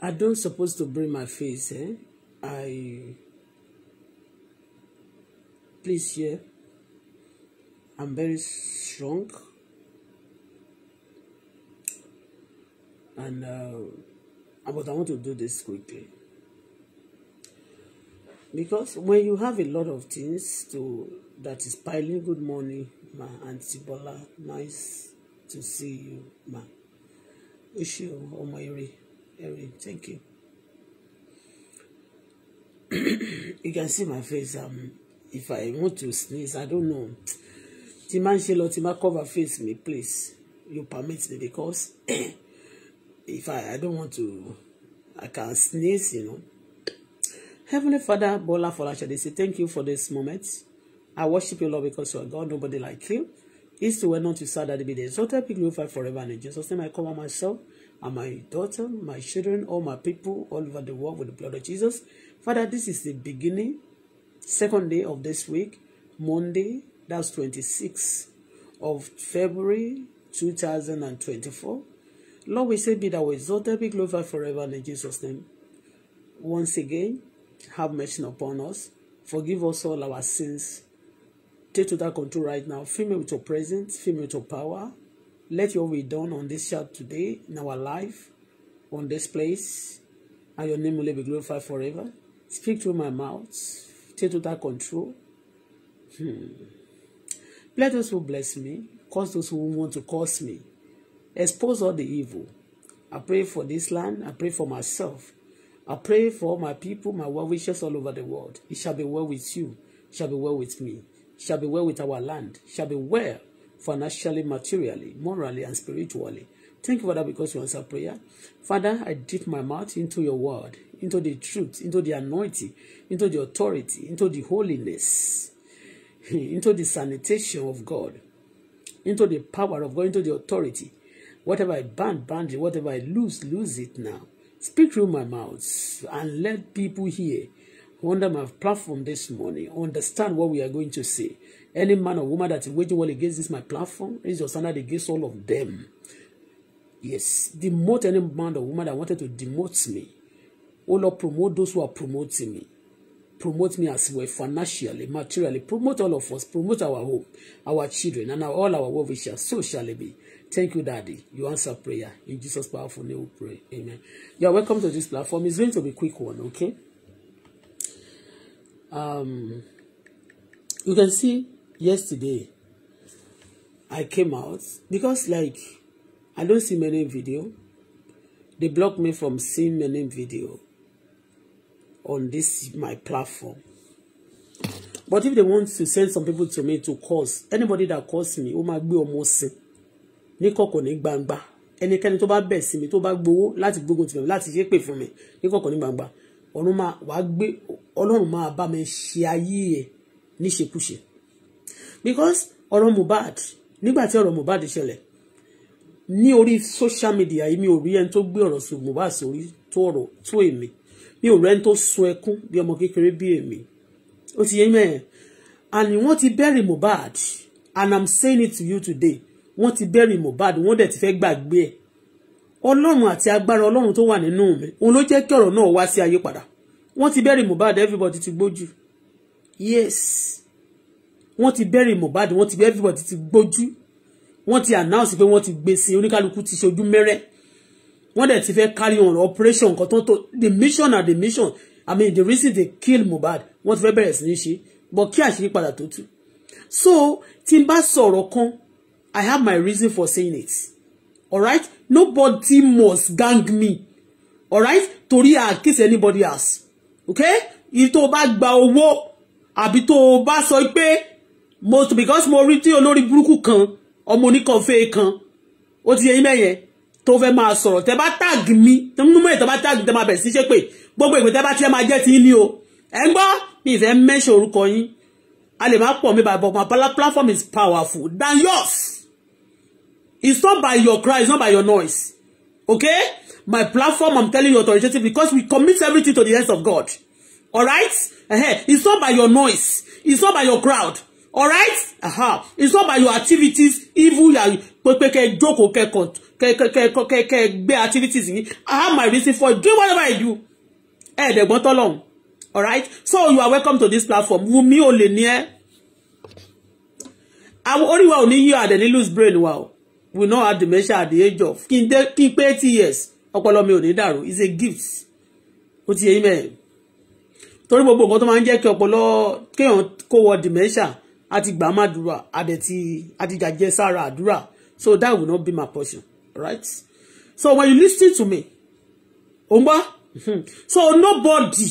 I don't suppose to bring my face, eh? I please hear. Yeah. I'm very strong. And uh, but I want to do this quickly. Because when you have a lot of things to that is piling, good money ma aunty Bola nice to see you ma o ṣe ọmọ eré eré thank you you can see my face um, if I want to sneeze I don't know tí máa ń ṣe lọ tí cover face me, please you permit me because if I I don't want to I can sneeze you know Heavenly Father Bola Folashade say thank you for this moment. I worship you, Lord, because you are God, nobody like you. Is to well known to sad that be So exalted people fight forever. And in Jesus' name, I cover myself and my daughter, my children, all my people all over the world with the blood of Jesus. Father, this is the beginning, second day of this week, Monday, that's 26th of February 2024. Lord, we say, Be that so exalted, be glorified forever. And in Jesus' name, once again, have mercy upon us. Forgive us all our sins Take total control right now. Fill me with your presence. Fill me with your power. Let your will be done on this chat today, in our life, on this place. And your name will be glorified forever. Speak through my mouth. Take total control. Hmm. Let those who bless me, cause those who want to curse me, expose all the evil. I pray for this land. I pray for myself. I pray for my people, my well wishers all over the world. It shall be well with you. It shall be well with me shall be well with our land, shall be well financially, materially, morally, and spiritually. Thank you, Father, because you answer prayer. Father, I dip my mouth into your word, into the truth, into the anointing, into the authority, into the holiness, into the sanitation of God, into the power of God, into the authority. Whatever I band, band it. Whatever I lose, lose it now. Speak through my mouth and let people hear under my platform this morning understand what we are going to see. any man or woman that is waging war against this my platform is your standard against all of them yes demote any man or woman that wanted to demote me oh lord promote those who are promoting me promote me as well financially materially promote all of us promote our home our children and our, all our well wishes so shall it be thank you daddy you answer prayer in jesus powerful name we pray amen you are welcome to this platform it's going to be quick one okay um, you can see yesterday I came out because like I don't see my name video. They blocked me from seeing my name video on this my platform. But if they want to send some people to me to cause anybody that calls me, ó máa gbé ọmọ sin ní kọ̀kọ̀ ní gbangba. Ẹnikẹ́ni tó bá bẹ̀ sí mi tó bá gbowó láti gbógun tì mí láti ṣépè fún mi ní kọ̀kọ̀ ní gbangba ọ̀run máa wàá gbé ọlọ́run máa bá mi ṣe ayé ẹ̀ níṣekúṣe because ọ̀rọ̀ Mohbad nígbà tí ọ̀rọ̀ Mohbad ṣẹlẹ̀ ní orí social media yìí mi ò rí ẹni tó gbé ọ̀rọ̀ sí Mohbad sórí tó ọ̀rọ̀ tó èmi mi ò rẹ́ni tó sun ẹkún bí ọmọ kékeré bí èmi ó ti yé mẹ́ẹ̀ and wọ́n ti bury Mohbad and I'm saying it to you today wọ́n ti bury Mohbad wọ́n dẹ̀ ti fẹ́ gbàgbé ẹ̀ ọlọ́run àti agbára ọlọ́run tó wà nínú mi òun ló jẹ́ kí ọ̀rọ̀ náà wá sí ayé padà wọ́n ti bẹ́rì Mohbad everybody ti gbójú yes wọ́n ti bẹ́rì Mohbad wọ́n ti everybody ti gbójú wọ́n ti announce pé wọ́n ti gbé sí oníkálukú ti ṣojú mẹ́rẹ́ wọ́n dẹ̀ ti fẹ́ carry on operation kan tó tó the mission and the mission i mean the reason they kill Mohbad wọ́n ti fẹ́ bẹ̀rẹ̀ sí ní ṣe but kí àṣírí padà tó tú so tí n bá sọ̀rọ̀ kan i have my reason for saying it alright nobody must gang me alright torí I kiss anybody else okay if tó o bá gba owó àbí tó o bá sọ pé most because mo rí tí olórí burúkú kan ọmọ oníkànfẹ́ kan ó ti yẹ yín mẹ́yẹn tó fẹ́ máa sọ̀rọ̀ tẹ́ bá tag mi mímú ẹ̀ tẹ́ bá tag tẹ́ máa bẹ̀rẹ̀ sí ṣe pé gbogbo ìpè tẹ́ bá tiẹ̀ máa jẹ́ ti ní o ẹ̀ ń gbọ́ mi ìfẹ́ mẹ́ṣẹ̀ orúkọ yín a lè má pọ̀ mi bàbá ọmọ platform is powerful than yours. It's not by your cry, it's not by your noise. Okay? My platform, I'm telling you authoritative because we commit everything to the hands of God. Alright? Uh-huh. It's not by your noise. It's not by your crowd. Alright? Uh-huh. It's not by your activities, evil, kẹkẹ jókòó kẹkọ kẹkẹ kẹkẹ gbé activities I have my reason for doing whatever I do. Ẹ ẹ̀dẹ̀gbọ́n tọ́lọ́hún. Alright? So you are welcome to this platform. Wùmí ò lè ní ẹ́. Orí wa ò ní yí lose brain wow. o will not have dementia at the age of kin. n dé kí eighty years ọpọlọ mi ò ní dàrú it's a gift ó ti yẹn mẹ́rin torí gbogbo nǹkan tó máa ń jẹ́ kí ọpọlọ kéèyàn kó wọ dementia àti gbàmàdúrà àdẹ̀tì àti jàjẹsára àdúrà so that will not be my portion right so when you listen to me ò ń bá so nobody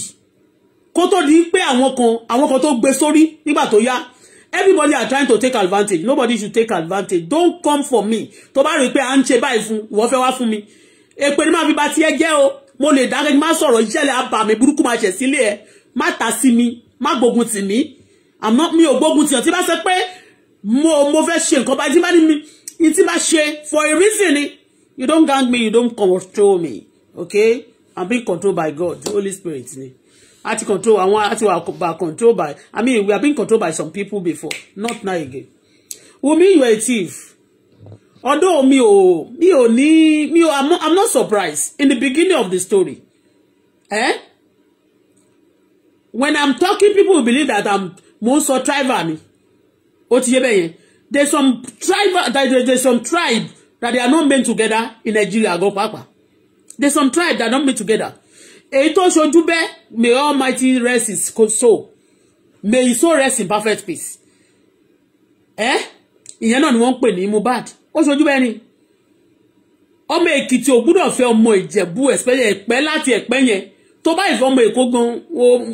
kó tó di pé àwọn kan àwọn kan tó gbé sórí nígbà tó yá everybody are trying to take advantage nobody should take advantage don't come for me tó bá rí i pé à ń ṣe báyìí fún ìwọ fẹ́ wá mi èpè ni máa fi ba tiẹ̀ jẹ́ o mo lè dákẹ́ má sọ̀rọ̀ ìṣẹ̀lẹ̀ abàmì buruku máa ṣẹ̀ sílé ẹ̀ má ta sí mi ma gbógun tì mí àmọ́ mi ò gbógun tì o tí bá ṣe pé mo mo fẹ́ ṣe nǹkan bá tí bá ní mi ní tí bá ṣe for a reason ni you don't gang me you don't control me okay i'm being controlled by God the Holy Spirit ni a ti control àwọn a ti wà control by i mean we have been controlled by some people before not now again Wumi you are a thief although mi ò mi ò ni, mi ò i'm not, I'm not surprised in the beginning of the story eh? when i'm talking people believe that i'm most ń tribal ni ó ti yé bẹ́ẹ̀ yẹn there's some tribal there, there's some tribe that they are not made together in Nigeria go papa there's some tribe that are not made together èyí tó ṣojú bẹ́ẹ̀ may almighty rest his soul may his soul rest in perfect peace ẹ ìyẹn náà ni wọ́n ń pè ní Mohbad ó ṣojú bẹ́ẹ̀ ni ọmọ Èkìtì ò gbúdọ̀ fẹ́ ọmọ Ìjẹ̀bú Ẹ̀pẹ́ láti Ẹ̀pẹ́ yẹn tó bá ìfẹ́ ọmọ Èkó gan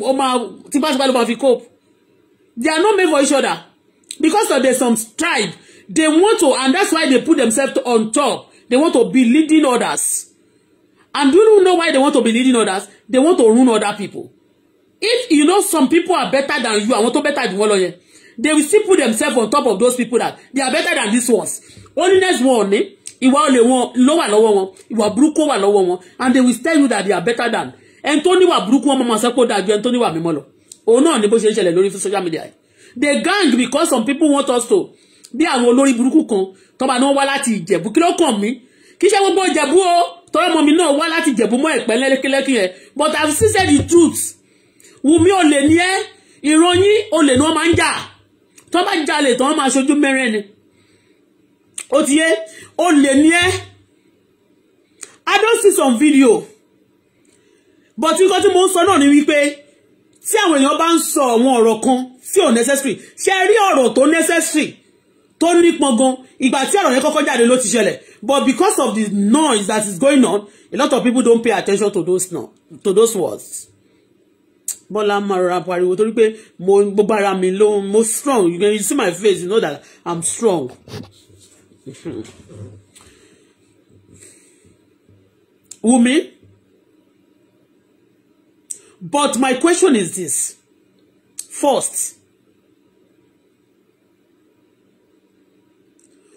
o máa tipátipá ló máa fi cope they are not made for each other because of the some tribe they want to and that's why they put themselves on top they want to be leading others. And do you know why they want to be leading others? They want to ruin other people. If you know some people are better than you, àwọn tó better jù wọ́n lọ they will still put themselves on top of those people that they are better than these ones. Holiness wọn ni, ìwà olè wọn ló wà one, wọn, ìwà burúkú wà lọ́wọ́ wọn, and they will tell you that they are better than. Ẹni tó níwà burúkú wọn máa sọ pé ó dáa ju ẹni tó níwà mímọ́ lọ. Òun náà ni social media yìí. They gang because some people want us to be àwọn olórí burúkú kan tó no ní wọ́n wá láti Ìjẹ̀bú kí ló kàn mí kí ṣe gbogbo Ìjẹ̀bú tọ́rọ ọmọ mi náà wá láti jẹ̀bú mọ́ ẹ̀pẹ́ lẹ́lẹ́kẹ́lẹ́kẹ́ yẹn but I've said the truth Wùmí ò lè ní ẹ́ ìròyìn olè ni wọ́n máa ń jà tó bá jalè tó wọ́n máa ṣojú mẹ́rin ni ó ti yé olè ni ẹ́ I don see some video but nǹkan tí mo ń sọ náà ni wípé tí àwọn èèyàn bá ń sọ àwọn ọ̀rọ̀ kan tí ò necessary ṣe rí ọ̀rọ̀ tó necessary tó nípọn gan ìgbà tí ọ̀rọ̀ yẹn kọ́kọ́ jáde ló ti ṣẹlẹ̀ But because of the noise that is going on, a lot of people don't pay attention to those no, to those words. Bola Mara pariwo torí pé mo gbogbo ara mi ló mo strong. You can see my face, you know that I'm strong. Wumi. But my question is this. First,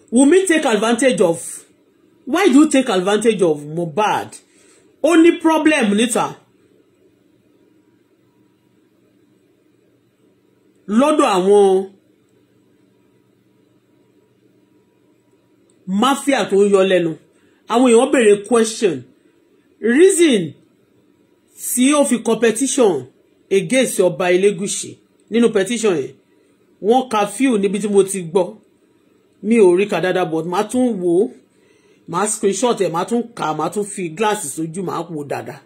will Wumi take advantage of why do you take advantage of Mohbad Only ní problem níta lọ́dọ̀ àwọn mafia tó ń yọ lẹ́nu àwọn èèyàn béèrè question reason tí ó fi competition against ọba Elégùṣì nínú petition yẹn wọ́n ka few níbi tí mo ti gbọ́ mi ò rí kà but màá tún wò ó màá screenshot ẹ̀ màá tún kà màá tún fi gíláàsì sójú màá wò dada.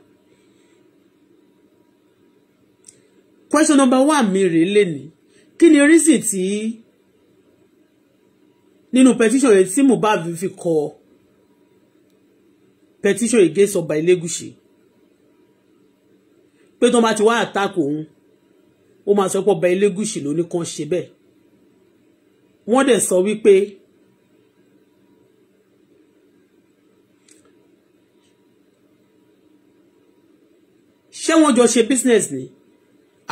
question number one mi rèé lẹ́ni kí ni reason tí nínú petition yẹn tí Mohbad fi kọ petition against Ọba Elégùṣì pé tó bá ti wá attack òun ó máa sọ pé Ọba Elégùṣì ló ní kàn ṣe bẹ́ẹ̀ wọ́n dẹ̀ sọ wípé. ṣé wọ́n jọ ṣe business ni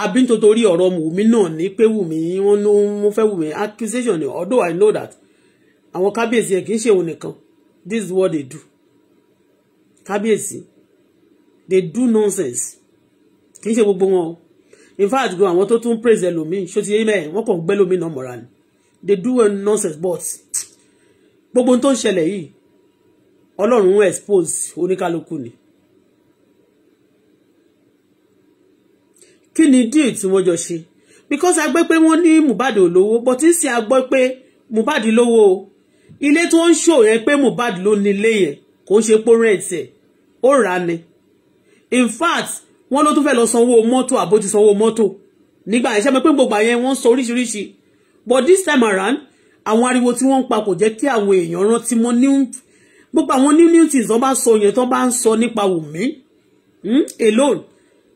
àbí nítorí ọ̀rọ̀ wùmí náà ní pé wùmí wọ́n ló ń fẹ́ wùmí accusation ni although I know that àwọn kábíyèsí ẹ̀ kì í ṣe òun nìkan this is what they do kábíyèsí they do nonsense kì í ṣe gbogbo wọn o in fact go àwọn tó tún praise ẹlòmíì ṣó ti yé mẹ́ẹ̀ wọ́n kàn gbé lómìn náà mọ̀ra ni they do nonsense but gbogbo tó ń ṣẹlẹ̀ yìí ọlọ́run expose oníkálukú ni. kí ni díè tí wọ́n jọ ṣe because a gbé pé wọ́n ní Mohbad ò but n sì a gbọ́ pé Mohbad lówó o ilé tí wọ́n ń ṣò yẹn pé Mohbad ló ní ilé yẹn kò ń ṣe pó rent ẹ̀ ó rà ni in fact wọ́n ló tún fẹ́ lọ sanwó mọ́tò àbó ti sanwó mọ́tò nígbà yẹn ṣẹ́mi pé gbogbo àyẹn wọ́n ń sọ oríṣiríṣi but this time around àwọn ariwo tí wọ́n ń pa kò jẹ́ kí àwọn èèyàn rántí mọ́ ní gbogbo àwọn new new things wọ́n bá sọ yẹn tó bá ń sọ nípa Wùmí hmm, alone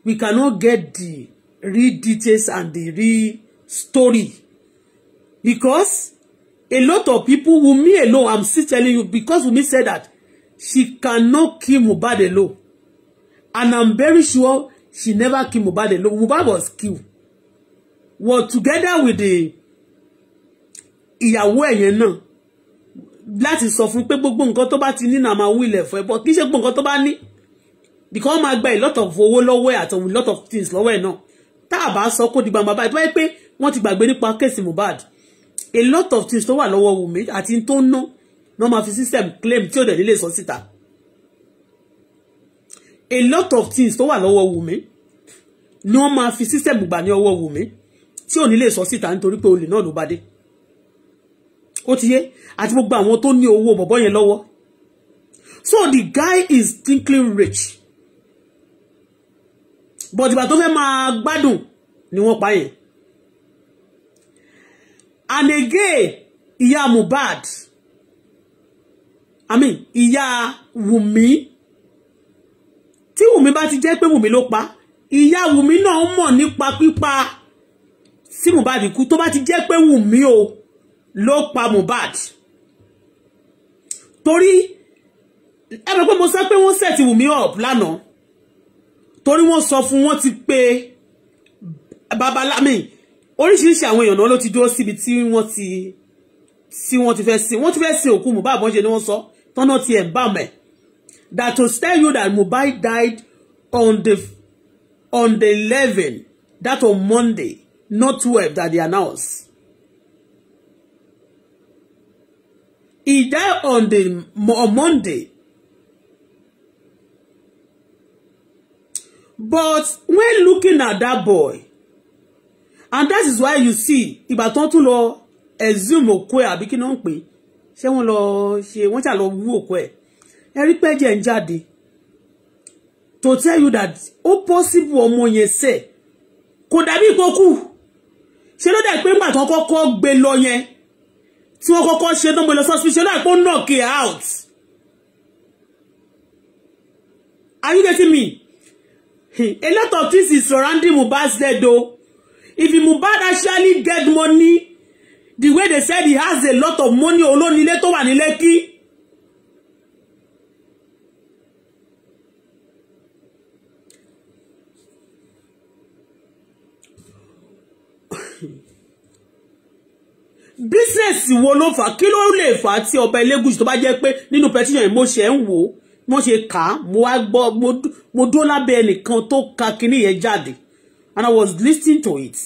we cannot get the real details and the real story because a lot of people Wunmi alone I'm still telling you because Wunmi said that she cannot kill Mohbad alone and I'm very sure she never kill Mohbad alone Mohbad was killed Well, together with the ìyàwó ẹ̀yẹn náà láti sọ fún pé gbogbo nǹkan tó bá ti ní nà máa wílẹ̀ fún ẹ bọ́ kì í ṣe gbogbo nǹkan tó bá ní because wọ́n máa gba a lot of owó lọ́wọ́ ẹ̀ àti a lot of things lọ́wọ́ ẹ̀ náà tá a bá sọ kó di gbàgbà báyìí tó wáyé pé wọ́n ti gbàgbé nípa kéèsì Mohbad a lot of things tó wà lọ́wọ́ Wùmí àti tó ń no no máa fi system claim tí ò dẹ̀ nílé sọ síta a lot of things tó wà lọ́wọ́ Wùmí ni wọ́n máa fi system gbà ní ọwọ́ Wùmí tí ò nílé sọ síta nítorí pé olè náà ló bá dé ó ti yé àti gbogbo àwọn tó ní owó bọ̀bọ́ yẹn lọ́wọ́ so the guy is thinking rich but ìgbà tó fẹ́ máa gbádùn ni wọ́n pa yẹn and again ìyá Mohbad i mean ìyá Wùmí tí Wùmí bá ti jẹ́ pé Wùmí ló pa ìyá Wùmí náà ń mọ̀ nípa pípa sí Mohbad kú tó bá ti jẹ́ pé Wùmí o ló pa Mohbad torí ẹ mọ̀ pé mo sọ pé wọ́n set Wùmí up lánàá torí wọ́n sọ fún wọn ti pé babalámi oríṣiríṣi àwọn èèyàn náà ló ti dúró síbi tí wọ́n ti tí wọ́n ti fẹ́ sin wọ́n ti fẹ́ sin òkú Mohbad bọ́n ṣe ni wọ́n sọ tọ́nà ti ẹ̀ ń bà mẹ́ that to tell you that Mohbad died on the on the eleven that on Monday not twelve that they announced. He died on the on Monday But when looking at that boy, and that is why you see, ìgbà tó ń tún lọ exhume òkú ẹ̀ àbí kí ni wọ́n ń pè ṣé wọ́n lọ ṣe wọ́n ṣà lọ wú òkú ẹ rí pé ń jáde to tell you that ó possible ọmọ yẹn sẹ̀ kò dàbí ìkókù ṣe ló dẹ̀ pé ńgbà tó kọ́kọ́ gbé lọ yẹn tí wọ́n kọ́kọ́ ṣe tó ń gbé lọ sọ́sibí ṣe ló dẹ̀ pé ó knock it out are you getting me? a lot of things is surrounding Mohbad's death o if Mohbad actually get money the way they said he has a lot of money olónílé tó wà ní business wo ló fà kí ló lè fà tí ọba Elégùṣì tó bá jẹ́ pé nínú petition yìí mo ṣe ń wò mo ṣe kà á mo wá gbọ́ mo dúró lábẹ́ ẹnìkan tó ka kinní yẹn jáde and I was listening to it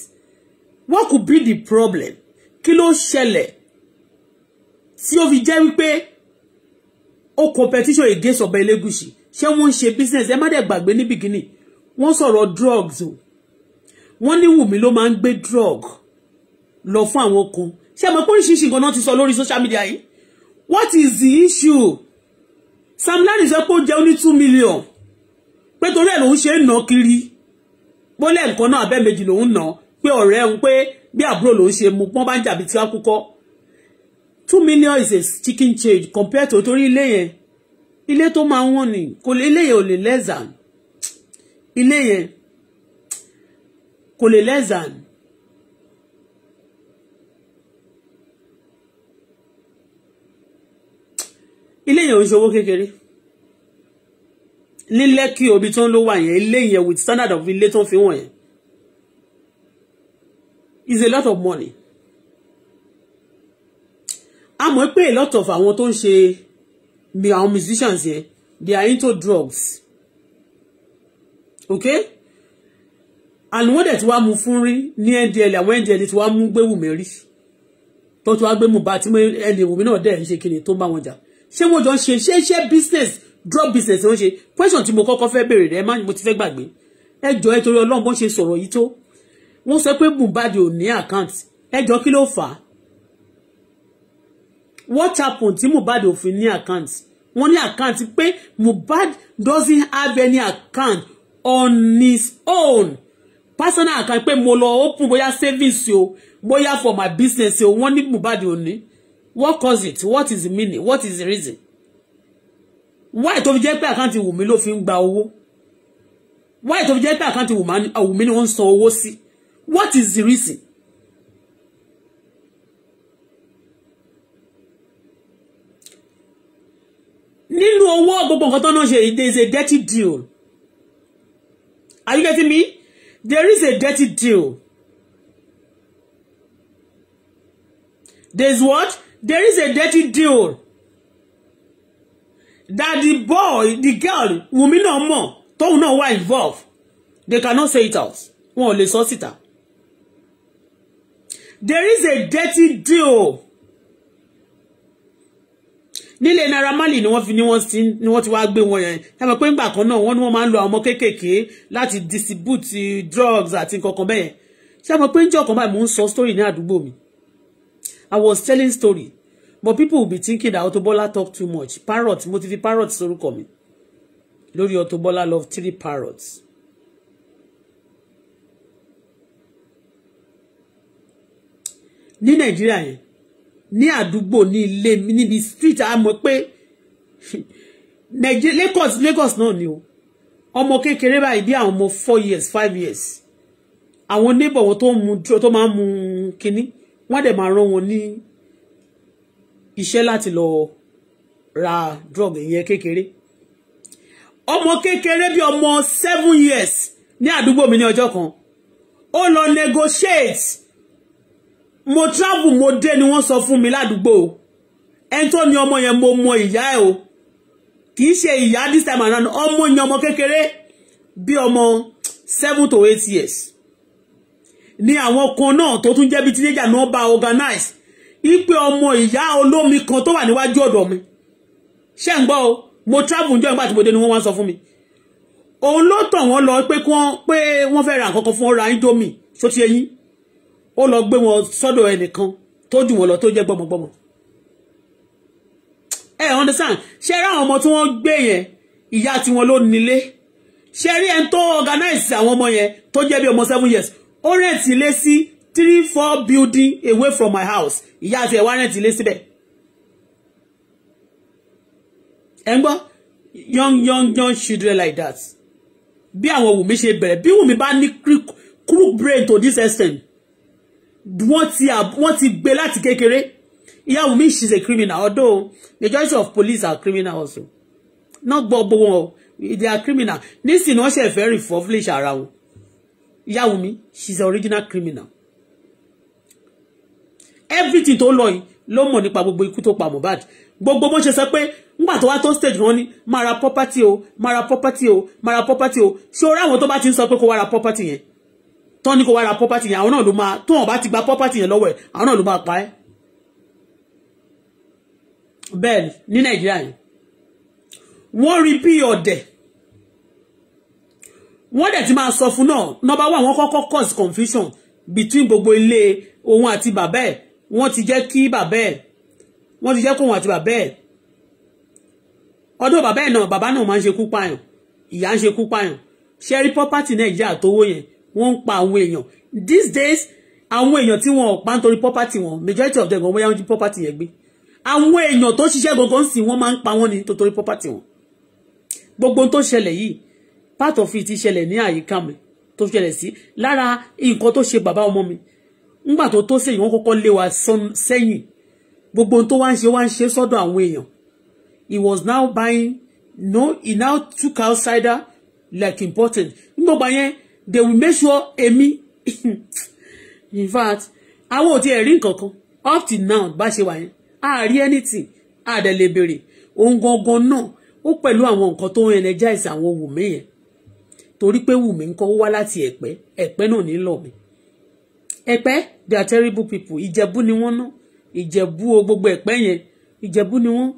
what could be the problem kí ló ṣẹlẹ̀ tí o fi jẹ́ wípé ó competition against Ọba Elégùṣì ṣé wọ́n ń ṣe business ẹ má dẹ̀ gbàgbé ní bìgínì wọ́n sọ̀rọ̀ drugs o wọ́n ní Wùmí ló máa ń gbé drug lọ fún àwọn kan ṣé ẹ mọ̀ pé oríṣiríṣi nǹkan náà ti sọ lórí social media yìí what is the issue? Sam Larry sọ pé ó jẹ ó two million pé torí ẹ̀ lòun ṣe ń ná kiri bólẹ̀ nǹkan náà abẹ́ méjì lòun ná pé ọ̀rẹ́ òun pé bí àbúrò lòun ṣe mú pọ́n bá ń jàbí tí wọ́n kú two million is a chicken change compared to torí ilé yẹn ilé tó máa ń wọ́n ni kò lè ilé yẹn ò lè less than ilé yẹn kò lè less eléyìí ò ń ṣowó kékeré ní lẹ́kì omi tó ń ló wà yẹn yẹn with standard of ilé tó ń fi wọ̀n yẹn is a lot of money a mọ̀ pé a lot of àwọn tó ń ṣe bí àwọn musicians yẹn they are into drugs okay and wọ́n dẹ̀ ti wá mu fún rí ní ndl àwọn ndl ti wá mú gbéwùmẹ́rí tó ti wá gbé mu bá tí ẹni ìwòmí náà dẹ̀ ń ṣe kíni tó ń bá wọn jà ṣé wọ́n jọ ń ṣe ṣé ṣé business drug business wọ́n ṣe question tí mo kọ́kọ́ fẹ́ béèrè rẹ̀ má mo ti fẹ́ gbàgbé ẹ jọ ẹ torí Ọlọ́run bó ṣe sọ̀rọ̀ yìí tó wọ́n sọ pé Mohbad ò ní account ẹ jọ kí ló fà á what happen tí Mohbad ò fi ní account wọ́n ní account pé Mohbad doesn't have any account on his own personal account pé mo lọ open bóyá savings o bóyá for my business o wọ́n ní Mohbad ò ní what caused it what is the meaning what is the reason why tó fi jẹ́ pé àkáǹtì Wùmí ló fi ń gba owó why tó fi jẹ́ pé àkáǹtì Wùmí ni wọ́n ń san owó sí what is the reason. nínú owó gbogbo nǹkan tó náà ṣe there is a dirty deal are you getting me there is a dirty deal there is what there is a dirty deal that the boy the girl Wunmi náà mọ̀ tóun náà wà involved they cannot say it out wọn ò lè sọ there is a dirty deal nílé Naira Marley ni wọ́n fi ni wọ́n ti wá gbé wọn yẹn táwọn pé ńgbà kan náà wọ́n ní wọ́n máa ń lo àwọn kéékèèké láti distribute drugs àti nǹkan kan bẹ́ẹ̀ ṣé àwọn pé ń jẹ́ ọ̀kan báyìí mò ń sọ story ní àdúgbò mi I was telling story. But people will be thinking that Otobola Bola talk too much. Parrot, mo ti fi parrot sorúkọ mi. Lórí Auto love three parrots. Ni Nàìjíríà ni adubo ni le ni mi níbi street a mọ̀ pé Lagos Lagos no ni o. Ọmọ kékeré báyìí bí àwọn ọmọ four years five years. Àwọn neighbor wọn tó máa ń mu kinní wọ́n dẹ̀ máa rán wọn ní iṣẹ́ láti lọ ra drug ìyẹn kékeré ọmọ kékeré bíi ọmọ seven years ní àdúgbò mi ní ọjọ́ kan ó lọ negotiate mo travel mo dé ni wọ́n sọ fún mi ládùúgbò ẹni tó ní ọmọ yẹn mo mọ ìyá ẹ̀ o kì í ṣe ìyá this time around ọmọ yẹn ọmọ kékeré bíi ọmọ seven to eight years ni àwọn kan náà tó tún jẹ́ bí tínéjà náà bá organize ipe ọmọ ìyá olómi kan tó wà níwájú ọ̀dọ̀ mi ṣé ń gbọ́ o mo travel ń jọ ìgbà tí mo dé ni wọ́n wá sọ fún mi òun ló tàn wọ́n lọ pé wọ́n fẹ́ ra nǹkan kan fún ọ ra indomie ṣó ti eyín ó lọ gbé wọn sọ́dọ̀ ẹnìkan tó jù wọ́n lọ tó jẹ́ gbọmọgbọmọ ẹ understand ṣe rí àwọn ọmọ tí wọ́n gbé yẹn ìyá tiwọn ló nílé ṣe rí ẹni tó organize àwọn ọmọ yẹn tó jẹ́ bí ọmọ seven years ó rẹ̀ǹtì ilé sí three four building away from my house ìyá àti ẹ̀wá rẹ̀ǹtì ilé síbẹ̀ ẹ̀ ń gbọ́ young young young children like that bí àwọn Wùmí ṣe bẹ̀rẹ̀ bí Wùmí bá ní crook brain to this extent wọ́n ti gbé láti kékeré ìyá Wùmí she's a criminal although the majority of police are criminal also náà gbọ́ gbogbo wọn they are criminal nísìnyí wọ́n ṣe fẹ́ refurbish ara wọn Yawumi she is an original criminal everything tó lọ yìí ló mọ̀ nípa gbogbo ikú tó pa Mohbad gbogbo bó ṣe sọ pé ngbà tó wá tó stage wọn ni máa ra property o máa ra property o máa ra property o ṣé o ráwọn tó bá ti ń sọ pé kó wá ra property yẹn tán ni kó wa ra property yẹn àwọn náà ló máa tó wọn bá ti gba property yẹn lọ́wọ́ ẹ̀ àwọn náà ló máa pa ẹ́ bẹ́ẹ̀ ni ní Nàìjíríà yìí wọ́n rí bí ọ̀dẹ̀ wọ́n dẹ̀ ti máa sọ fún náà nọ́mbà wà wọ́n kọ́kọ́ cause confusion between gbogbo ilé òun àti bàbá ẹ̀ wọ́n ti jẹ́ kí bàbá ẹ̀ wọ́n ti jẹ́ kóun àti bàbá ẹ̀ ọdún bàbá ẹ̀ náà bàbá náà máa ń ṣekú pààyàn ìyá ń ṣekú pààyàn ṣẹ́rí property nàìjíríà tówó yẹn wọ́n ń pa àwọn èèyàn these days àwọn èèyàn tí wọn ò pa nítorí property wọn majority of them wọn bóyá wọn jí property yẹn gbé àwọn èèyàn tó ṣiṣẹ́ gbogbo ń sìn wọ́n máa ń pa wọ́n ní nítorí property wọn gbogbo tó ṣẹlẹ̀ yìí part of it ṣẹlẹ̀ ní àyíká mi tó ṣẹlẹ̀ sí lára nǹkan tó ṣe bàbá ọmọ mi ńgbà tó tó sẹ́yìn wọ́n kọ́kọ́ lé wa sẹ́yìn gbogbo tó wá ń ṣe wá ń ṣe sọ́dọ̀ àwọn èèyàn he was now buying no he now took out like important nígbàgbà yẹn they will make sure èmi in fact àwọn ò tiẹ̀ rí nǹkan kan up till now bá ṣe wà yẹn a rí anything a dẹ̀ lè béèrè ohun gangan náà ó pẹ̀lú àwọn nǹkan tó ń energize àwọn wùmí yẹn torí pé wùmí ń kọ́ wá láti ẹ̀pẹ́ ẹ̀pẹ́ náà ní lọ́ọ̀mí ẹ̀pẹ́ they are terrible people ìjẹ̀bú ni wọ́n ná ìjẹ̀bú o gbogbo ẹ̀pẹ́ yẹn ìjẹ̀bú ni wọ́n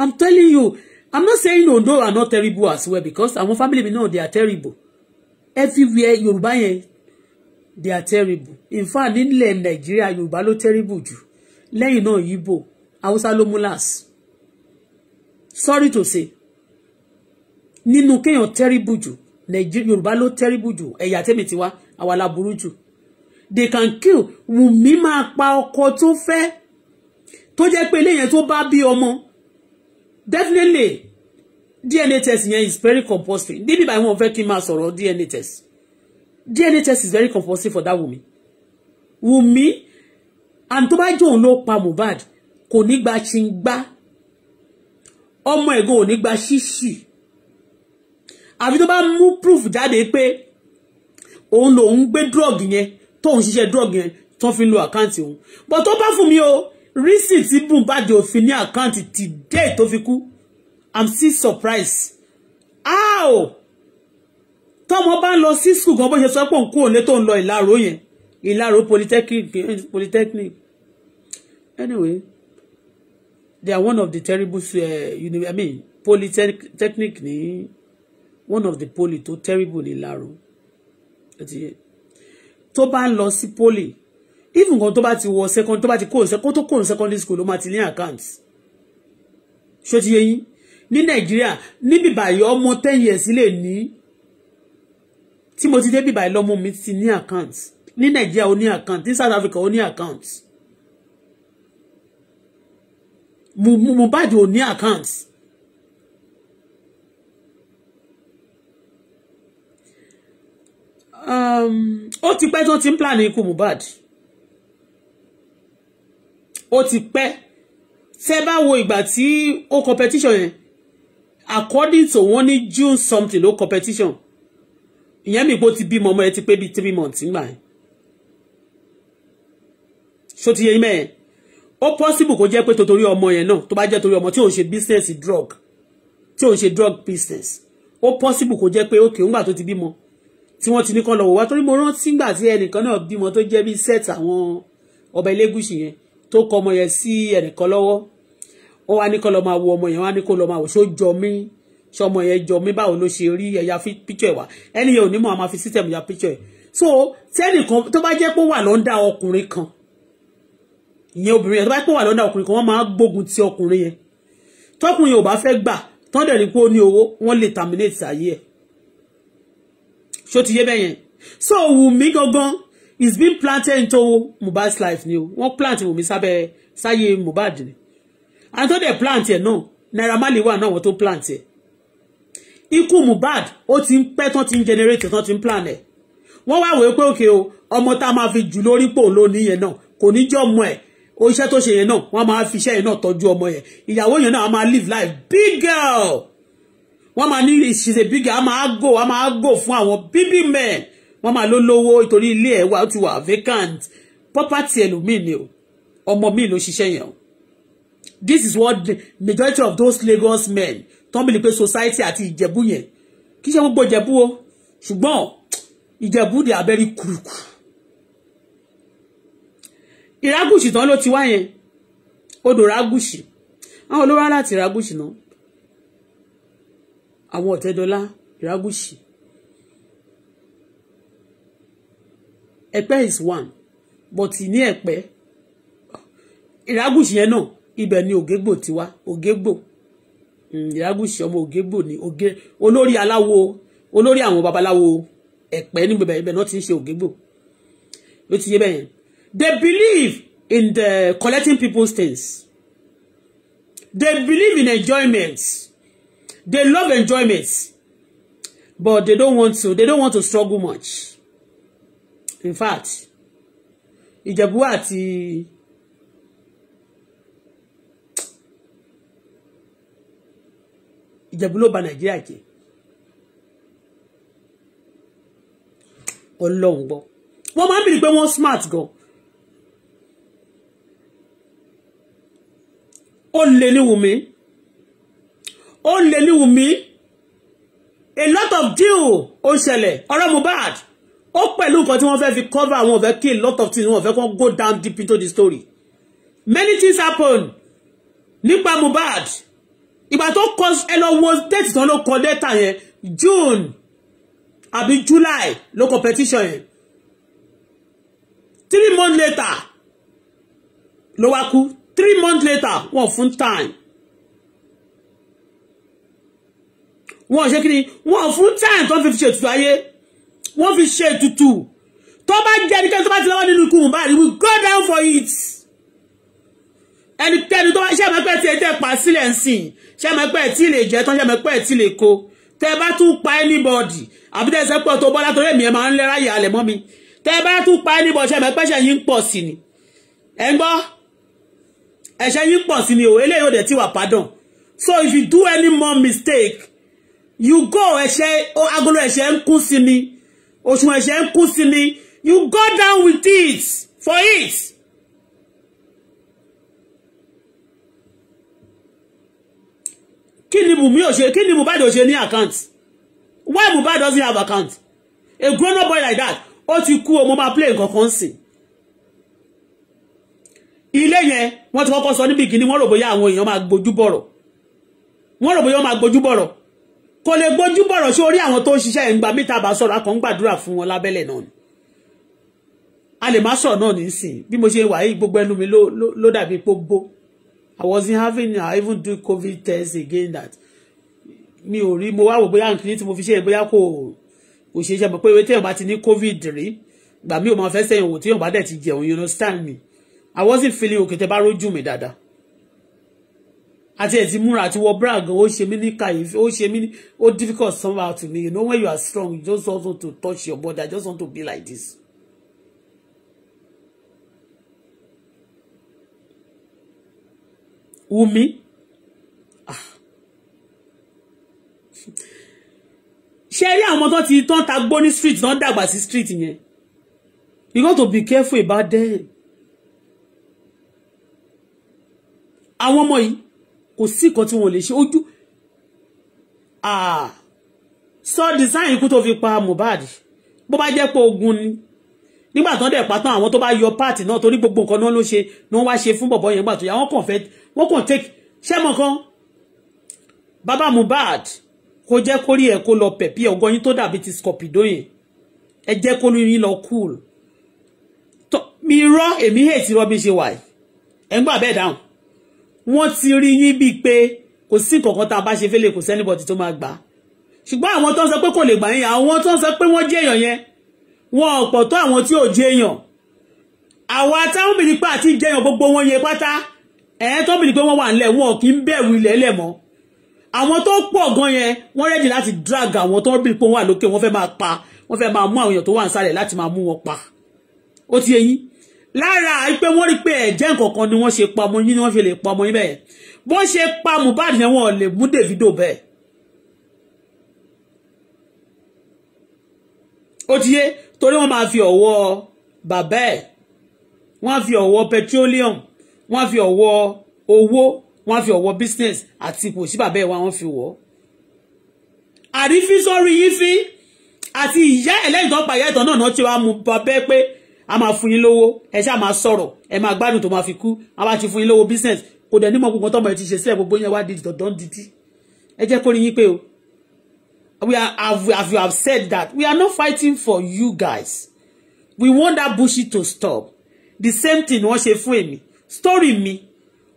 i'm telling you i'm not saying Ondo are not terrible as well because àwọn family mi náà they are terrible everywhere yorùbá yẹn they are terrible in fact nílẹ̀ nàìjíríà yorùbá ló terrible jù lẹ́yìn náà yíbò haúsá ló mú last sorry to say nínú kéèyàn terrible jù Nigeria Yorùbá ló terrible jù ẹ̀yà tèmi ti wá àwa la burú jù they can kill Wùmí máa pa ọkọ tó fẹ́ tó jẹ́ pé eléyẹn tó bá bí ọmọ definitely DNA test yẹn is very compulsory níbi báyìí wọ́n fẹ́ kí n máa DNA test DNA test is very compulsory for that Wùmí Wùmí and tó bá jẹ́ òun ló pa Mohbad kò ní gba ṣìngbá ọmọ ẹ̀gbọ́n ò ní gba ṣíṣì àfi tó bá mú proof jáde pé òun lòun gbé drug yẹn tóun ṣiṣẹ́ drug yẹn tó fi ń lo àkáǹtì òun but tó bá fún mi o rísì tí Mohbad òfin ní àkáǹtì ti dé tó fi kú i'm still surprised how tọmọ bá ń lọ sí skul gan bó ṣe sọ pé òun kúrò létò ń lọ ìlàró yẹn ìlàró polytechnic anyway they are one of the terrible uh, i mean polytechnic ní one of the poli tó terrible ní Ìlaro tó bá ń lọ sí poli even kan tó bá ti wọ second tó bá ti kóòn second tó kóòn secondary school ló máa ti ní account ṣó ti yé yín ní Nàìjíríà níbi báyìí ọmọ ten years lè ní tí mo ti dé bíbá ìlọ́mọ mi ti ní account ní Nàìjíríà ó ní account ní South Africa ó ní account Mohbad ò ní account. Um, ó ti pẹ́ tí ti ń plan ikú Mohbad ó ti pẹ́ tẹ́ bá wo ìgbà tí ó competition yẹn according to wọ́n ní June something ló competition ìyẹn mi kó ti bímọ ọmọ ẹ ti pé bíi three months ńgbà yẹn ṣó ti yẹ yín mẹ́yẹn ó possible kó jẹ́ pé torí ọmọ yẹn náà tó bá jẹ́ torí ọmọ tí ò ń ṣe business drug tí ò ń ṣe drug business ó possible kó jẹ́ pé ókè ńgbà tó ti bímọ tí wọ́n ti ní kán lọ wò wá torí mo rántí gbà tí ẹnìkan náà bímọ tó jẹ́ bíi set àwọn ọba elégùsì yẹn tó kọ ọmọ yẹn sí ẹnìkan lọ́wọ́ ó wá ní kán lọ máa wo ọmọ yẹn wá ní kó lọ máa wò ṣó jọ mí ṣọmọ yẹn jọ mí báwo ló ṣe rí ẹ̀yà píchọ̀ ẹ̀ wá ẹni yẹn ò ní mọ̀ àmọ́ fi sítẹ̀mù ya píchọ̀ ẹ̀ so tẹ́nìkan tó bá jẹ́ pé wà lọ́ndà ọkùnrin kan ìyẹn obìnrin yẹn tó bá pọ̀ wà lọ́dà ọkùnrin kan wọ́n máa gbógun ti ọkùnrin yẹn terminate ayé ṣó ti yé bẹ́yẹn so Wùmí gangan is being planted into Mohbad's life ni o wọ́n plant Wùmí sábẹ́ sáyé Mohbad ni and tó dẹ̀ plant ẹ̀ náà Naira Marley wà náà wọ́n tó plant ẹ̀ ikú Mohbad ó ti ń pẹ́ tán ti ń generate tán ti ń plan ẹ̀ wọ́n wá wèé pé òkè o ọmọ tá a máa fi jù lórí pò lónìí yẹn náà kò ní jọ́ ọmọ ẹ̀ o iṣẹ́ tó ṣe yẹn náà wọ́n máa fi iṣẹ́ yẹn náà tọ́jú ọmọ yẹn ìyàwó yẹn náà máa live life big girl wọ́n máa ní she's a big a máa gò a máa gò fún àwọn bíbí men wọ́n máa ló lówó nítorí ilé ẹ̀ wá ti wà vacant property ẹlòmíì ni o ọmọ mi ló ṣiṣẹ́ yẹn o this is what the majority of those Lagos men tán bìlì pé society àti Ìjẹ̀bú yẹn kì í ṣe gbogbo Ìjẹ̀bú o ṣùgbọ́n Ìjẹ̀bú dẹ̀ abẹ́rí kùrùkù Ìrágùṣì tán ló ti wá yẹn odò Rágùṣì àwọn olówó láti Rágùṣì náà àwọn ọ̀tẹ́dọ́lá ìrágùsì ẹ̀pẹ́ is one but ní ẹ̀pẹ́ ìrágùsì yẹn náà ibẹ̀ ni ògégbò ti wá ògégbò mm, ìrágùsì ọmọ ògégbò ni ògé olórí aláwo olórí àwọn babaláwo ẹ̀pẹ́ ní bẹ̀bẹ̀ ibẹ̀ náà ti ń ṣe ògégbò ló ti yé bẹ́ẹ̀ yẹn they believe in the collecting people's things they believe in enjoyments. They love enjoyment, but they don't want to. They don't want to struggle much. In fact, Ìjẹ̀bú àti Ìjẹ̀bú ló ba Nàìjíríà jẹ́. Ọlọ́run gbọ́. Wọ́n máa ń bìrì pé wọ́n smart gan. Ó lè ní Wùmí ó lè ní Wùmí a lot of deal ó ń ṣẹlẹ̀ ọ̀rọ̀ Mohbad ó pẹ̀lú nǹkan tí wọ́n fẹ́ fi cover àwọn ọ̀fẹ́ kí a lot of things wọ́n fẹ́ kàn go down deep into the story many things happen nípa Mohbad ìgbà tó kọ ẹ lọ wo date tán ló kọ data yẹn June àbí July ló kọ petition yẹn three months later ló wá kú three months later wọ́n fún time wọn ṣe kí ni wọn fún time tó fi ṣe ètùtù ayé wọn fi ṣe ètùtù tó bá jẹ́ ẹnikẹ́ni tó bá ti lọ́wọ́ nínú ikú Mohbad we go down for it ẹnikẹ́ni tó bá ṣe àmọ́ pẹ́ tí ẹ tẹ́ pa sílẹ̀ ń sìn ṣe àmọ́ pẹ́ tí lè jẹ́ tán ṣe àmọ́ pẹ́ tí lè ko tẹ́ bá tún pa anybody àbí tẹ́ sẹ́ pọ̀ tó bọ́lá torí èmi ẹ̀ máa ń lẹ́ráyè alẹ̀ mọ́ mi tẹ́ bá tún pa anybody ṣe àmọ́ pẹ́ ṣe yín pọ̀ sí ni ẹ̀ ń gbọ́ ẹ̀ṣẹ̀ yín pọ̀ sí ni o eléyìí ò dẹ̀ ti wà pardon so if you do any more mistake you go ẹ̀ṣẹ̀ agolo ẹ̀ṣẹ̀ ń kún sí ni òṣùwọ̀n ẹ̀ṣẹ̀ ń kún sí ni you go down with it for it. kí ni Bùnmi ò ṣe kí ni Mohbad ò ṣe ní account why Mohbad doesn't have account a grown up boy like that ó ti kú o mo máa play nǹkan kan sìn ilé yẹn wọ́n ti kọ́kọ́ sọ níbi ìkíní wọ́n rò bóyá àwọn èèyàn máa gbójú bọ̀rọ̀ wọ́n rò bóyá wọ́n máa gbójú bọ̀rọ̀ kò lè gbójú bọ̀rọ̀ sí orí àwọn tó ń ṣiṣẹ́ ìgbà mìta bá sọ̀rọ̀ akọ̀ ń gbàdúrà fún wọn lábẹ́lẹ̀ náà ni a lè má sọ̀rọ̀ náà nísìn bí mo ṣe wà yìí gbogbo ẹnu mi ló dàbí pógbó I wasn't having I even do COVID test again that mi ò rí mo wá wò bóyá nkiri tí mo fi ṣe bóyá kò kò ṣe iṣẹ́ mọ̀ pé wetí èèyàn ti ní COVID rí gbà mí ò máa fẹ́ sẹ́yìn wò tí èèyàn dẹ̀ ti jẹun you understand me I wasn't feeling okay tẹ bá rójú mi dáadáa àti ẹ̀ ti múra àti wọ bra gan ó ṣe mí ní kàyéfì ó ṣe mí ní ó difficult somehow to me you know when you are strong you just want to touch your body i just want to be like this. Wumi ah ṣe rí àwọn tó ti tán ta gbó ní street náà dàgbà sí street yẹn you got to be careful about them àwọn ọmọ yìí kò sí nǹkan tí wọ́n lè ṣe ojú sọ design ikú tó fi pa Mohbad bó bá jẹ́ pé ogun ni nígbà tán dẹ̀ pátán àwọn tó bá yọ páàtì náà torí gbogbo nǹkan náà ló ṣe ni wọ́n wá ṣe fún bọ̀bọ̀ yẹn gbà tó yà wọ́n kàn fẹ́ wọ́n kàn take ṣẹ́mọ̀ kan bàbá Mohbad kò jẹ́ kó rí ẹ̀ kó lọ pẹ̀pí ọgọ́ yín tó dàbí ti scorpido yẹn ẹ jẹ́ kó lú yín lọ cool mi rọ èmi hate rọ bí ṣe wà ẹ̀ ń gbà bẹ́ẹ̀ dáhùn wọ́n ti rí yín bíi pé kò sí nǹkankan tá a bá ṣe fẹ́lẹ̀ kò sẹ́nìbọ̀tì tó máa gbà á ṣùgbọ́n àwọn tó ń sọ pé kò lè gbà yín àwọn tó ń sọ pé wọ́n jẹ́ èèyàn yẹn wọn ọ̀pọ̀ tó àwọn tí ò jẹ́ èèyàn àwa táwọn bìrì pé àti jẹ́yàn gbogbo wọn yẹn pátá ẹ̀ẹ́n tó bìrì pé wọ́n wà nílẹ̀ wọn kì í bẹ̀rù ilẹ̀ lẹ̀ mọ́ àwọn tó pọ̀ gan yẹn wọ́n rẹ́dì láti drag àwọn tó bìrì pé wọ́n wà lókè wọ́n fẹ́ máa pa wọ́n fẹ́ máa mú àwọn èèyàn tó wà nísàlẹ̀ láti máa mú wọn pa ó ti yé yín lára Ipe wọ́n rí pé ẹ̀jẹ̀ nǹkankan ni wọ́n ṣe pa ọmọ yín ni wọ́n fi lè pa ọmọ yín bẹ́ẹ̀ bó ṣe pa Mohbad yẹn wọn lè mú Davido bẹ́ẹ̀. ó ti yé torí wọ́n máa fi ọ̀wọ́ bàbá ẹ̀ wọ́n á fi ọ̀wọ́ petroleum wọ́n á fi ọ̀wọ́ owó wọ́n á fi ọ̀wọ́ business àti ipò sí bàbá ẹ̀ wá wọ́n fi wọ̀ ọ́. àrífín sọ́rí yín fín àti ìyá ẹlẹ́yìn tó pa ìyá ìtàn náà náà ti wá mú bàbá ẹ pé a máa fún yín lówó ẹ ṣáà máa sọ̀rọ̀ ẹ máa gbádùn tó máa fi kú a bá ti fún yín lówó business kò dẹ̀ nímọ̀ gbogbo to ẹ ti ṣe sílẹ̀ gbogbo yẹn wá di dandan didi ẹ jẹ́ kó rí yín pé o we have, have you have said that we are not fighting for you guys we want that bushy to stop the same thing wọ́n ṣe fún èmi story mi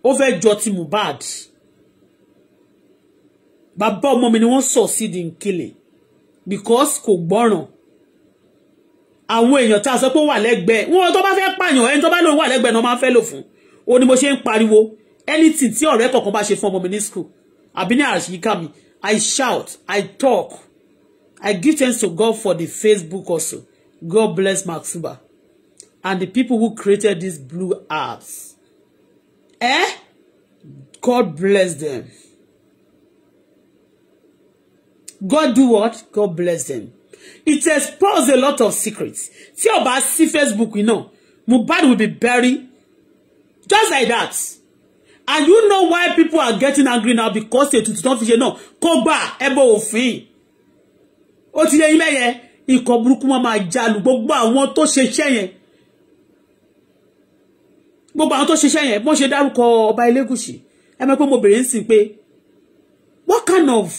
ó fẹ́ jọ ti Mohbad bàbá ọmọ mi ni wọ́n sọ sí di because kò gbọ́ràn àwọn èèyàn tá a sọ pé wà lẹ́gbẹ̀ẹ́ wọn tó bá fẹ́ pààyàn ẹni tó bá lòun wà lẹ́gbẹ̀ẹ́ náà máa ń fẹ́ lò fún ó ní mo ṣe ń pariwo anything tí ọ̀rẹ́ kọ̀ọ̀kan bá ṣe fún ọmọ mi ní school àbí ní àṣìyíká mi I shout I talk I give thanks to God for the Facebook also God bless Maxuba, and the people who created these blue apps eh God bless them God do what God bless them it exposed a lot of secrets See about see Facebook you know Mohbad will be buried just like that and you know why people are getting angry now because ètùtù tó ń fi ṣe náà kó gbà ẹbọ òfin ó ti yẹ ilé yẹn ikọ̀ burúkú máa máa jalù gbogbo àwọn tó ṣe iṣẹ́ yẹn gbogbo àwọn tó ṣiṣẹ́ yẹn bọ́n ṣe dárúkọ ọba Elégùṣì ẹ mọ̀ pé mo bèrè ń sìn pé what kind of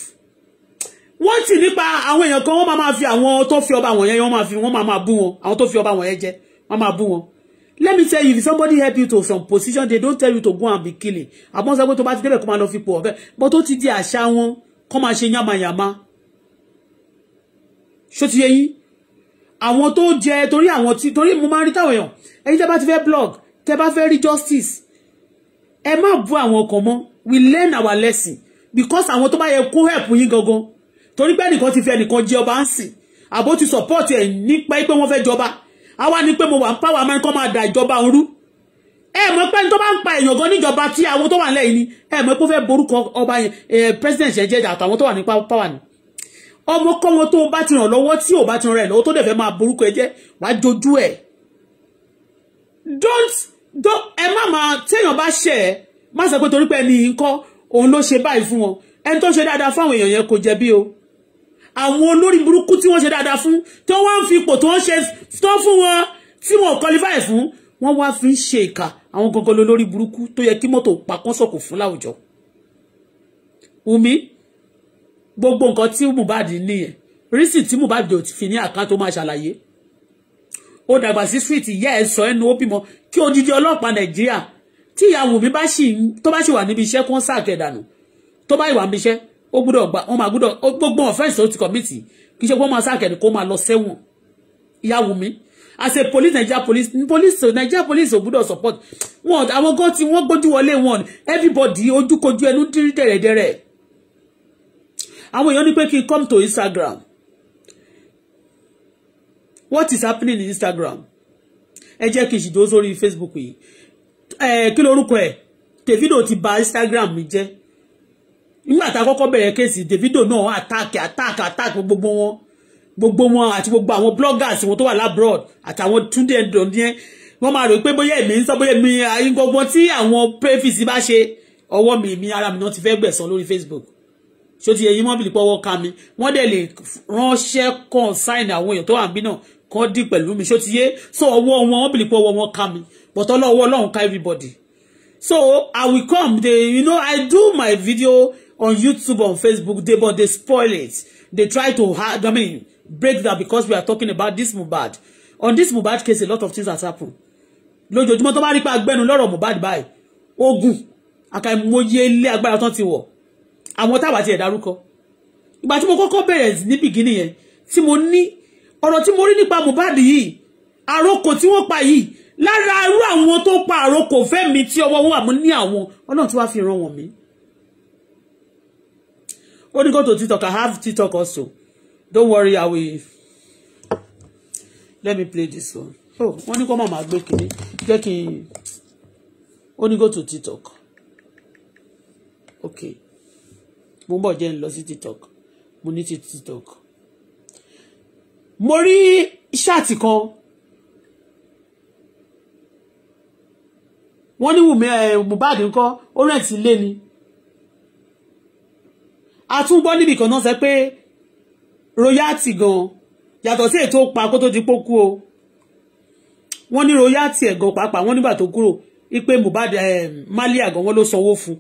wọ́n tì nípa àwọn èèyàn kan wọ́n máa máa fi àwọn tó fi ọba wọ̀nyẹn wọ́n máa fi wọ́n máa máa bú wọn àwọn tó fi ọba wọ̀nyẹn jẹ wọ́n máa bú wọn. let me tell you if somebody help you to some position they don't tell you to go and be killing àbọ̀n sọ pé tó bá ti débẹ̀ kó máa lọ fi pò ọ̀fẹ́ but ó ti di àṣà wọn kó máa ṣe yàmàyàmà ṣó ti yẹ yín àwọn tó jẹ torí àwọn tí torí mo máa ń rí táwọn èèyàn ẹ̀yin tẹ́ bá ti fẹ́ blog tẹ́ bá fẹ́ rí justice ẹ má bú àwọn ọkàn mọ́ we learn our lesson because àwọn tó bá yẹ kó help yín gangan torí pé ẹnìkan ti fi ẹnìkan jẹ ọba ń sìn àbó ti support ẹ̀ nípa pé wọ́n fẹ́ jọba àwa ni pé mo wà ń pàwọ́ àmọ́ nǹkan máa da ìjọba òun rú ẹ mọ̀ pé ní tó bá ń pa èèyàn gan níjọba tí àwọn tó wà nílẹ̀ yìí ni ẹ mọ̀ pé ó fẹ́ borúkọ ọba yẹn president yẹn jẹ́ àtàwọn tó wà ní pàwọ́ ni ọmọ kọ́mọ tó bá ti ràn lọ́wọ́ tí ò bá ti ràn rẹ̀ lọ́wọ́ tó dẹ̀ fẹ́ máa borúkọ ẹ jẹ́ wàá jojú ẹ̀ don't don't ẹ má máa téèyàn bá ṣẹ̀ ẹ́ má sọ pé torí pé ẹni yìí ń kọ́ òun ló ṣe báyìí fún wọn ẹni tó ṣe dáadáa fáwọn èèyàn yẹn kò jẹ̀bi o àwọn olórí burúkú tí wọ́n ṣe dáadáa fún tó wá ń fi ipò tó ń ṣe tó fún wọn tí wọ́n qualify fún wọ́n wá fi ń ṣe ìkà àwọn gangan olórí burúkú tó yẹ kí mọ́tò pa kọ́sọ̀kù fún láwùjọ Wùmí gbogbo nǹkan tí Mohbad nìyẹn rísì tí Mohbad ò ti fi ní àkáǹtì tó máa ṣàlàyé ó dàgbà sí street ìyá ẹ sọ ẹnu ó bímọ kí odidi ọlọ́pàá Nàìjíríà tí ìyá Wùmí bá ṣì tó bá ṣì wà níbi iṣẹ́ kó ń sáàkẹ́ dànù tó bá ìwà níbi iṣẹ́ ó gbọ́dọ̀ gba wọ́n máa gbọ́dọ̀ gbogbo offence tó ti commit kì í ṣe wọ́n máa sáàkẹ́ni kó máa lọ sẹ́wọ̀n ìyá Wùmí as a police Nigeria police police Nigeria police ò gbọ́dọ̀ support wọn àwọn gan tí wọ́n gbójú wọlé wọn everybody ojúkojú ẹnu dírí dẹ̀rẹ̀dẹ̀rẹ̀ àwọn èèyàn ní pé kí n come to Instagram what is happening in Instagram ẹ jẹ́ kí n ṣì dúró sórí Facebook yìí kí lorúkọ ẹ̀ Davido ti bà Instagram mi jẹ́ nígbà tá a kọ́kọ́ bẹ̀rẹ̀ kéèsì Davido náà attack attack attack gbogbo wọn gbogbo wọn àti gbogbo àwọn bloggers wọn tó wà labroad àtàwọn Túndé ẹ̀dọ̀n yẹn wọ́n máa rò pé bóyá èmi ń sọ bóyá èmi ayíngbọ́gbọ́n tí àwọn preface bá ṣe ọwọ́ mi mi ara mi náà ti fẹ́ gbẹ̀san lórí Facebook ṣó ti ẹyin mọ́bìlì pọ́wọ́ ka mi wọ́n dẹ̀ lè ránṣẹ́ kàn sáìn àwọn èèyàn tó wà níbí náà kàn dì pẹ̀lú mi ṣó ti yé so ọwọ́ wọn mọ́bìlì pọ́wọ́ wọn ka mi but ọlọ́wọ́ ọlọ́run ka everybody so I will come they you know I do my video on YouTube, on Facebook, they but they spoil it. They try to hide, I mean, break that because we are talking about this Mohbad. On this Mohbad case, a lot of things has happened. Lójoojúmọ́ tó bá rí pé agbẹ́nu lọ́rọ̀ Mohbad báyìí, ogun, àkàìmọye ilé agbára tán ti wọ̀. Àwọn táwa ti ẹ̀ dárúkọ. Ìgbà tí mo kọ́kọ́ bẹ̀rẹ̀ ní bìgínì yẹn, tí mo ní ọ̀rọ̀ tí mo rí nípa Mohbad yìí, àròkò tí wọ́n pa yìí, lára irú àwọn tó pa àròkò fẹ́mi tí ọwọ́ wọn wà mú ní àwọn, ọlọ́run tí wàá fi ràn wọ̀n mí. When you go to TikTok, I have TikTok also. Don't worry, I will. Let me play this one. Oh, wọ́n ní kó máa máa gbé kiri jẹ́ kí go to TikTok. Okay, mo ń bọ̀ TikTok. Mo ní TikTok. Mo rí ṣáàtì kan. Wọ́n ní Wùmí eh, Mohbad ńkọ́, ó rẹ̀ ti lé a tún gbọ́ níbì kan náà sọ pé royalty gan yàtọ̀ sí ètò pa kó tó di pó kú o wọ́n ní royalty ẹ̀ gan pàápàá wọ́n nígbà tó kúrò ipe Mohbad eh, Malia gan wọ́n ló sanwó fún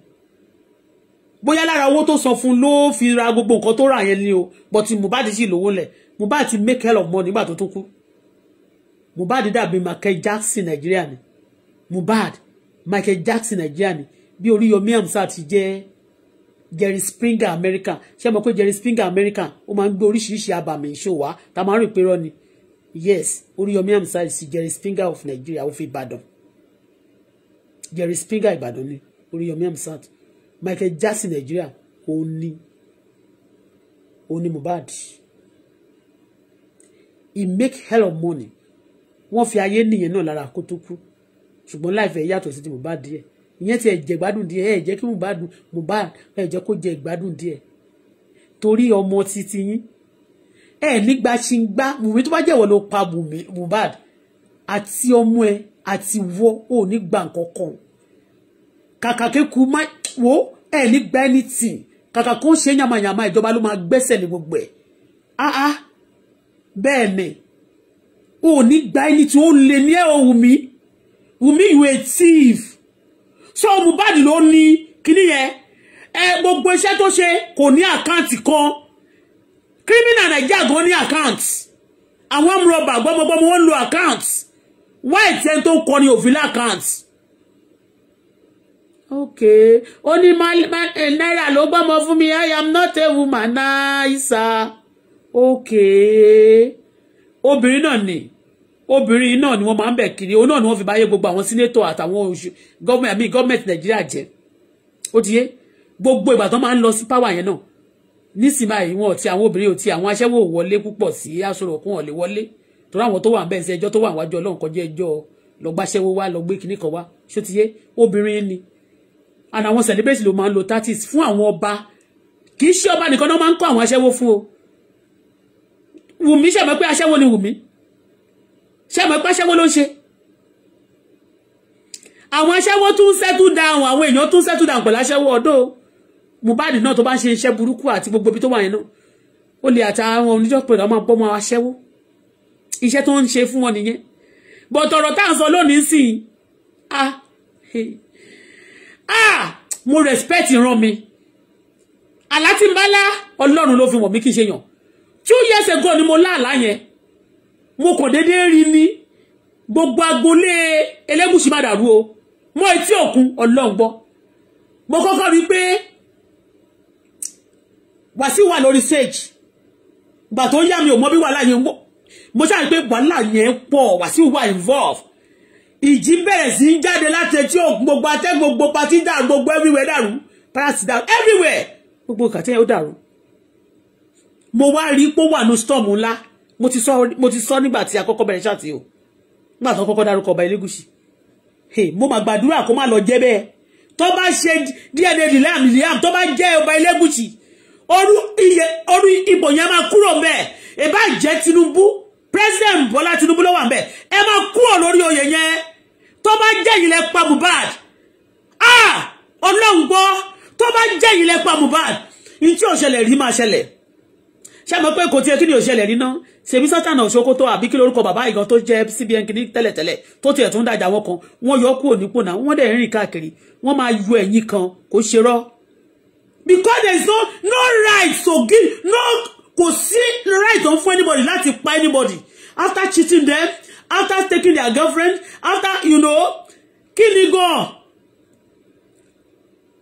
bóyá lára owó tó san fún ló fi ra gbogbo nǹkan tó rà yẹn ni o but Mohbad sì lówó lẹ̀ Mohbad ti make hell of money nígbà tó tó kú Mohbad dàbí Michael Jackson Nàìjíríà ni Mohbad Michael Jackson Nàìjíríà ni bí Oríyọmí Hamzat ti jẹ́ Jerry Springer America ṣé mo pé Jerry Springer America ó máa ń gbé oríṣiríṣi abàmì ìṣòwò wa tá a máa ń rìn pé rọ ni yes Oríyọmí Hamzat sí Jerry Springer of Nigeria ó fi Ìbàdàn Jerry Springer Ìbàdàn ni Oríyọmí Hamzat Michael Jackson Nigeria ó ní ó ní Mohbad he make hell of money wọ́n fi ayé nìyẹn náà lára kó tó kú ṣùgbọ́n láìfẹ́ yàtọ̀ sí ti Mohbad díẹ̀ ìyẹn ti ẹ jẹ gbádùn díẹ̀ ẹ jẹ́ kí Mohbad Mohbad ẹ jẹ́ kó jẹ gbádùn díẹ̀ torí ọmọ titi yín ẹ nígbà tí ń gbá Wùmí tó bá jẹ́wọ́ ló pa Mohbad àti ọmọ ẹ àti wọ ò ní gbà kankan kàkà kéku má wo ẹ ní gbà anything kàkà kó ṣe yàmàyàmà ìjọba ló máa gbẹ́sẹ̀ ní gbogbo ẹ̀ ah bẹ́ẹ̀ ni ò ní gbà anything ó lè ní ẹ̀ ò Wùmí Wùmí you a so Mohbad ló ní kíní yẹn e, gbogbo iṣẹ́ tó ṣe kò ní àkáǹtì kan kírímìnà nàìjíríà gan ní àkáǹtì àwọn amúrọ̀bà gbọ́mọgbọ́mọ wọn ń lo àkáǹtì white ẹni tó ń kọ ní òfin lákáǹtì ok ó ní náírà ló gbọ́mọ fún mi i am not a woman náà Okay, ok obìnrin náà ni obìnrin náà ni wọ́n máa ń bẹ̀ kiri òun náà ni wọ́n fi báyé gbogbo àwọn sínétọ̀ àtàwọn gọ́ọ̀mẹ̀ntì àmì gọ́ọ̀mẹ̀ntì nàìjíríà jẹ́ ó ti yé gbogbo ìgbà tó máa ń lọ sí páwà yẹn náà nísìnyí báyìí wọn ti àwọn obìnrin ò ti àwọn aṣẹ́wó wọlé púpọ̀ sí aṣọ́rọ̀ kún ọ̀lẹ́ wọlé torí àwọn tó wà ń bẹ̀ sí ẹjọ́ tó wà wájú ọlọ́run kọjá ẹjọ́ lọ́gbàṣẹ́wó wá lọ́gbé kinní kan wá ṣó ti yé obìnrin ni and àwọn celebrate ló máa ń lo thirties fún àwọn ọba kì í ṣe ọba nìkan náà máa ń kọ́ àwọn aṣẹ́wó fún o wùmí ṣàmọ́ pé aṣẹ́wó ni wùmí ṣé mọ̀ pé aṣẹ́wó ló ń ṣe àwọn aṣẹ́wó tún settle down àwọn èèyàn tún settle down pẹ̀lú aṣẹ́wó ọ̀dọ́ Mohbad náà tó bá ń ṣe iṣẹ́ burúkú àti gbogbo ibi tó wà yẹn náà ó lè àti àwọn oníjọ́ pẹ̀lú ọmọ bọ́mọ aṣẹ́wó iṣẹ́ tó ń ṣe fún wọn nìyẹn but ọ̀rọ̀ tá à ń sọ lónìí sì ah ah mo respect ìran mi alátìmbálá ọlọ́run ló fi wọ̀n mi kí n ṣe yàn two years ago ni mo láàlá yẹn mo kàn déédéé rí ni gbogbo agboolé Ẹlẹ́gùṣì má dàrú o mọ́ etí òkun ọlọ́run mo kọ́kọ́ rí pé Wàsíù wà lórí stage gbà tó yá mi ò mọ bí wàhálà yẹn mo ṣáà pé wàhálà yẹn pọ̀ Wàsíù wà involve ìjì bẹ̀rẹ̀ sí ń jáde láti etí òkun gbogbo atẹ́ gbogbo patí dàrú gbogbo everywhere dàrú parasi dàrú everywhere gbogbo kàtẹ́yẹ ó dàrú mo wá rí pé ó wà ní storm ńlá mo ti sọ mo ti sọ nígbà tí a kọ́kọ́ ṣáàtì o nígbà tó kọ́kọ́ dárúkọ ọba elégùsì mo mà gbàdúrà kó má lọ jẹ́ bẹ́ẹ̀ tó bá ṣe DNA liam liam tó bá jẹ́ ọba elégùsì orú iye orú ibò yẹn máa kúrò mbẹ̀ ìbá jẹ́ Tinubu president bola Tinubu ló wà mbẹ̀ ẹ máa kúrò lórí oyè yẹn tó bá jẹ́ ìlẹ̀ pa Mohbad ah ọlọ́run gbọ́ tó bá jẹ́ ìlẹ̀ pa Mohbad ní tí ò rí máa ṣẹlẹ̀ ṣé mọ̀ pé kò tiẹ̀ kí ni ò ṣẹlẹ̀ nínú ṣèbí sátánà òṣòkòtò àbí kí lórúkọ bàbá ìgan tó jẹ́ cbn kìíní tẹ́lẹ̀tẹ́lẹ̀ tó tiẹ̀ tún dájà wọn kan wọ́n yọ kúrò nípò náà wọ́n dẹ̀ rìn káàkiri wọ́n máa yọ ẹ̀yìn kan kò ṣe rọ́ because there is no no right to give no kò sí right to fún anybody láti pa anybody after cheating them after taking their girlfriend after you know kí ni gan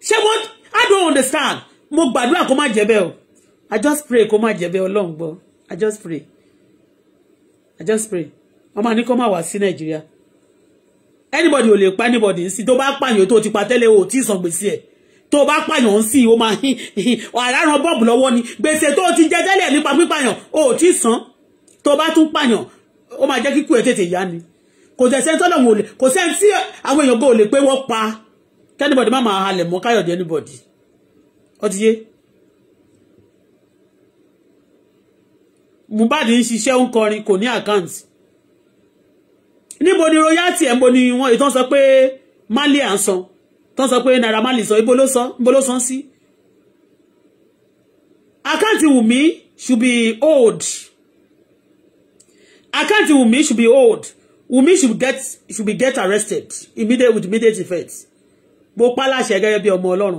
ṣé wọ́n I don't understand mo gbàdúrà kó má jẹ́ bẹ́ẹ̀ o. I just pray kó má jẹ̀bẹ̀ Ọlọ́run gbọ́ I just pray I just pray ọmọ ní kó má wá sí Nàìjíríà anybody ò lè pa anybody ń sí tó bá pààyàn tó ti pa tẹ́lẹ̀ o tí ìsàn gbèsè ẹ̀ tó bá pààyàn ń sí o máa àràràn bọ́ọ̀bù lọ́wọ́ ni gbèsè tó ti jẹ tẹ́lẹ̀ nípa pípààyàn o tí ìsàn tó bá tún pààyàn ó máa jẹ́ kíkú ẹ̀ tètè yá ni kò tẹ̀ sẹ́ni tọ́lọ̀ wọn kò sẹ́ni tí àwọn èèyàn gbọ́ ò pé wọ́n pa kẹ́nìbọ̀dì má máa halẹ̀ mọ́ káyọ̀dé anybody ó yé Mohbad ń ṣiṣẹ́ ń kọrin kò ní àkáǹtì níbo ni royalty ẹ̀ ń bo ni wọ́n ìtàn sọ pé Marley à ń san tán sọ pé Naira Marley sọ ibo ló san ibo ló san sí àkáǹtì Wùmí should be old àkáǹtì Wùmí should be old Wùmí should get should be get arrested immediate with immediate effect mo pa láṣẹ gẹ́gẹ́ bí ọmọ Ọlọ́run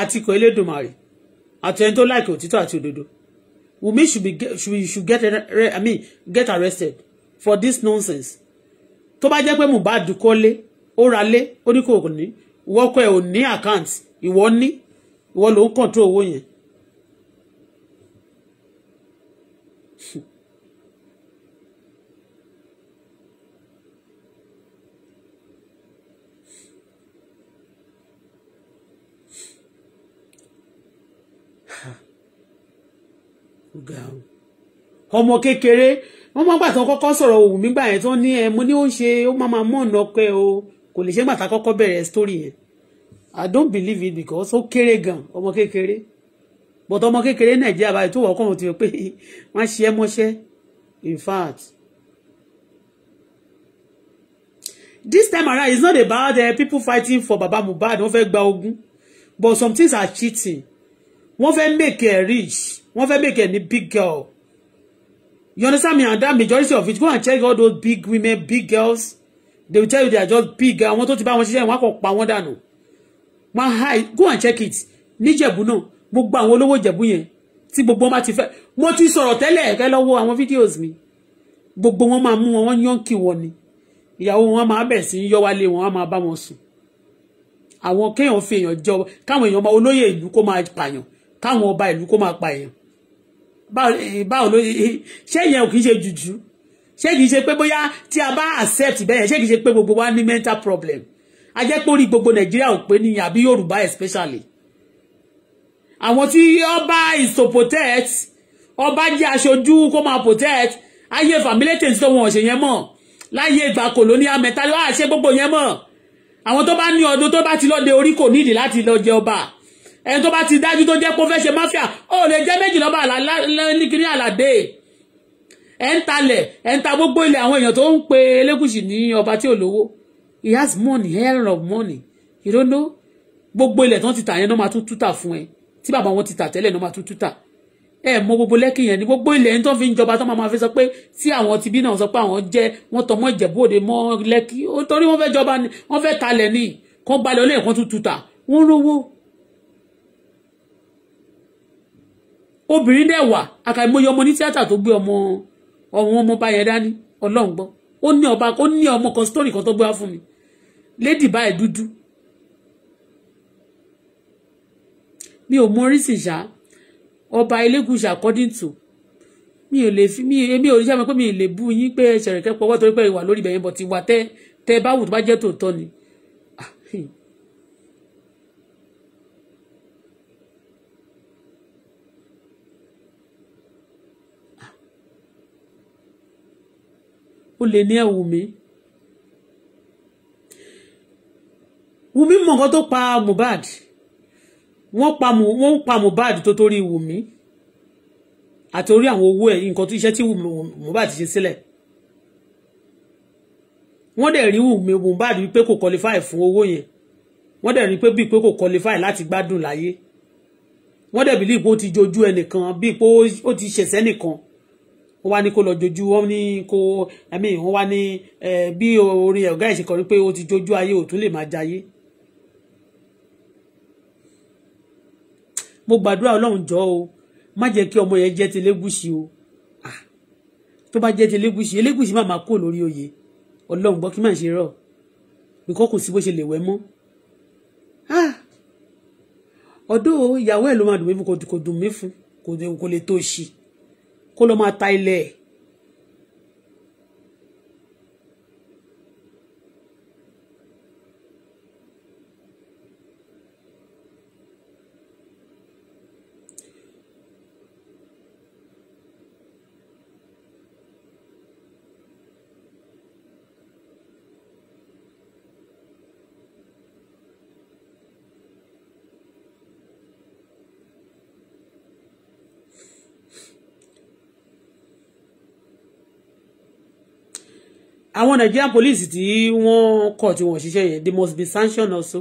àti ikọ̀ Elédùmarè àti ẹni tó láìkè òtítọ́ àti òdodo. Wunmi should be get, should, should get I mean get arrested for this nonsense tó bá jẹ́ pé Mohbad kọ́ lé ó ra lé ó ní kò ní ìwọ ẹ̀ ò ní account ìwọ ní ìwọ ló ń control owó yẹn ọgá ọmọ kékeré wọn máa gbà tán kọ́kọ́ sọ̀rọ̀ òwú mi yẹn tán ní ẹ mo ní ó ṣe ó máa máa mọ ọ̀nà pẹ o kò lè ṣe gbà tá kọ́kọ́ bẹ̀rẹ̀ story yẹn i don't believe it because ó kéré gan ọmọ kékeré but ọmọ kékeré nàìjíríà báyìí tó wọ ọkọ wọn ti rò pé wọn ṣe é mọ́ṣẹ́ in fact this time around it's not about uh, people fighting for Baba Mohbad wọ́n fẹ́ gba ogún but some things are cheating wọ́n fẹ́ make uh, rich wọ́n fẹ́ make ẹ̀ big girl you understand me and that majority of it go and check all those big women big girls they will tell you they are just big àwọn tó ti bá wọn ṣiṣẹ́ wọn kò pa wọn dànù wọn high go and check it níjẹ̀bú náà gbogbo àwọn olówó ìjẹ̀bú yẹn tí gbogbo wọn bá ti fẹ́ mo ti sọ̀rọ̀ tẹ́lẹ̀ kẹ́ lọ́wọ́ àwọn videos mi gbogbo wọn máa mú wọn wọn yán kí wọn ni ìyàwó wọn máa bẹ̀ sí yọ wálé wọn wọn máa bá wọn sùn àwọn kéèyàn fi èèyàn jọ káwọn èèyàn máa olóyè ìlú kó máa pààyàn káwọn ọba ìlú kó máa pààyàn Eh, báwo ló ṣé ìyẹn ò kì í ṣe jùjú ṣé kì í ṣe pé bóyá tí a bá accept bẹ́ẹ̀ ṣé kì í ṣe pé gbogbo wa ní mental problem a jẹ́ pé orí gbogbo nàìjíríà ò pé níyàn àbí yorùbá especially àwọn tí ọba is to protect ọba jẹ́ aṣojú kó máa protect ayé fàmílétè tí wọn ò ṣe yẹn mọ́ láyé ìgbà colonial mentality wàá ṣe gbogbo yẹn mọ́ àwọn tó bá ní ọdún tó bá ti lọ́ọ́ de orí kò nídìí láti lọ jẹ ọba ẹni tó bá ti dájú tó jẹ́ kó fẹ́ ṣe máfíà ó lè jẹ́ méjì lọ́ba níkiri àlàdé ẹ̀ ń talẹ̀ ẹ̀ ń ta gbogbo ilẹ̀ àwọn èèyàn tó ń pe Elégùṣì ní ọba tí ò lówó he has money hell of money you don't know gbogbo ilẹ̀ tán ti tà yẹn náà máa tún tútà fún ẹ tí bàbá wọn ti tà tẹ́lẹ̀ náà máa tún tútà ẹ mọ gbogbo lẹ́kì yẹn ni gbogbo ilẹ̀ yẹn tó fi ń jọba tó máa fi sọ pé tí àwọn ti bí náà sọ pé àwọn jẹ́ wọ́n tọmọ Ìjẹ̀bú Òde mọ́ lẹ́kì torí wọ́n fẹ́ jọba ni wọ́n fẹ́ talẹ̀ ni kán balẹ̀ olóyè kan tún tútà wọ́n rówó obìnrin dẹ̀ wà àkàìmọye ọmọ ní tíátà tó gbé ọmọ ọmọ ọmọ bá yẹn dání ọlọ́run gbọ́ ó ní ọba ó ní ọmọ kan sítórì kan tó gbé wá fún mi lady báyìí dúdú mi ò mọ orí sì ṣá ọba elégùsà according to mi ò lè fi mi èmi ò rí sábà pé mi lè bú yín pé ṣẹ̀rẹ̀kẹ́ pọ̀wọ́ torí pé ìwà lórí ibẹ̀ yẹn bọ̀ ti wà tẹ́ tẹ́ báwù tó bá jẹ́ tòótọ́ ni ah, ó lè ní ẹ̀wù mi. Wùmí mọ̀ tó pa Mohbad wọ́n pa wọ́n pa Mohbad tó torí Wùmí àti orí àwọn owó ẹ̀ nǹkan tó iṣẹ́ tí Mohbad ṣe sílẹ̀ wọ́n dẹ̀ rí Wùmí Mohbad wípé kò qualify fún owó yẹn wọ́n dẹ̀ rí pé bíi pé kò qualify láti gbádùn láyé wọ́n dẹ̀ bíi pé ó ti jojú ẹnìkan bíi pé ó ti ṣẹ̀ṣẹ̀ nìkan wọ́n wá ní kó lọ jojú wọ́n ní kó ẹ̀mí wọ́n wá ní bí orin ọ̀gá ẹ̀ ṣe pé ó ti jojú ayé ò tún lè máa jayé. mo gbàdúrà ọlọ́run jọ o má jẹ́ kí ọmọ yẹn jẹ́ ti lẹ́gùsì o tó bá jẹ́ ti lẹ́gùsì elégùsì má máa kó lórí oyè ọlọ́run gbọ́ kí má ṣe rọ̀ nǹkan kò sí bó ṣe lè wẹ́ mọ́ ọdún ìyàwó ẹ̀ ló máa dùn mí fún kò dùn mí fún kò lè tó ṣì kó ilẹ̀ àwọn Nigerian police tí wọ́n kọ̀ tí wọ́n ṣiṣẹ́ yẹn they must be sanctioned also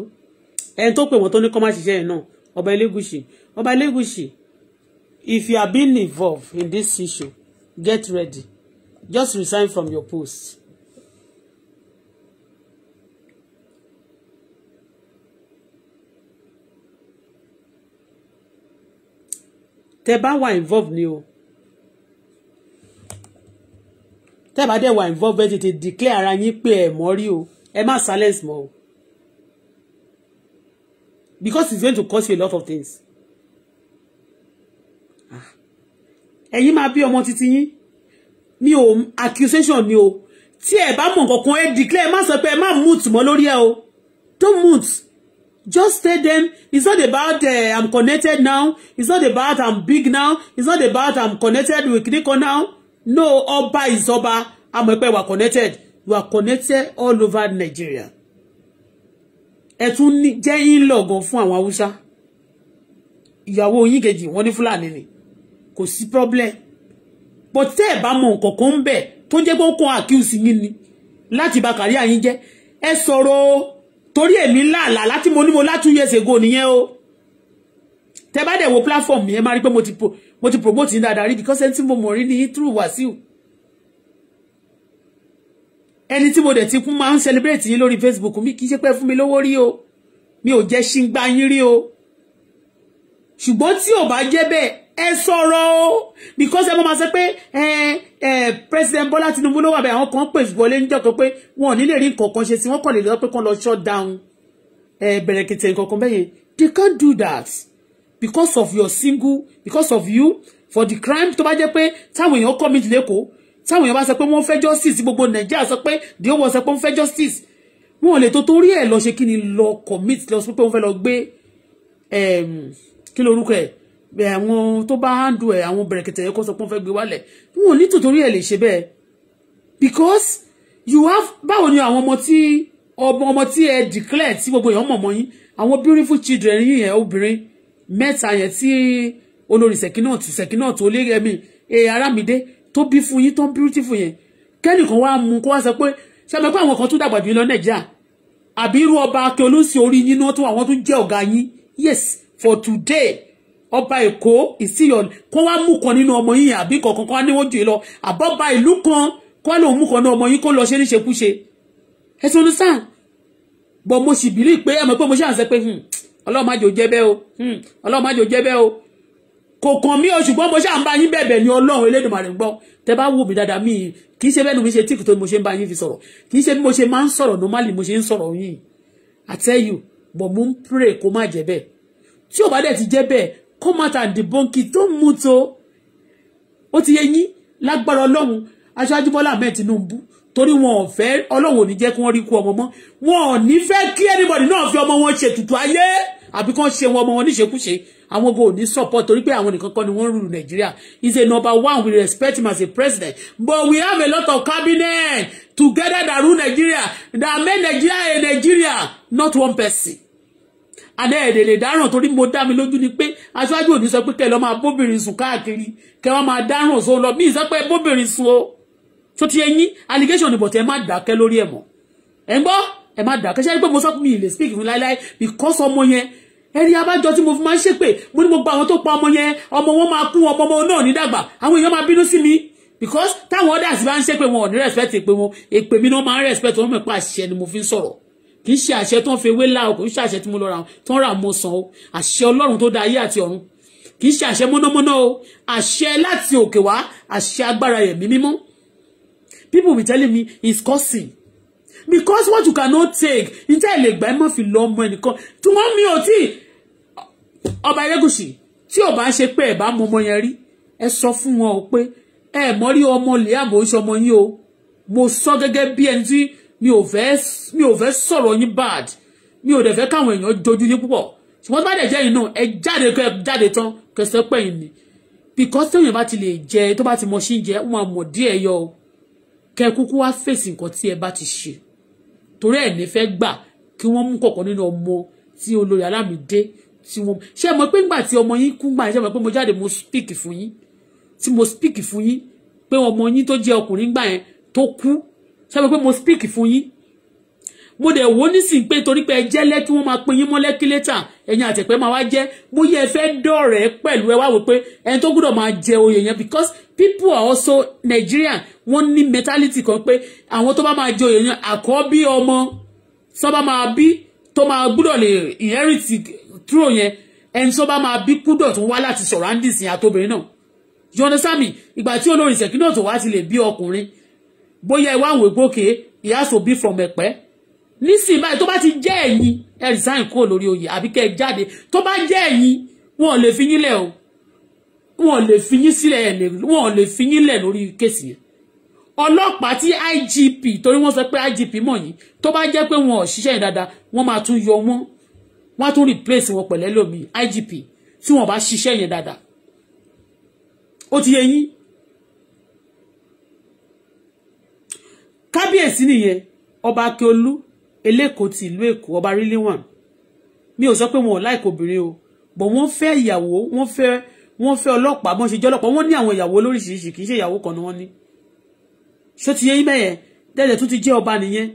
ẹni tó pè wọ́n tó ní kọ́ má ṣiṣẹ́ yẹn náà ọba elégùsì ọba elégùsì if you are being involved in this issue get ready just resign from your post. tẹ bá wà involved ni o tẹ́ẹ̀ bá dẹ̀ wà involve ẹ tètè declare ara yín pé ẹ mọ́ rí o ẹ má silence mọ́ o because it's going to cost you a lot of things. Ah. ẹ̀yin máa bí ọmọ títí yín mi ò accusation ni o tí ẹ bá mọ̀ nǹkan ẹ declare ẹ má sọ pé ẹ má mute mọ́ lórí ẹ o don't mute just tell them it's not about uh, i'm connected now it's not about i'm big now it's not about i'm connected with nikon now no ọba is ọba àmọ́ pé we are connected we are connected all over Nigeria ẹ tún jẹ́ in-law gan fún àwọn haúsá ìyàwó yín kejì wọ́n ní fúlàní ni kò sí problem but tẹ́ ẹ̀ bá mọ nǹkan kan ń bẹ̀ tó jẹ́ pé ó kàn accuse yín ni láti bà kàrí àyín jẹ́ ẹ sọ̀rọ̀ torí èmi làálàá láti mo ní mo látúnyẹsẹ̀ go nìyẹn o tẹ́ bá dẹ̀ wo platform yẹn máa rí pé mo ti po mo ti promote yín dáadáa rí because ẹni tí mo mọ̀ rí ní through Wàsíù ẹni tí mo dẹ̀ ti kún máa ń celebrate yín lórí Facebook mi kì í ṣe pé fún mi lówó rí o mi ò jẹ́ ṣí ń gbá yín rí o ṣùgbọ́n tí ò bá jẹ́ bẹ́ẹ̀ ẹ sọ̀rọ̀ o because ẹ mọ́ máa sọ pé ẹ ẹ president Bọ́lá Tinubu ló wà bẹ́ẹ̀ àwọn kan pè wọlé níjọ́ kan pé wọn ò ní lè rí nǹkan kan ṣe sí wọn kàn lè lọ pé kán lọ shut down ẹ bẹ̀rẹ̀ kan bẹ́yẹn they can't do that because of your single because of you for the crime tó bá jẹ́ pé táwọn èèyàn commit lẹ́kọ̀ọ́ táwọn èèyàn bá sọ pé wọ́n fẹ́ justice gbogbo nàìjíríà sọ pé the whole world sọ pé wọ́n fẹ́ justice wọn ò lè tó torí ẹ̀ lọ ṣe kí ni lọ commit lọ sọ pé wọ́n fẹ́ lọ gbé ehm, kí lorúkọ ẹ̀ àwọn tó bá handle ẹ̀ àwọn bẹ̀rẹ̀kẹ̀tẹ̀ yẹ kó sọ pé wọ́n fẹ́ gbé wálẹ̀ wọn ò ní tòtórí ẹ̀ lè ṣe bẹ́ẹ̀ because you have báwo ni àwọn ọmọ tí ọmọ tí ẹ declare tí gbogbo èèyàn mọ̀mọ́ yín àwọn beautiful children yín yẹn obìnrin mẹ́ta yẹn tí olórí Sekinat Sekinat Olúyẹmí ẹ̀ Àràmídé tó bí fún yín tó ń beautiful yẹn kẹ́nìkan wá mú kó wá sọ pé ṣàmì pé àwọn kan tún dàgbà jù lọ nàìjíríà àbí irú ọba akẹ́olú sí orí yín náà tó àwọn tún jẹ́ ọ̀gá yín yes for today ọba èkó ìsíyọ kó wá mú kan nínú ọmọ yín àbí kọ̀ọ̀kan kó wá níwọ̀n jù lọ àbọ̀ba ìlú kan kó wá lòun mú kan ní ọmọ yín kó lọ ṣe ọlọ́run má jò o hmm. ọlọ́run má jò o kò kàn mí o ṣùgbọ́n mo ṣáà ń bá yín bẹ̀bẹ̀ ní ọlọ́run elédùnmarè gbọ́ tẹ bá wò mí dáadáa mí kì í ṣe bẹ́ẹ̀ ni mo ṣe tíkì tó mo ṣe ń bá yín fi sọ̀rọ̀ kì í ṣe bí mo ṣe máa ń sọ̀rọ̀ normally mo ṣe ń sọ̀rọ̀ yín I tell you but mo ń pray kó má jẹ́ bẹ́ẹ̀ tí ò bá dẹ̀ ti jẹ́ bẹ́ẹ̀ come out and debunk it don't mú to ó ti yẹ yín lágbára ọlọ́run aṣáájú bọ́lá ahmed tinubu torí wọn ò fẹ́ ọlọ́run ò ní jẹ́ kí wọ́n rí kú ọmọ mọ́ wọn ò ní fẹ́ kí anybody náà fi ọmọ wọn ṣètùtù ayé àbí kán ṣe wọn ọmọ wọn níṣekúṣe àwọn go ní support torí pé àwọn nìkan kọ́ ni wọ́n rule Nigeria He's say number one we respect him as a president but we have a lot of cabinet together that rule Nigeria that make Nigeria a Nigeria not one person and ẹ̀ẹ́dẹ̀ lè dáràn torí mo dá mi lójú ni pé aṣáájú òní sọ pé kẹ́ lọ́ọ́ máa bóbìnrin sùn káàkiri kẹ́ wọ́n máa dáràn sóun lọ bí ìsọpẹ́ bóbìnrin sùn o tó ti ẹyin allegation ni bọ̀tẹ́ má dákẹ́ lórí ẹ̀ mọ́ ẹ̀ ń gbọ́ ẹ má dà kẹsẹ́ pé mo sọ mi lè speak fún láíláí because ọmọ yẹn ẹni abájọ tí mo fi máa ń ṣépè mo ní mo gba àwọn tó pa ọmọ yẹn ọmọ wọn máa kú ọmọ ọmọ náà ní dàgbà àwọn èèyàn máa bínú sí mi because táwọn ọdẹ àti bá ń ṣépè wọn ò ní respect èpè wọn èpè mi náà máa ń respect wọn mọ̀ pé àṣẹ ni mo fi ń sọ̀rọ̀ kì í ṣe àṣẹ tó ń fi ewé láàrú kì í ṣe àṣẹ tí mo lọ ra tó ń rà mo sàn o àṣẹ ọlọ́run tó dá ayé àti ọ̀run kì í ṣe àṣẹ mọ́nàmọ́ná o àṣẹ láti òkè wá àṣẹ agbára ẹ̀mí mímọ́ people be telling me it's causing because what you cannot take ìjà ìlẹ̀gbà ẹ̀ mọ̀ fi lọ ọmọ ẹnìkan tí wọ́n mi ò tí ọba Elégùṣì tí ò bá ṣe pé ẹ̀ bá mọ ọmọ yẹn rí ẹ sọ fún wọn o pé ẹ mọ̀ rí ọmọ lèyàbò ń ṣe ọmọ yín o mo sọ gẹ́gẹ́ bí ẹni tí mi ò fẹ́ sọ̀rọ̀ yín bad mi ò dẹ̀ fẹ́ káwọn èèyàn jojú yín púpọ̀ ṣùgbọ́n bá dẹ̀ jẹ́ yín náà ẹ jáde kẹ́ jáde tán kẹsẹ́ pẹ̀yìn ni because téèyàn bá ti lè jẹ tó bá ti mọ sí jẹ wọn àmọ̀ díẹ̀ yọ kẹ kúkú wá fèsì nǹkan tí ẹ bá ti ṣe torí ẹ̀ ní fẹ́ gbà kí wọ́n mú kọ̀ọ̀kan nínú ọmọ tí olórí alámìdé tí wọ́n ṣe mọ̀ pé ńgbà tí ọmọ yín kú ńgbà ṣe mọ̀ pé mo jáde mo speak fún yín tí mo speak fún yín pé ọmọ yín tó jẹ́ ọkùnrin ńgbà yẹn tó kú ṣe mọ̀ pé mo speak fún yín mo dẹ̀ wò nísìn pé torí pé ẹ jẹ́ lẹ́kí wọ́n máa pin yín mọ́ lẹ́kí létà ẹ̀yin àtẹ̀pẹ́ máa wá jẹ́ bóyá ẹ fẹ́ dọ̀rẹ́ pẹ̀lú ẹ wá wò pé ẹni tó gbọ́dọ̀ máa jẹ oyè yẹn because people are also Nigerian wọ́n ní mentality kan pé àwọn tó bá máa jẹ oyè yẹn àkọ́bí ọmọ tó bá máa bí tó máa gbọ́dọ̀ lè inherit through yẹn ẹni tó bá máa bí gbọ́dọ̀ tó wá láti surroundings yẹn àtobìnrin náà you understand me ìgbà tí olórin ìṣèkí náà tó wá ti lè bí ọkùnrin bóyá ẹ wá wò pé okay he has to be from Ẹ̀pẹ́ nísìnyí báyìí tó bá ti jẹ́ ẹ̀yin ẹ resign kúrò lórí oyè àbí kẹ́ ẹ jáde tó bá jẹ́ ẹ̀yin wọn ò lè fi yín lẹ̀ o wọn ò lè fi yín sílẹ̀ ẹ̀ lè wọn ò lè fi yín lẹ̀ lórí kéèsì yẹn ọlọ́pàá tí IGP torí wọ́n sọ pé IGP mọ̀ yín tó bá jẹ́ pé wọn ò ṣiṣẹ́ yẹn dáadáa wọ́n máa tún yọ wọ́n wọ́n á tún replace wọn pẹ̀lẹ́ lómi IGP tí wọ́n bá ṣiṣẹ́ yẹn dáadáa ó ti yẹ yín kábíyèsí nìyẹn ọba Akíolú eléko ti ìlú èkó ọba rílé wọn mi ò sọ pé wọn ò láìkó obìnrin o bọ̀ wọ́n fẹ́ ìyàwó wọ́n fẹ́ wọ́n fẹ́ ọlọ́pàá bọ́n ṣe jọ́lọ́pàá wọ́n ní àwọn ìyàwó lóríṣiríṣi kì í ṣe ìyàwó kan ni wọ́n ní ṣó ti yẹ yín mẹ́yẹn dẹ́dẹ̀ tún ti jẹ́ ọba nìyẹn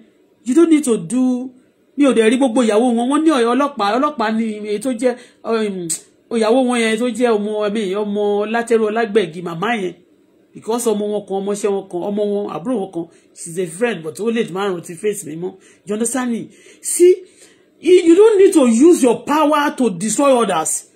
you don't need to do mi ò dẹ̀ rí gbogbo ìyàwó wọn wọ́n ní ọlọ́pàá ọlọ́pàá ni èyí tó jẹ́ um, ìyàwó wọn yẹn tó jẹ́ ọmọ ẹ̀mí ọmọ látẹ́rù ọlágbẹ̀gì màmá yẹn because ọmọ wọn kan ọmọọṣẹ́ wọn kan ọmọ wọn àbúrò wọn kan she's a friend but ó lè má rántí face mi mọ́ you understand me see you don't need to use your power to destroy others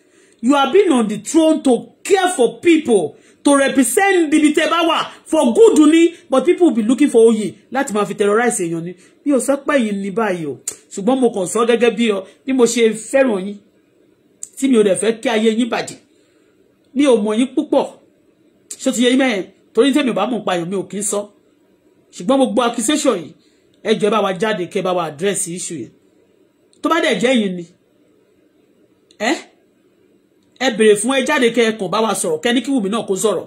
you have been on the throne to care for people to represent the tẹ́ bá for good ni but people will be looking for oyè láti máa fi terrorize èèyàn ni bí o sọ pé yìí ní báyìí o ṣùgbọ́n mo kàn sọ gẹ́gẹ́ bí o bí mo ṣe fẹ́ràn yín tí mi ò dẹ̀ fẹ́ kí ayé yín bàjẹ́ mi ò mọ̀ yín púpọ̀ se ti yẹ yín mẹ́rin torí tèmi bá mọ̀ payàn mi ò kì í sọ ṣùgbọ́n gbogbo accusation yìí ẹjọ́ ẹ bá wa jáde kẹ́ bá wa address issue yẹn tó bá dẹ̀ jẹ́ yín ni ẹ ẹ béèrè fún ẹ jáde kẹ́ ẹ kàn bá wa sọ̀rọ̀ kẹ́ ní kí Wùmí náà kó sọ̀rọ̀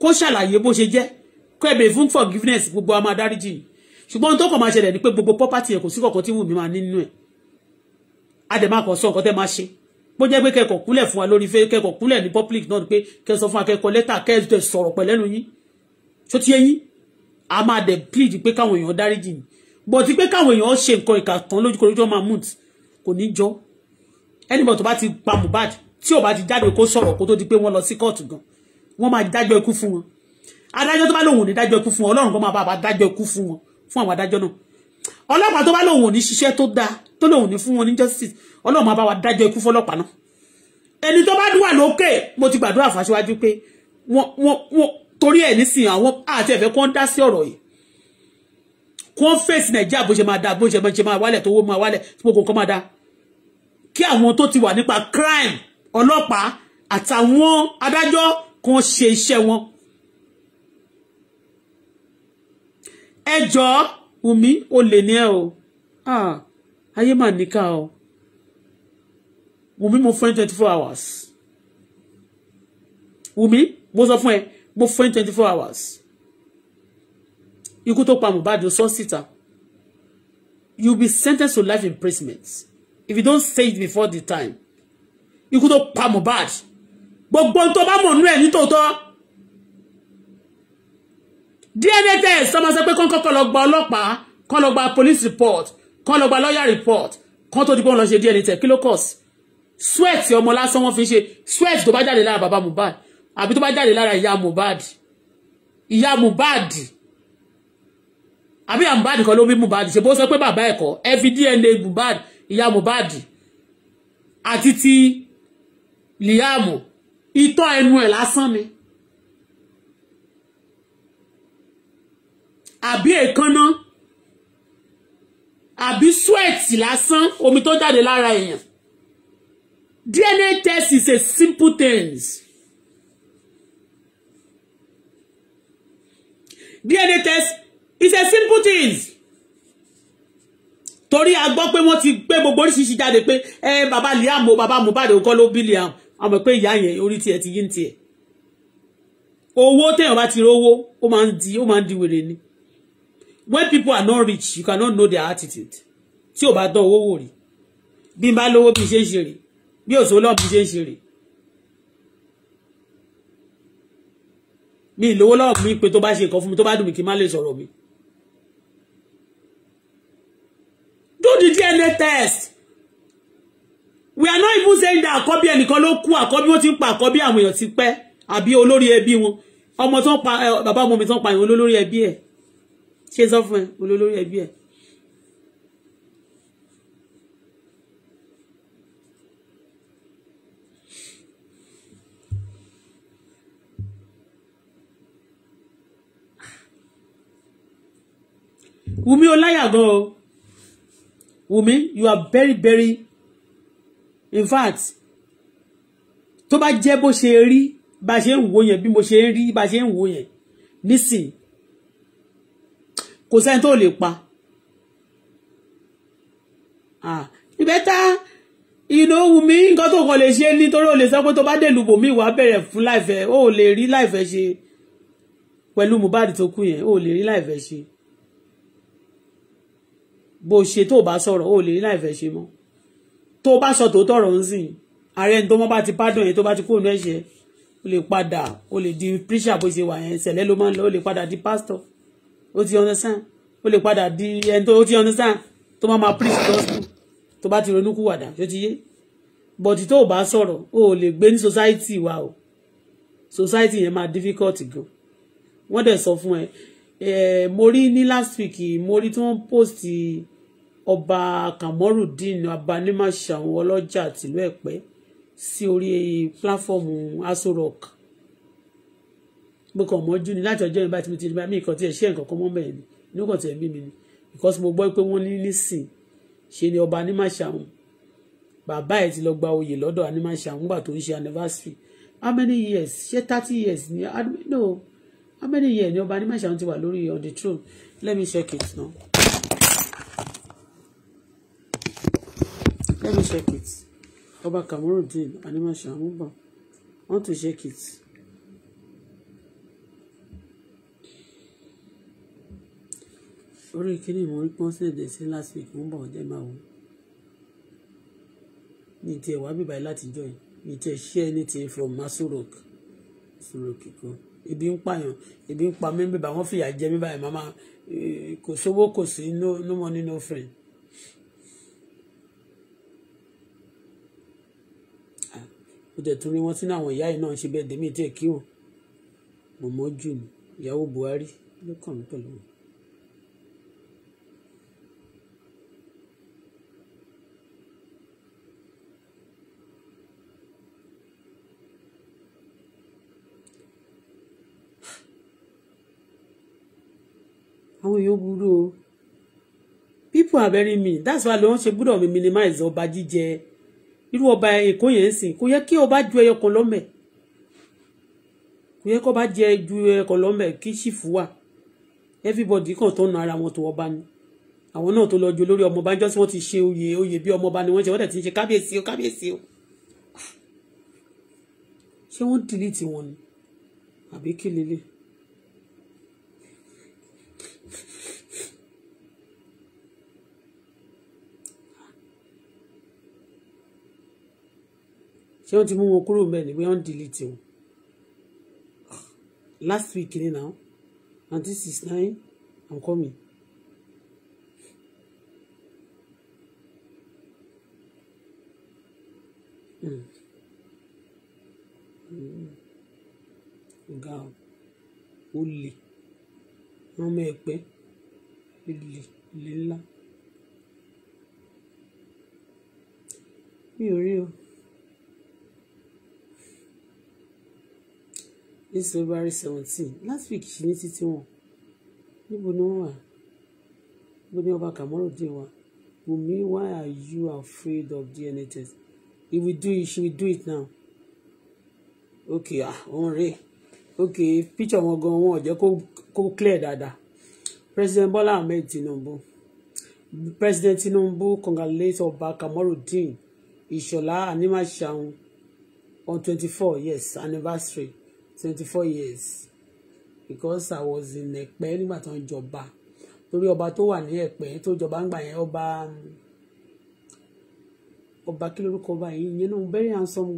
kó ṣàlàyé bó ṣe jẹ́ kó ẹ béèrè fún forgiveness gbogbo a máa dáríjì ṣùgbọ́n tó kàn máa ṣẹlẹ̀ ni pé gbogbo property yẹn kò sí kọ̀ọ̀kan tí Wùmí máa nínú ẹ̀ a dẹ̀ máa kàn sọ nǹkan tẹ́ máa ṣe bó jẹ́ pé kẹ́kọ̀ọ́ kúnlẹ̀ fún wa lórí fẹ́ kẹ́kọ̀ọ́ kúnlẹ̀ ní public náà pé kẹ́ sọ fún akẹ́kọ̀ọ́ lẹ́tà kẹ́ tẹ̀ sọ̀rọ̀ pẹ̀lẹ́nu yín tó ti yé yín a máa dẹ̀ plead pé káwọn èèyàn dáríjì yín but pé káwọn èèyàn ṣe nǹkan ìkà kan lójúkọ̀ọ́ lójúkọ̀ọ́ máa mut kò ní jọ anybody tó bá ti pa Mohbad tí ò bá ti jáde kó sọ̀rọ̀ kó tó di pé wọ́n lọ sí kóòtù gan wọ́n máa dájọ́ ikú fún wọn adájọ́ tó bá lòun ò ní dájọ́ ikú fún wọn ọlọ́run kan máa bá dájọ́ ikú fún wọn fún àwọn adájọ́ náà ọlọ́pàá tó bá lòun ò ní ṣiṣẹ́ tó dáa tó lòun ní fún wọn ní justice ọlọ́run máa bá wa dájọ́ ikú fọlọ́pàá náà ẹni tó bá dùwà lókè mo ti gbàdúrà fàṣíwájú pé wọ́n wọ́n wọ́n torí ẹ̀ nísìn àwọn àti ẹ̀fẹ́ kó ń dá sí ọ̀rọ̀ yìí kó ń fèsì nàìjíríà bó ṣe máa dáa bó ṣe máa ṣe máa wálẹ̀ tó wó máa wálẹ̀ tí gbogbo nǹkan máa dáa kí àwọn tó ti wà nípa crime ọlọ́pàá àtàwọn adájọ́ kan ṣe iṣẹ́ wọn ẹ jọ̀ọ́ wùmí o lè e ah, ní ẹ o ayé mà níkà o wùmí mo fún ẹ twenty four hours wùmí mo sọ fún ẹ mo fún ẹ twenty four hours ikú tó pa Mohbad sọ síta you be sentenced to life imprisonment if you don't say it before the time ikú tó pa Mohbad gbogbo tó bá mọ̀ nú ẹ̀ nítòótọ́ dna test ọmọ sọ pé kán kọ́kọ́ lọ gba ọlọ́pàá kán lọ gba police report kán lọ gba lawyer report kán tó di pé wọ́n lọ ṣe dna test kí ló kọ̀ sí sweat ọmọ lásán wọ́n fi ṣe sweat tó bá jáde lára bàbá Mohbad àbí tó bá jáde lára ìyá Mohbad ìyá Mohbad àbí ìyá Mohbad kan ló bí Mohbad ṣe bó sọ pé bàbá ẹ̀kọ́ fi dna Mohbad ìyá Mohbad àti ti liamu ìtọ́ ẹnu ẹ̀ lásán ni. àbí èékánná àbí sweat lásán omi tó jáde lára èèyàn DNA test is a simple thing. DNA test is a simple thing. Torí a gbọ́ pé wọ́n ti gbé gbogbo oríṣiríṣi jáde pé ẹ bàbá Liam o bàbá Mohbad òkọ́ ló bí Liam àmọ́ pé ìyá yẹn orí tiẹ̀ ti yí ń tiẹ̀. Owó téèyàn bá ti rówó ó máa ń di ó máa ń di wèrè ni when people are not rich you cannot know their attitude tí o bá dán owó wò rí bí n bá lówó bí n ṣe ń ṣe rè bí òṣòwò lọ́wọ́ bí n ṣe ń ṣe mi ìlówó lọ́wọ́ mi pé tó bá ṣe nǹkan fún mi tó bá dùn mí kí n má lè mi. do the DNA test we are not even saying that àkọ́bí ẹnìkan ló kú àkọ́bí wọ́n ti ń pa àkọ́bí àwọn èèyàn ti pẹ́ àbí olórí ẹbí wọn ọmọ tó ń pa bàbá ọmọ mi tó ń pa olori ebi. ẹbí ẹ̀ ṣe sọ fún ẹ olólórí ẹbí ẹ. Wumi Olaya gan o. Wumi, you are very very in fact tó bá jẹ́ bó ṣe rí bá ṣe ń wò yẹn bí mo ṣe ń rí bá ṣe ń wò yẹn nísìn kò sẹ́ni tó lè pa ìbẹ́ta ìnà ohun mi nǹkan tó kàn lè ṣe nítorí ò lè sọ pé tó bá dèlù bòmí ìwà bẹ̀rẹ̀ fún láìfẹ́ ó lè rí láìfẹ́ ṣe pẹ̀lú Mohbad tó kú yẹn ó lè rí láìfẹ́ ṣe bó ṣe tó bá sọ̀rọ̀ ó lè rí láìfẹ́ ṣe mọ́ tó bá sọ tó tọ̀rọ̀ ń sìn ààrẹ ní tó mọ́ bá ti pádùn yẹn tó bá ti kúrò ní ẹ̀ṣẹ̀ ó lè padà ó lè di píríṣà bó ṣe wà yẹn ṣẹ̀lẹ́ ló máa ń lọ ó lè padà di pásítọ̀ o ti understand o lè padà di ẹni tó o ti understand tó máa máa preach gospel tó bá ti ronú kúwàdà tó ti yé but tó o bá sọ̀rọ̀ o ò lè gbé ní society wa o society yẹn máa difficult gan wọ́n dẹ̀ sọ fún ẹ mo rí ní last week mo rí tí wọ́n post ọba kamorudin abanimasa àwọn ọlọ́jà tìlú ẹ̀pẹ́ sí orí pláfọ́ọ̀mù aso mo kàn mọ́jú ni láti ọjọ́ yẹn báyìí tí mo ti rí báyìí mi kàn tiẹ̀ ṣe nǹkan kan mọ́ mẹ́rin ni inú kàn tiẹ̀ bí mi ni because mo gbọ́ pé wọ́n ní nísìn ṣe ni ọba Animashaun bàbá ẹ̀ ti lọ gba oyè lọ́dọ̀ Animashaun nígbà tó ń ṣe anniversary how many years ṣé thirty years ni no how many years ni ọba Animashaun ti wà lórí on the throne let me check it now let me check it ọba Kamorudeen Animashaun I want to check it. orí kíní mo rí pọ́n sẹ̀dẹ̀ sí last week mo ń bọ̀ jẹ́ máa wò ní tiẹ̀ wá bíbá yìí látijọ́ yìí ní tiẹ̀ share anything from masurok masurok kò ebi ń pààyàn ebi ń pa mí bíbá wọ́n fìyà jẹ mí báyìí màmá eh, kò sówó kò sí no no money no friend. ó ah, dẹ̀ tún rí wọ́n sínú àwọn ìyá yìí náà ṣe bẹ́ẹ̀ dèmí tẹ̀ kí o mọ̀mọ́ jù ní ìyàwó Buhari ló kàn mí pẹ̀lú wọn. àwọn èèyàn burú o people are very mean that's why lóun ṣe gbúdọ̀ mi minimize ọba jíjẹ irú ọba èkó yẹn ń sìn kò yẹ kí ọba ju ẹyọ kan lọ́mẹ̀ kò yẹ kí ọba jẹ ju ẹyọ kan lọ́mẹ̀ kí ṣìfù wà everybody kàn tó na ara wọn tó ọba ni àwọn náà tó lọ ju olórí ọmọọba níjọ́sí wọ́n ti ṣe oyè oyè bí ọmọọba ni wọ́n ṣe wọ́n tẹ̀ ti ń ṣe kábíyèsí o kábíyèsí o ṣé wọ́n dìlítì wọn ni àbí kí lélẹ̀ ṣé wọ́n ti mú wọn kúrò bẹ́ẹ̀ ni pé delete wọn ah, last week ni now and this is nine i'm coming. Mm. Mm. ọ̀gá ò lè wọ́n mọ ẹ̀pẹ́ ilé ilé ńlá mi ò rí o. ní february seventeen last week ní títí wọn níbo ni wọn wà níbo ni ọba Kamorudeen wà Wunmi why are you afraid of the test if we do it she will do it now okay ah òun rèé okay picture wọn gan wọn ò jẹ́ kó clear dáadáa president Bola Ahmed Tinubu president Tinubu congratulate ọba Kamorudeen Ìṣọ̀lá Animashaun on twenty four years anniversary twenty four years because I was in Ẹ̀pẹ́ nígbà tó ń jọba torí ọba tó wà ní Ẹ̀pẹ́ tó jọba ń gbà yẹn ọba ọba kí lórúkọ ọba yìí yẹn náà very handsome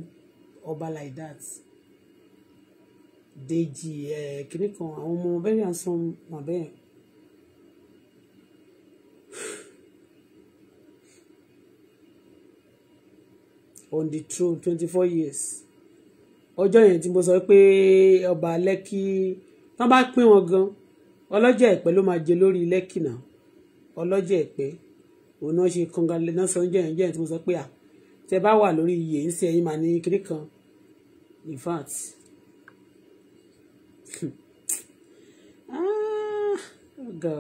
ọba like that Deji, ẹ kìnnì kan àwọn ọmọ very handsome mà bẹ́ẹ̀. on the throne twenty four years ọjọ́ yẹn tí mo sọ pé ọba lẹ́kì tán bá pín wọn gan ọlọ́jà ẹ̀pẹ́ ló máa jẹ lórí lẹ́kì náà ọlọ́jà ẹ̀pẹ́ òun náà ṣe kọngalẹ̀ náà sọ́njọ́ yẹn jẹ́ yẹn tí mo sọ pé à tẹ bá wà lórí iye ń sẹ ẹyin máa ní kiri kan in fact ah ọgọ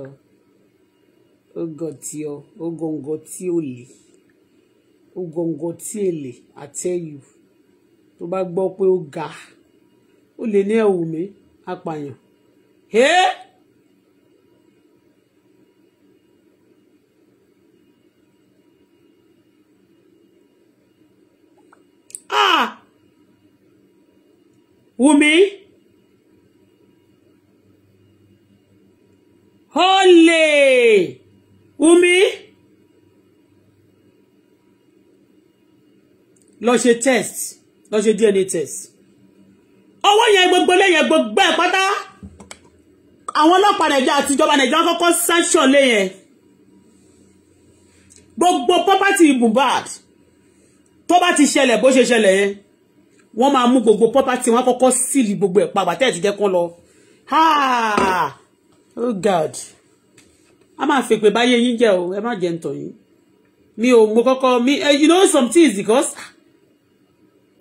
O tí ọ ọgọngọ tí ò lè ọgọngọ tí I tell you tó bá gbọ́ pé ó ga ó lè ní ẹ̀wù mi apààyàn ah! Wùmí olè Wùmí lọ ṣe test lọ ṣe DNA test owó yẹn gbogbo lẹ́yìn gbogbo ẹ̀ pátá àwọn ọlọ́pàá nàìjíríà àti ìjọba nàìjíríà kọ́kọ́ sanction lẹ́yìn gbogbo property Mohbad tó bá ti ṣẹlẹ̀ bó ṣe ṣẹlẹ̀ yẹn wọ́n máa mú gbogbo property wọn kọ́kọ́ sílì gbogbo ẹ̀ pàpà tẹ́ẹ̀ ti jẹ́ kán lọ ah! oh God a máa fèpè báyé yín jẹ́ o ẹ má jẹ́ ń tọ̀ yín mi ò mo kọ́kọ́ mi eh, you know some things because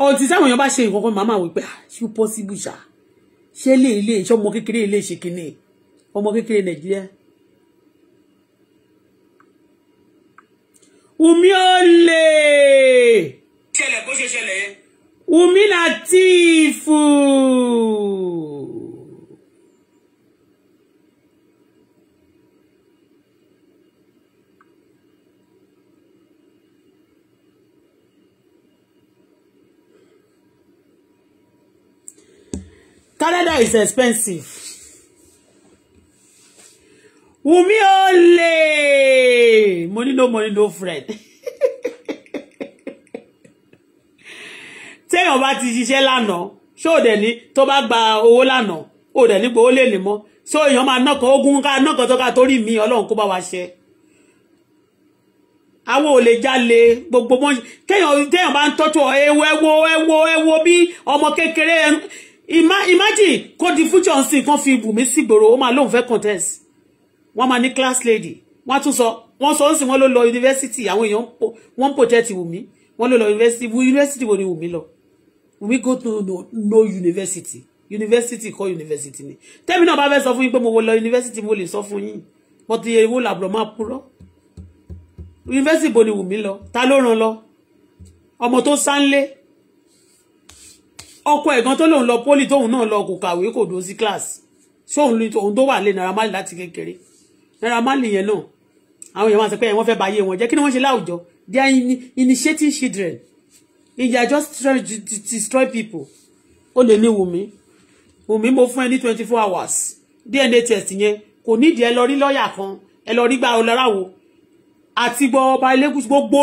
ọtí táwọn èèyàn bá ṣe nǹkan kan màmá wò pé ṣé ah, possible ṣá ṣé lè ilé iṣẹ́ ọmọ kékeré ilé ṣe kínní ọmọ kékeré nàìjíríà. Wùmí ó lè. ṣẹlẹ̀ bó ṣe ṣẹlẹ̀ yẹn. Wùmí Látìfù. Canada is expensive. Wumi ole! Money no money no friend. Téèyàn your ti ṣiṣẹ́ lánàá, ṣé ò dẹ̀ ní tó bá gba owó lánàá, ò dẹ̀ ní gbowó lè ní mọ́. Ṣé èèyàn máa nọ́kàn ogun ká nọ́kàn tó ká torí mi Ọlọ́run kó bá wa ṣe àwọn ò lè jalè gbogbo mọ́ kéèyàn téèyàn bá ń tọ́jú ẹ̀wọ̀ ẹ̀wọ̀ ẹ̀wọ̀ ẹ̀wọ̀ bí ọmọ Ima, imagine kó di future nsìn kan fi Bùnmi sí gbòòrò ó máa lóun fẹ́ contest wọ́n máa ní class lady wọ́n tún sọ wọ́n sọ ó sì wọ́n ló lọ yunifásitì àwọn èèyàn project ń protect Wùnmi wọ́n ló lọ yunifásitì yunifásitì wo ni Wùnmi lọ Wùnmi go to no, no University yunifásitì kọ́ university. ni tẹ́mi náà bá fẹ́ sọ fún yín mo wọ lọ yunifásitì mo lè sọ fún yín but iye wo làbúrò máa purọ́ yunifásitì bo ni Wùnmi lọ ta ló ràn lọ ọmọ tó sánlé ọkọ ẹ̀gan tó lòun lọ pólì tóun náà lọ kò kàwé kò dó sí kíláàsì ṣóun ní òun tó wà lé Naira Marley láti kékeré Naira Marley yẹn náà àwọn èèyàn máa sọ pé ẹ̀ fẹ́ ba wọn jẹ́ kí ni wọ́n ṣe láwùjọ they are initiating children they are just trying to destroy people ó lè ní Wùmí Wùmí mo fún ẹ ní twenty four hours DNA test yẹn kò nídìí ẹ lọ rí lọ́ọ̀yà kan ẹ lọ rí gbà ọ lọ́ra àti gbọ́ ọba elégùsù gbogbo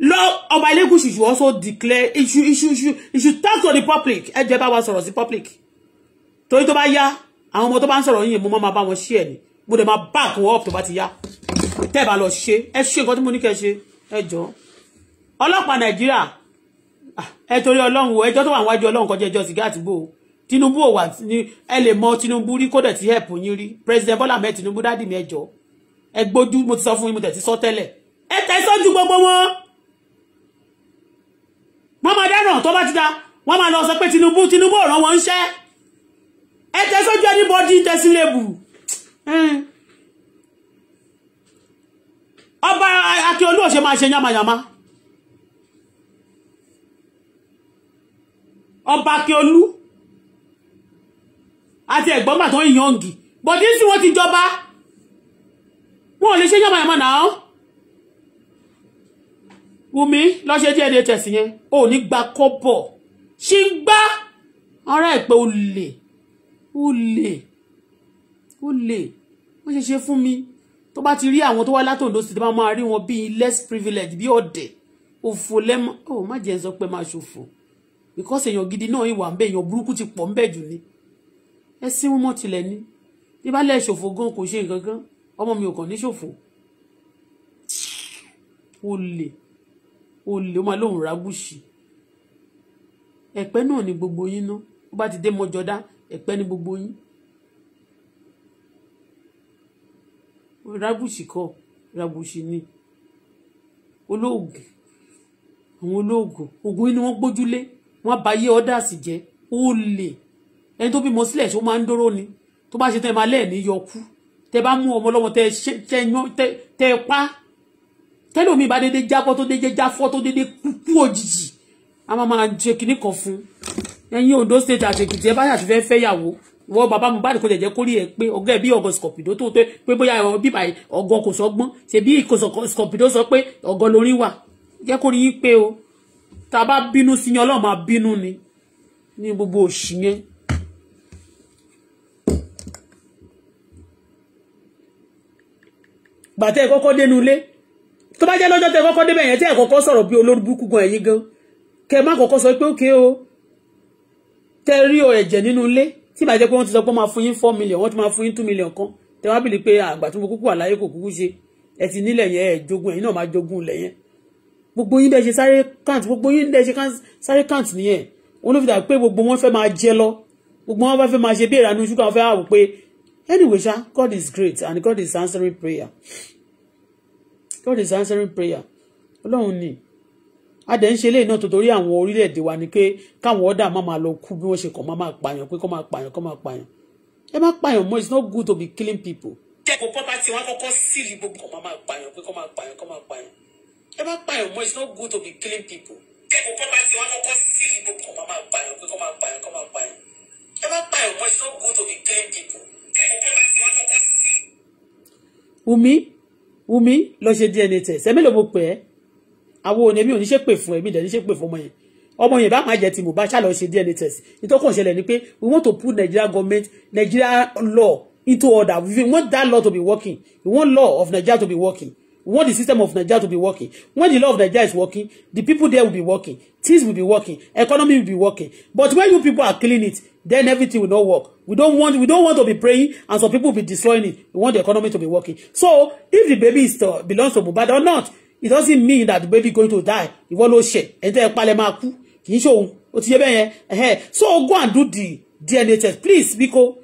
Lord of Elegushi should also declare, it should, it should, it should, it should talk to the public. Ẹ jẹ́ bá wa sọ̀rọ̀ sí public. Torí tó bá yá, àwọn ọmọ tó bá ń sọ̀rọ̀ yìí, mo máa bá wọn share ni. Mo dẹ̀ máa back wọn up tó bá ti yá. Tẹ́ ẹ bá lọ ṣe, ẹ ṣe nǹkan tí mo ní kẹ́ ṣe, ẹ jọ̀ọ́. Ọlọ́pàá Nàìjíríà, ah, ẹ torí Ọlọ́run o, ẹjọ́ tó wà níwájú Ọlọ́run kọjá ẹjọ́ sìgá àtìgbò o. Tinubu ò wà ní ẹ lè mọ Tinubu rí kó dẹ̀ ti help yín rí. President Bọ́lá Ahmed Tinubu dádì mi ẹ jọ̀ọ́. Ẹ gbójú mo ti sọ fún yín mo tẹ̀ ti sọ tẹ́lẹ̀. Ẹ tẹ̀ sọ́jú gbogbo wọn wọ́n máa dáràn tó bá ti da wọ́n máa lọ sọ pé Tinubu Tinubu ọ̀ràn wọn ń ṣẹ́ ẹ tẹ sójú ẹni bọ́dí tẹsí lébù ọba Akíọlú ò ṣe máa ṣe yamayama ọba Akíọlú àti ẹ̀gbọ́n màtọ́ yọǹgì bọ̀dí sí wọn ti jọba wọn ò lè ṣe yamayama náà. Wùmí lọ́ṣẹ́ díẹ̀ ní tẹ̀sí yẹn ò ní gba kọ́bọ̀ ṣì ń gbá ara ẹ̀ pé ó lè ó lè ó lè wọ́n ṣe ṣe fún mi tó bá ti rí àwọn tó wá látòǹdó sí ti bá máa rí wọn bíi less privilege bíi ọ̀dẹ̀ òfò lẹ́mọ̀ ó má jẹ́ ń sọ pé máa because èèyàn gidi náà ìwà ń bẹ èèyàn burúkú ti pọ̀ ń bẹ jù ni ẹsìn wọn mọ̀ tilẹ̀ ni bí bá lẹ̀ ṣòfò gan kò ṣe nǹkan gan ọmọ mi ò kàn ní ṣòfò ó lè olè ó máa lóun ra wúṣì ẹ̀pẹ́ náà ni gbogbo yín ná ó bá ti dé mọ́jọ́dá ẹ̀pẹ́ ni gbogbo yín rábùṣì kọ́ rábùṣì ni olóògùn àwọn olóògùn ògùn yìí ni wọ́n gbójúlé wọ́n bá yé ọ́dà sì jẹ́ olè ẹni tó bímọ sílẹ̀ tó máa ń dóró ni tó bá ṣe tẹ́ máa lẹ́ẹ̀ ní yọkú tẹ́ bá mú ọmọ lọ́wọ́ tẹ́ pa tẹ́lómi bá dédé jábọ́ tó dédé jáfọ́ tó dédé kú òjijì a máa máa ṣe kinní kan fún ẹ̀yin Ondo state àti Èkìtì ẹ bá yàtọ̀ fẹ́ fẹ́ yàwó wọ́n bàbá Mohbad kò jẹ̀jẹ̀ kórìí ẹ̀ pé ọgá ẹ̀ bí ọgọ́ scorpido tó pé pé bóyá ẹ̀rọ bíbà ọgọ́ kò sọgbọ́n ṣe bí scorpido sọ pé ọgọ́ lórí wà jẹ́ kórìí yín pé o tá a bá bínú sí yín Ọlọ́run máa bínú ni ní gbogbo òṣì yẹn gbàtẹ́ kọ́kọ́ dénú ilé tó bá jẹ́ lọ́jọ́ tẹ kọ́kọ́ débẹ̀ yẹn tí ẹ̀ kọ́kọ́ sọ̀rọ̀ bí olórí burúkú gan ẹ̀yìn gan kẹ má kọ́kọ́ sọ pé ókè o tẹ rí o ẹ̀jẹ̀ nínú ilé tí ìbàjẹ́ pé wọ́n ti sọ pé wọ́n máa fún yín four million wọ́n ti máa fún yín two million kan tẹ wá bìlì pé àgbà tó kúkú àlàyé kò kúkú ṣe ẹ ti nílẹ̀ yẹn ẹ jogún ẹ̀yin náà máa jogún ilẹ̀ yẹn gbogbo yín bẹ́ẹ̀ ṣe sáré count gbogbo yín bẹ́ẹ̀ ṣe sáré count nìyẹn wọn ló fi dà pé gbogbo wọn fẹ́ máa jẹ lọ gbogbo wọn bá fẹ́ máa ṣe bí ìranú ṣúgà wọn fẹ́ àwò pé anyway ṣá God is great and God is answering prayer God is answering prayer ọlọ́run ni a dẹ̀ ń ṣe eléyìí náà torí àwọn orílẹ̀-èdè wa ni pé káwọn ọ̀dà má máa lọ kú bí wọ́n ṣe kàn má máa pààyàn pé kọ́ máa pààyàn kọ́ máa pààyàn ẹ má pààyàn mọ́ it's not good to be killing people. jẹ́ kó property wọn kọ́kọ́ sílì gbogbo kọ́ máa pààyàn pé kọ́ máa pààyàn kọ́ máa pààyàn ẹ má pààyàn mọ́ it's not good to be killing people. jẹ́ kó property wọn kọ́kọ́ sílì gbogbo kọ́ máa pààyàn pé kọ́ máa pààyàn kọ́ máa pààyàn ẹ má not good to be killing people. jẹ́ Wùmí lọ ṣe DNA test ẹ mélòó mo pè ẹ́ àwọn mi ò ní ṣe pè fún ẹ mi dẹ̀ ní ṣe pè fún ọmọ yẹn ọmọ yẹn bá máa jẹ ti Mohbad ṣá lọ ṣe DNA test ìtọ́kàn ṣẹlẹ̀ ni pé we want to put Nigeria government Nigeria law into order we want that law to be working we want law of Nigeria to be working we want the system of Nigeria to be working when the law of Nigeria is working the people there will be working things will be working economy will be working but when you people are killing it then everything will not work. We don't want we don't want to be praying and some people will be destroying it. We want the economy to be working. So if the baby is to, uh, belongs to Mohbad or not, it doesn't mean that the baby is going to die. You want no ẹ̀ńtẹ́ So go and do the DNA test please biko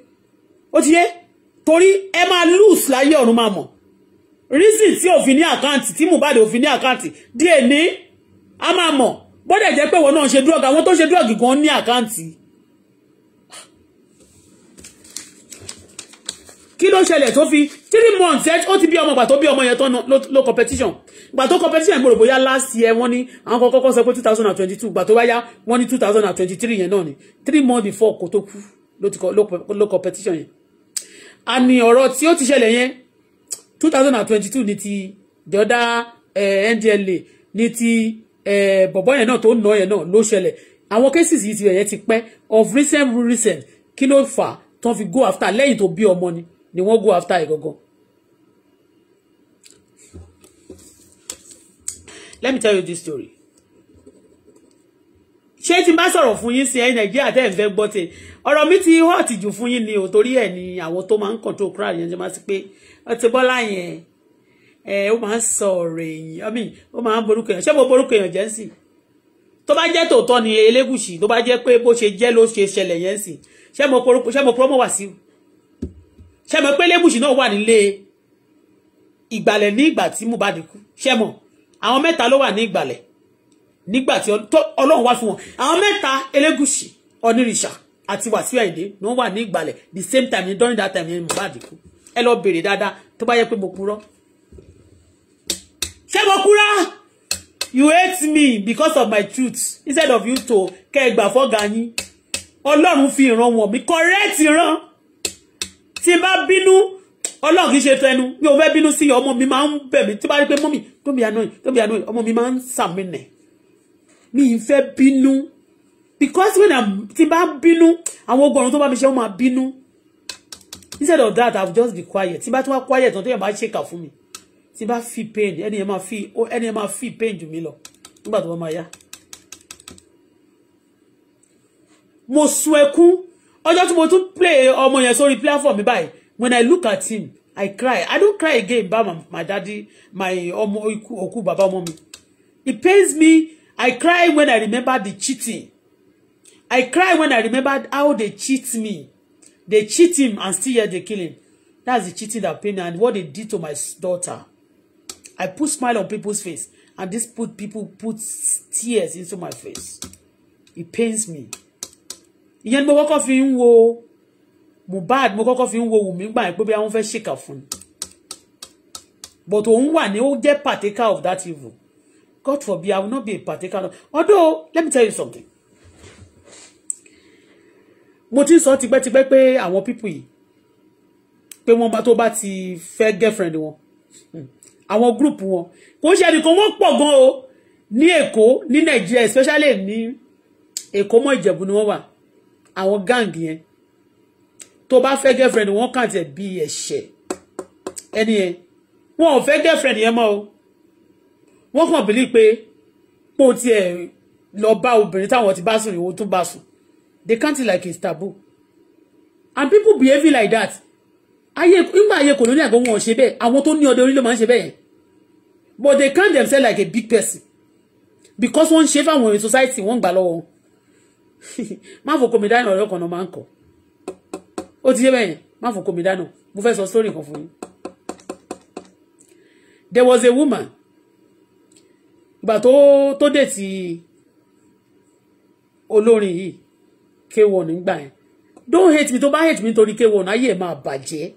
what ti yé Emma ẹ like lose láyé ọ̀run máa mọ̀ reason tí òfin ní àkáǹtì tí Mohbad òfin ní county. DNA a máa mọ̀ bọ́dẹ̀ jẹ́ pé ìwọ náà ṣe drug àwọn tó ṣe drug gan ní àkáǹtì. kí ló ṣẹlẹ̀ tó fi three months ẹ ó ti bí ọmọ ìgbà tó bí ọmọ yẹn tán ló competition ìgbà tó competition mo rò bóyá last year wọ́n ní àwọn kan kọ́kọ́ sọ pé two thousand and twenty two ìgbà tó wá yá wọ́n ní two thousand and twenty three yẹn náà ni three months before kò tó kú ló ti ló competition yẹn àní ọ̀rọ̀ tí ó ti ṣẹlẹ̀ yẹn two thousand and twenty two ni ti the other eh, NDLA ni ti eh, bọ̀bọ̀ yẹn náà tó ń nà yẹn náà ló ṣẹlẹ̀ àwọn cases yìí ti yẹn ti pẹ́ of recent recent kí ló fà tán fi go after lẹ́yìn tó bí ọmọ ni ni wọ́n go after ẹ̀ gangan. let me tell you this story ṣé tí n bá sọ̀rọ̀ fún yín sí ẹ nàìjíríà tẹ́ ẹ̀ ń fẹ́ gbọ́ tẹ ọ̀rọ̀ mi ti hot jù fún yín ni ò torí ẹ̀ ni àwọn tó máa ń control crowd yẹn ṣe máa ti pé Auto Bola yẹn ẹ ó máa ń sọ ọ̀rọ̀ èèyàn mi ó máa ń borúkọ èèyàn ṣé mo borúkọ èèyàn jẹ́ sí tó bá jẹ́ tòótọ́ ni Elégùṣì tó bá jẹ́ pé bó ṣe jẹ́ ló ṣe ṣẹlẹ̀ yẹn sí ṣé mo promo wà sí i ṣe mọ̀ pé lébùṣì náà wà nílé ìgbàlẹ̀ ní ìgbà tí Mohbad kú ṣe mọ̀ àwọn mẹ́ta ló wà ní ìgbàlẹ̀ nígbà tí ọlọ́run wá fún wọn àwọn mẹ́ta elégùṣì onírìṣà àti wàsíù àìdé ni wọ́n wà ní ìgbàlẹ̀ the same time ni during that time ni Mohbad kú ẹ lọ bèrè dáadáa tó bá yẹ pé mo purọ́ ṣé mo kúrá you hate me because of my truth instead of you to kẹgbà fọ́gà yín ọlọ́run fi ìran wọ̀n mi correct ìran tí n bá bínú ọlọ́run kì í ṣe tẹnu mi ò fẹ́ bínú sí ọmọ mi máa ń bẹ̀ mí tí bá rí pé mọ́mì tó bí anọ́yìn tó bí anọ́yìn mi máa ń mi ì fẹ́ because when I tí bá bínú àwọn ogun ọ̀run tó bá mi ṣe wọ́n máa bínú instead of that i've just be quiet tí bá tún wá quiet tán téèyàn bá shake fún mi tí bá fi pain any yẹn máa fi ẹni yẹn máa fi pain jù mí lo. nígbà tó bá máa yá mo sun ẹkún ọjọ́ tí mo tún play ọmọ yẹn sórí platform mi báyìí when i look at him i cry i don't cry again ba, my, daddy my ọmọ òkú bàbá ọmọ mi it pains me i cry when i remember the cheating i cry when i remember how they cheat me they cheat him and still yet they kill him that's the cheating that pain me and what they did to my daughter i put smile on people's face and this put people put tears into my face it pains me ìyẹn ni mo kọ́kọ́ fi ń wo Mohbad mo kọ́kọ́ fi ń wo Wùmí gbà yẹn pé bí àwọn fẹ́ ṣèkà fún un but òun wà ní ó jẹ́ partaker of that evil God forbid I will not be a partaker although let me tell you something mo ti ń sọ tipẹ́tipẹ́ pé àwọn pípù yìí pé wọ́n bá tó bá ti fẹ́ girlfriend wọn hmm, àwọn group wọn kò ń ṣe ẹnìkan wọ́n pọ̀ gan o ní Èkó ní Nàìjíríà especially ní Èkó mọ́ Ìjẹ̀bú ni wọ́n wà àwọn gáǹgì yẹn tó bá fẹ́ girlfriend wọ́n kàn tiẹ̀ bí ẹ̀ṣẹ̀ ẹni yẹn wọn ò fẹ́ girlfriend yẹn mọ́ o wọ́n kàn believe pé pò tiẹ̀ lọ bá obìnrin táwọn ti bá sùn ìwọ tún bá sùn they can't it like it's taboo and people behave like that ayé nígbà ayé kò lóní àgọ́ wọn ò ṣe bẹ́ẹ̀ àwọn tó ní ọdẹ orí ló máa ń ṣe bẹ́ẹ̀ but they count themselves like a big person because wọ́n ń ṣe fáwọn in society wọ́n ń gbà lọ́wọ́ wọn má fòkò mi dáná ọ̀rẹ́ ọkàn náà máa ń kọ́ ti yé bẹ́ẹ̀ yẹn má fòkò mo fẹ́ sọ story kan fún there was a woman ìgbà tó tó dé ti olórin yìí k1 nígbà yẹn don't hate me tó bá hate me Tori k1 ayé ma máa bàjẹ́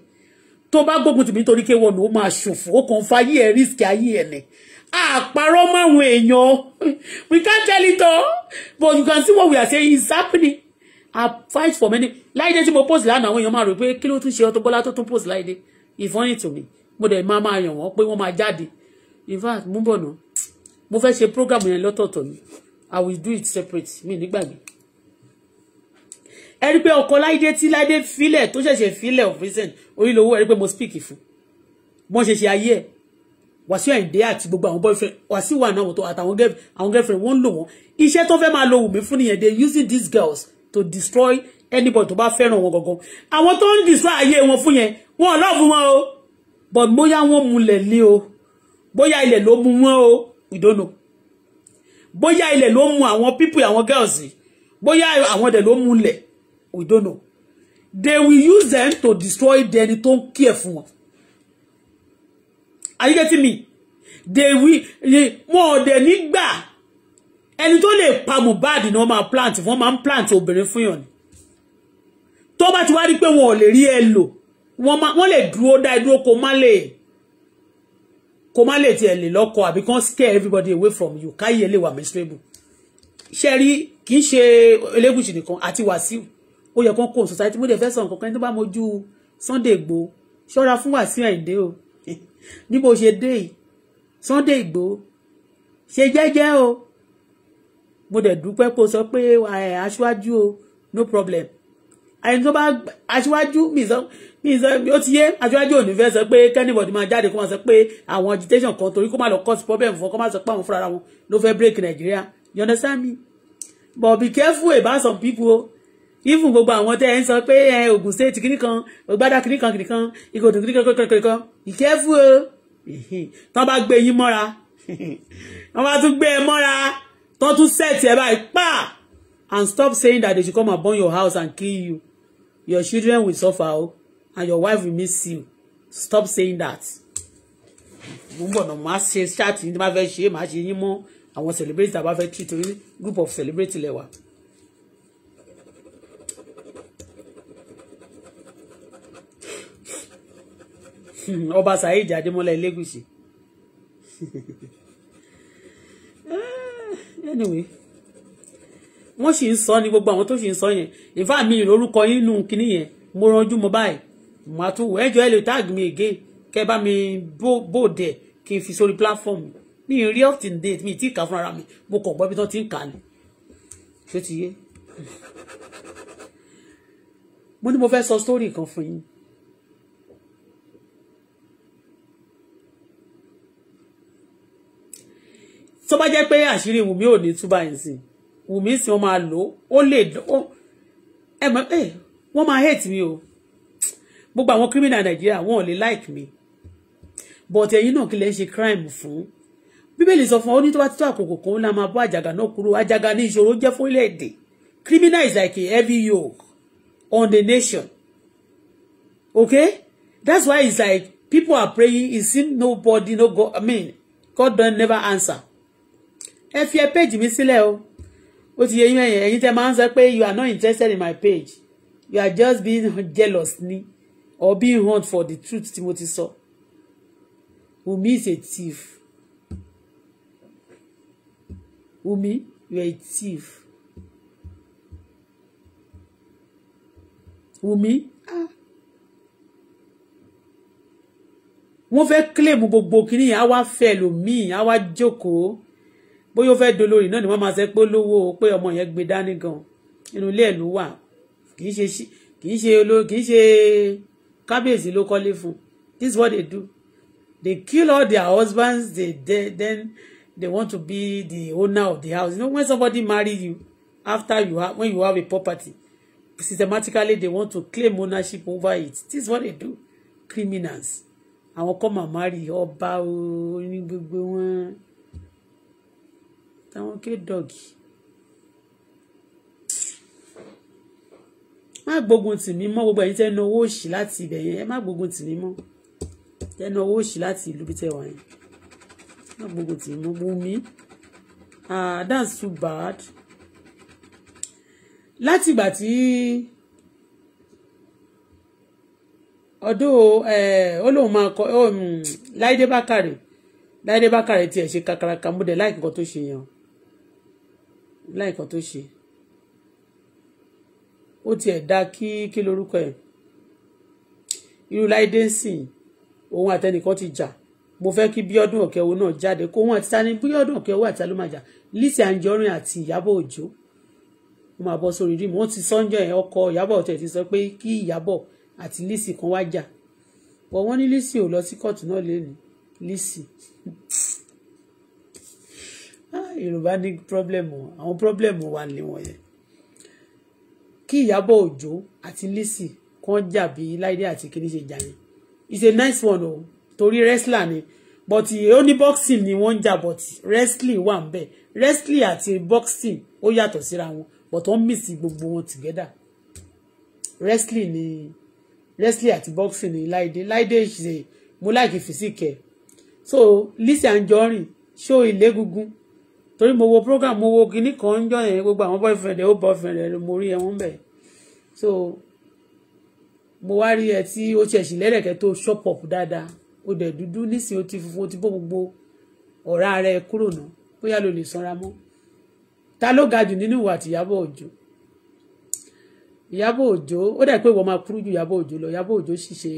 tó bá gbógun tì Tori nítorí k1 ó máa ṣòfò ó kàn fáyé risk aye ẹ̀ àparọ́ máwọn èèyàn we can't tell it all but you can see what we are saying is happening i fight for many láìdé tí mo post lánàá àwọn èèyàn máa rò pé kí ló tún ṣe Auto Bola tó tún post láìdé ìfọ́nì tò mí mo dẹ̀ máa máa yàn wọ́n pé wọ́n máa jáde in fact mú bọ̀ náà mo fẹ́ ṣe program yẹn lọ́tọ̀ọ̀tọ̀ ni i will do it separate mi nígbàgbé ẹ rí pé ọkọ láìdé tí láìdé filẹ̀ tó ṣẹ̀ṣẹ̀ filẹ̀ of reason. orí lowó ẹ pé mo speak fún mo ṣẹ̀ṣẹ̀ ayé ẹ̀ Wàsíù Àyìndé àti gbogbo àwọn boyfriend Wàsíù wà náà wọ́tọ̀ àtàwọn àwọn girlfriend wọ́n ń lò wọ́n iṣẹ́ tó fẹ́ máa lo Wùmí fún nìyẹn they using these girls to destroy anybody tó bá fẹ́ràn wọn gangan àwọn tó ń destroy ayé wọn fún yẹn wọn lọ́ọ̀fù wọn o but bóyá wọ́n múlẹ̀ lé o bóyá ilẹ̀ ló mú wọn o we don't know bóyá ilẹ̀ ló mú àwọn people àwọn girls bóyá àwọn dẹ̀ ló múlẹ̀ we don't know they will use them to destroy dẹni tó ń kí ẹ̀ fún wọn are you getting me they will wọn ò dẹ̀ nígbà ẹni tó lè pa Mohbad ni wọ́n máa plant plants máa ń plant obìnrin fún yàn ni tó bá ti wá rí pé wọn ò lè rí ẹ lò wọ́n lè dúró dá dúró kó má lè kó má lè tiẹ̀ lè lọ́kọ àbí kàn scare everybody away from you káyé lè wà miserable ṣe rí kì í ṣe Elégùṣì nìkan àti Wàsíù ó yẹ kán kó society mo dẹ̀ fẹ́ sọ nǹkan kan tó bá mojú Sunday Igboho ṣọ́ra fún Wàsíù Àyìndé o bí mo ṣe dé yìí Sunday Igboho ṣe jẹ́jẹ́ o mo dẹ̀ dúpẹ́ kó sọ pé aṣíwájú o no problem ẹni tó bá aṣíwájú mi sọ mi sọ ó ti yé aṣíwájú ò ní fẹ́ sọ pé kẹ́nìbọ̀dì máa jáde kó máa sọ pé àwọn agitation kan torí kó máa lọ cause problem fún kó máa sọ pé àwọn fúnra wọn ló fẹ́ break Nàìjíríà you understand me but be careful about some people o even gbogbo àwọn tẹ́ ẹ ń sọ pé ẹ Ògùn state kìnnì kan ògbádà kìnnì kan kìnnì kan ìkòtò kìnnì kan kìnnì kan ìkẹ́fù o tán bá gbé yín mọ́ra wọ́n bá tún gbé ẹ mọ́ra tán tún set ẹ báyìí pa and stop saying that they should come and burn your house and kill you your children will suffer o and your wife will miss you stop saying that mo ń bọ̀ náà máa ṣe ṣáàtì ní tí wọ́n bá fẹ́ ṣe é máa ṣe yín mọ́ àwọn celebrate tàbá fẹ́ treat torí group of celebrate lẹ́wàá. ọba saheed adémọlá elégùsì anyway wọ́n sì ń sọ ní gbogbo àwọn tó sì ń sọ yẹn ìfá mi lórúkọ inú kinní yẹn mo ranjú mo báyìí mo á tún wò ẹjọ́ ẹ lè tag mi again kẹ́ bá mi bóde kí n fi sórí platform mi ì rí up to date mi ì tí ì kà fúnra mi mo kàn gbọ́ bí wọ́n ti ń kà ni ṣé ti yé mo ní mo fẹ́ sọ story kan fún yín tó bá jẹ́ pé àṣírí Wùmí ò ní túbà yìí sí Wùmí sì wọ́n máa lò ó lè ẹ mọ̀ pé eh, wọ́n máa hate mi o gbogbo àwọn criminal Nàìjíríà wọn ò lè like me. but ẹ̀yin náà kí lẹ ń ṣe crime fún bíbélì sọ fún ọ ní tó bá ti tó àkókò kan ó la máa bọ́ àjàgà náà kúrò àjàgà ní ìṣòro jẹ́ fún ilé èdè criminal is like a heavy yoke on the nation okay that's why it's like people are praying it seems nobody no go i mean God don never answer ẹ fi ẹ page mi sílẹ̀ o ó ti yẹ yín ẹ̀yìn ẹ̀yin tẹ́ máa ń sọ pé you are not interested in my page you are just being jealous ni or being hunt for the truth tí mo ti sọ Wumi is a thief Wumi you are a thief Wumi ah wọ́n fẹ́ claim gbogbo kìnìyàn á wá fẹ́ lòmíì á wá jókòó bóyá ó fẹ́ dolórí náà ni wọ́n máa sọ pé olówó pé ọmọ yẹn gbé dání gan inú ilé ẹ̀ ló wà kì í ṣe kì í ṣe olórí kì kábíyèsí ló kọ́lé fún this is what they do they kill all their husbands they, they then they want to be the owner of the house you know when somebody marry you after you have when you have a property systematically they want to claim ownership over it this is what they do criminals àwọn kọ́ màmá rí ọba orin gbogbo wọn táwọn kédọ̀gì má gbógun tì mí mọ́ gbogbo ẹ̀yin tẹ́ náwó òṣì láti ibẹ̀ yẹn ẹ má gbógun tì mí mọ́ tẹ́ náwó òṣì láti ìlú bí tẹ́ wà yẹn má gbógun tì mí mọ́ Wùmí ah that's too bad láti ìgbà tí ọdún olóhùn eh, máa kọ oh, hmm, Láìdé Bákàrè Láìdé Bákàrè tiẹ̀ ṣe kàkàràkà mo dẹ̀ láì nǹkan tó ṣe yẹn o láìkan tó ṣe ó tiẹ̀ dá kí kí lorúkọ ẹ̀ irú láìdé sìn òun àtẹnìkan ti jà mo fẹ́ kí Bíọ́dún Òkèwò náà jáde kó wọn àti tani Bíọ́dún Òkèwò àti alómàjà Lizzy Anjorin àti Ìyábọ̀ Òjó wọn máa bọ́ sórí rímù wọn ti sọ́njọ́ yẹn ọkọ Ìyábọ̀ ọ̀tẹ̀ ti sọ pé kí Ìyábọ̀ àti Lizzy kan wá jà bọ̀ ní Lizzy ò lọ sí kóòtù náà lẹ́nu Lizzy Ah, yorùbá ní pírọ́blẹ́mù àwọn pírọ́blẹ́mù wà ní wọ̀nyẹn kí ìyábọ̀ òjó àti lisi kan jà bí láìdé àti kíní ṣe jà yẹn it's a nice one o torí wrestler ni but ó ní boxing ni wọ́n ń jà but wrestling wà ń bẹ̀ wrestling àti boxing ó yàtọ̀ síra wọn but wọ́n mix gbogbo wọn together wrestling ni wrestling àti boxing ni láìdé láìdé ṣe mo láìkí fìsíkẹ so lisi anjorin ṣó ilé gúngún torí mo wo program mo wo kinní kan ń jọ yẹn gbogbo àwọn boyfriend ó boyfriend rẹ mo rí ẹ bẹ so mo wá rí ẹ tí ó ṣẹ̀ṣì lẹ́lẹ̀kẹ́ tó shop up dáadáa ó dẹ̀ dúdú nísìnyí ó ti funfun ó ti bó gbogbo ọ̀rá rẹ kúrò náà bóyá ló lè sanra mọ́ ta ló ga jù nínú ìwà àti Ìyábọ̀ Òjó Ìyábọ̀ Òjó ó dẹ̀ pé wọ́n máa kúrú ju Ìyábọ̀ Òjó lọ Ìyábọ̀ Òjó sì ṣe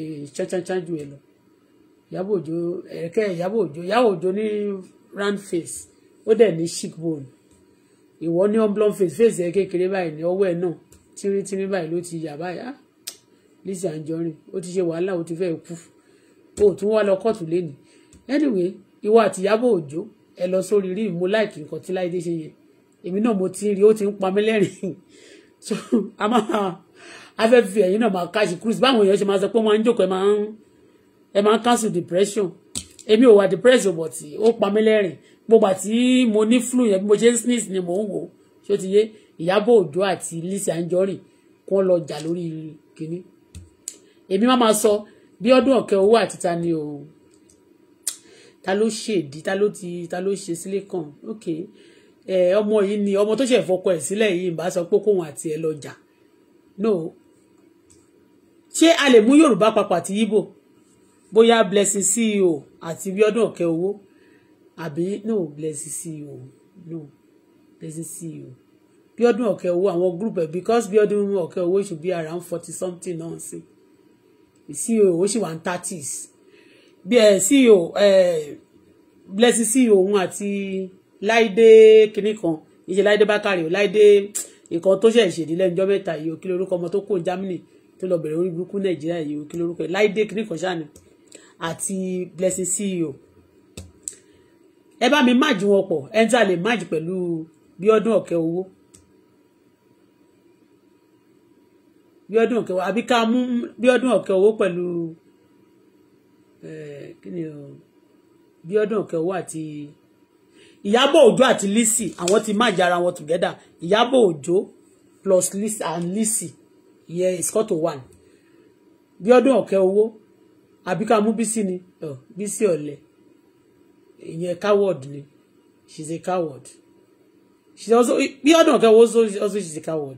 cháncháncán ju ẹ lọ Ìyábọ̀ Òjó ẹ̀kẹ́ Ìyábọ̀ Òjó Ìyábọ̀ Òjó ní round face ó dẹ̀ ní cheekbone ìwọ ní oblong face face ẹ kékeré báyìí ní ọwọ́ ẹ náà tínríntírín báyìí ló ti yà báyìí ah Lizzy Anjorin ó ti ṣe wàhálà ó ti fẹ́ kú o tún wá lọ kóòtù lẹ́nu anyway ìwọ àti Ìyábọ̀ Òjó ẹ lọ sórí rí mo láìkì nǹkan tí Láìdé ṣe yẹn èmi náà mo ti ń rí ó ti ń pa mí lẹ́rìn so a máa afẹ́fì ẹ̀yìn náà máa káṣí cruise báwọn èèyàn ṣe máa sọ pé wọ́n á ń jókòó ẹ máa ń cancel depression èmi ò wà depression but ó pa mí lẹ́rìn gbogbo àti mo ní flu yẹn bí mo ṣe ń sneeze ni mò ń wò ṣó ti yé Ìyábọ̀ Òjó àti Lizzy Anjorin kí wọ́n lọ jà lórí kínní èmi má máa sọ bí ọdún ọ̀kẹ́ owó àti ta ni o ta ló ṣèdí ta ló ti ta ló ṣe sílé ok ọmọ yìí ni ọmọ tó ṣe fọkọ ẹ̀ sílẹ̀ yìí ń bá sọ pé kóun àti ẹ̀ lọ jà no ṣé a lè mú Yorùbá papọ̀ àti Yíbò bóyá blessing ceo àti bí ọdún ọ̀kẹ́ owó àbí no blessing sí e o no blessing sí e o Bíọ́dún ọ̀kẹ́ owó àwọn group ẹ̀ because Bíọ́dún ọ̀kẹ́ owó should be around forty something náà sí ceo ó sì wà ní thirties bí ẹ ceo ẹ blessing ceo òun àti láìdé kinní kan ìṣe láìdé bákàrè láìdé nǹkan tó ṣẹ̀ ṣèdí lẹ́njọ́ mẹ́ta yìí òkè lórúkọ ọmọ tó kó Germany tó lọ bẹ̀rẹ̀ orí burúkú Nàìjíríà yìí òkè lórúkọ láìdé kinní kan ṣáà ni àti blessing ceo ẹ bá mi máàjì wọn pọ̀ ẹ ń tà lè máàjì pẹ̀lú bí ọdún ọ̀kẹ́ owó bí ọdún ọ̀kẹ́ owó àbí ká mú bí ọdún ọ̀kẹ́ owó pẹ̀lú bí ọdún ọ̀kẹ́ owó àti ìyábọ̀ òjó àti lisi àwọn ti máàjì ara wọn together ìyábọ̀ òjó plus lisi and lisi ìyẹn is called to one bí ọdún ọ̀kẹ́ owó àbí ká mú bísí ni bísí ọ̀lẹ́ ìyẹn coward ni she's a coward She also bí ọdún kan also also she's a coward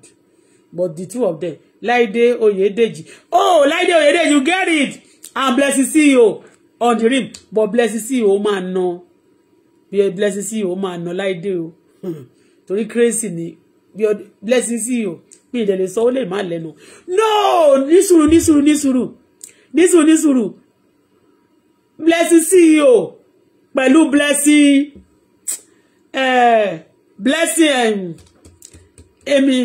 but the two of them Laide Oyedeji oh Laide Oyedeji you get it and ah, Blessing CEO on the rim but Blessing CEO máa na bí Blessing CEO máa na Laide o torí crazy ni bí Blessing CEO mi ì dẹ̀lẹ̀ sọ ó lè má lẹ́nu no nísùrù nísùrù nísùrù nísùrù nísùrù blessing CEO pẹ̀lú blessing eh, blessing èmi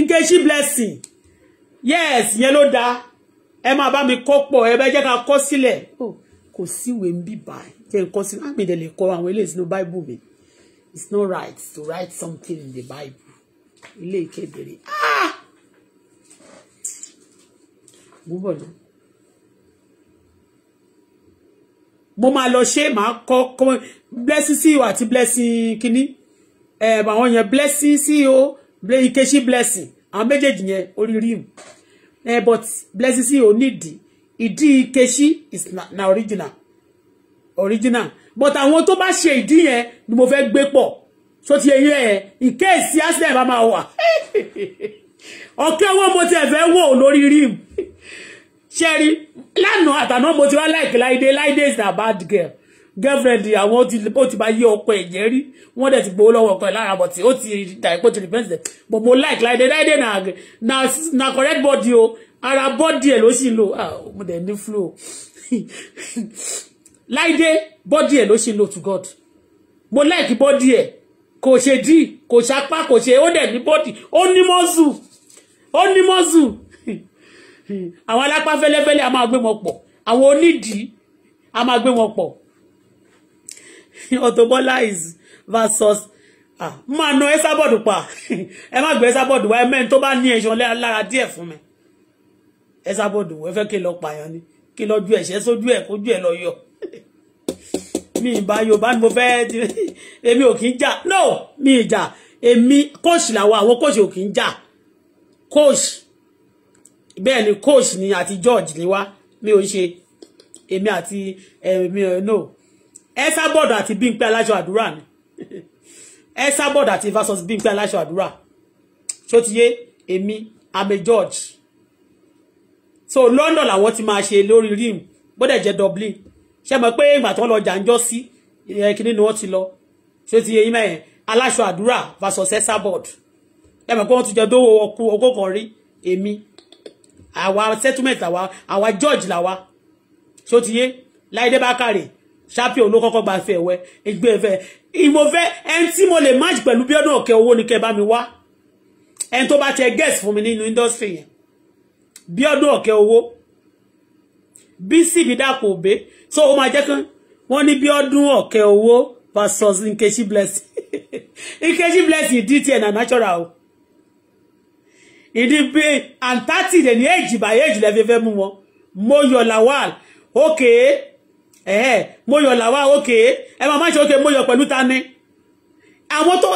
Nkechi blessing yes yẹn ló dáa ẹ máa bá mi kọ́ pọ̀ ẹ bá jẹ́ ká kọ́ sílẹ̀ oh, kò síwèé ń bíbá jẹ́ nǹkan sí àmì ìdẹ̀lẹ̀ kọ àwọn eléyìí sínú bible mi it's no right to write something in the bible ilé ìkébèrè ah gbúbọ̀ náà. mo máa lọ ṣe máa kọ́ blessing CEO àti blessing kínní àwọn yẹn blessing CEO ikechi blessing àwọn méjèèjì yẹn orí rí Eh, but blessing si o CEO nídìí ìdí ikechi is na, na original original but àwọn tó bá ṣe ìdí yẹn ni mo fẹ́ gbé pọ̀ so ti eh ẹ̀ ìkéèsì accident bá wa. wà ọ̀kẹ́ owó mo ti ẹ̀fẹ́ wò wo rí rim ṣẹ́rí lánàá àtàná mo ti wá láìpẹ́ láìdé láìdé is a bad girl girlfriend àwọn ó ti bá yí ọkọ ẹ̀ jẹ́ rí wọ́n dẹ̀ ti gbowó lọ́wọ́ ọkọ ẹ̀ lára bọ̀ tí ó ti dà ipò ti repent dẹ̀ but mo like láìdé láìdé na na na correct body o ara body ẹ̀ ló sì lò ah mo dẹ̀ ní flow láìdé body ẹ̀ ló sì lò to God mo like body ẹ̀ kò ṣe dí kò ṣapá kò ṣe ó dẹ̀ ní body ó ní mọ́sù ó ní mọ́sù. Hmm. àwọn alápá fẹ́lẹ́fẹ́lẹ́ a máa gbé wọn pọ̀ àwọn onídìí a máa gbé wọn pọ̀ Auto Bola is versus ah, máa na ẹ sábọ̀dù pa ẹ má gbé ẹ sábọ̀dù wá ẹmẹ́ni tó bá ní ẹ̀ṣọ́ lára díẹ̀ fún mi ẹ sábọ̀dù ẹ fẹ́ kí lọ pààyàn ni kí lọ ju ẹ̀ṣẹ́ sójú ẹ̀ kójú ẹ̀ lọ yọ mi ìbá yorùbá ni mo fẹ́ èmi ò kì í jà no mi ìjà èmi kóòṣì làwọn àwọn kóòṣì ò kì í jà kóòṣì bẹ́ẹ̀ ni coach ni àti george ni wá mi ò ṣe èmi àti èmi no ẹ sábọ̀dọ̀ àti bímpẹ́ aláṣọ àdúrà ni ẹ sábọ̀dọ̀ àti versus bímpẹ́ aláṣọ àdúrà ṣó ti yé èmi àmì george so london làwọn ti máa ṣe lórí rim bọ́dẹ̀ jẹ́ dublin ṣe mọ̀ pé ìgbà tí wọ́n lọ jàǹjọ́ sí kíní ni wọ́n ti lọ ṣó ti yé yín mẹ́yẹn aláṣọ àdúrà versus ẹ sábọ̀dọ̀ ẹ pé wọ́n ti jẹ dówó ọkọ̀ rí èmi àwa settlement làwa àwa judge làwa so ti yé láìdé bákàrè champion ló kọ́kọ́ gba fẹ́ ẹ̀wẹ́ ẹgbẹ́ ẹ̀fẹ́ ìmọ̀fẹ́ ẹni tí mo lè match pẹ̀lú bí ọdún ọ̀kẹ́ owó ni kẹ́ bá mi wá ẹni tó bá tiẹ̀ guest fún mi nínú industry yẹn bí ọdún ọ̀kẹ́ owó bí síbi dàpọ̀ òbé so ó máa jẹ́ kán wọ́n ní bí ọdún ọ̀kẹ́ owó versus nkechi blessing nkechi blessing dtn na natural o ìdíbí and thirty dẹ̀ ní èjì by èjì lẹ́fẹ́ fẹ́ mú wọn mo yo lawal okay Eh, mo yo lawal okay ẹ máa má ṣe okay mo yọ pẹ̀lú ta ni àwọn tó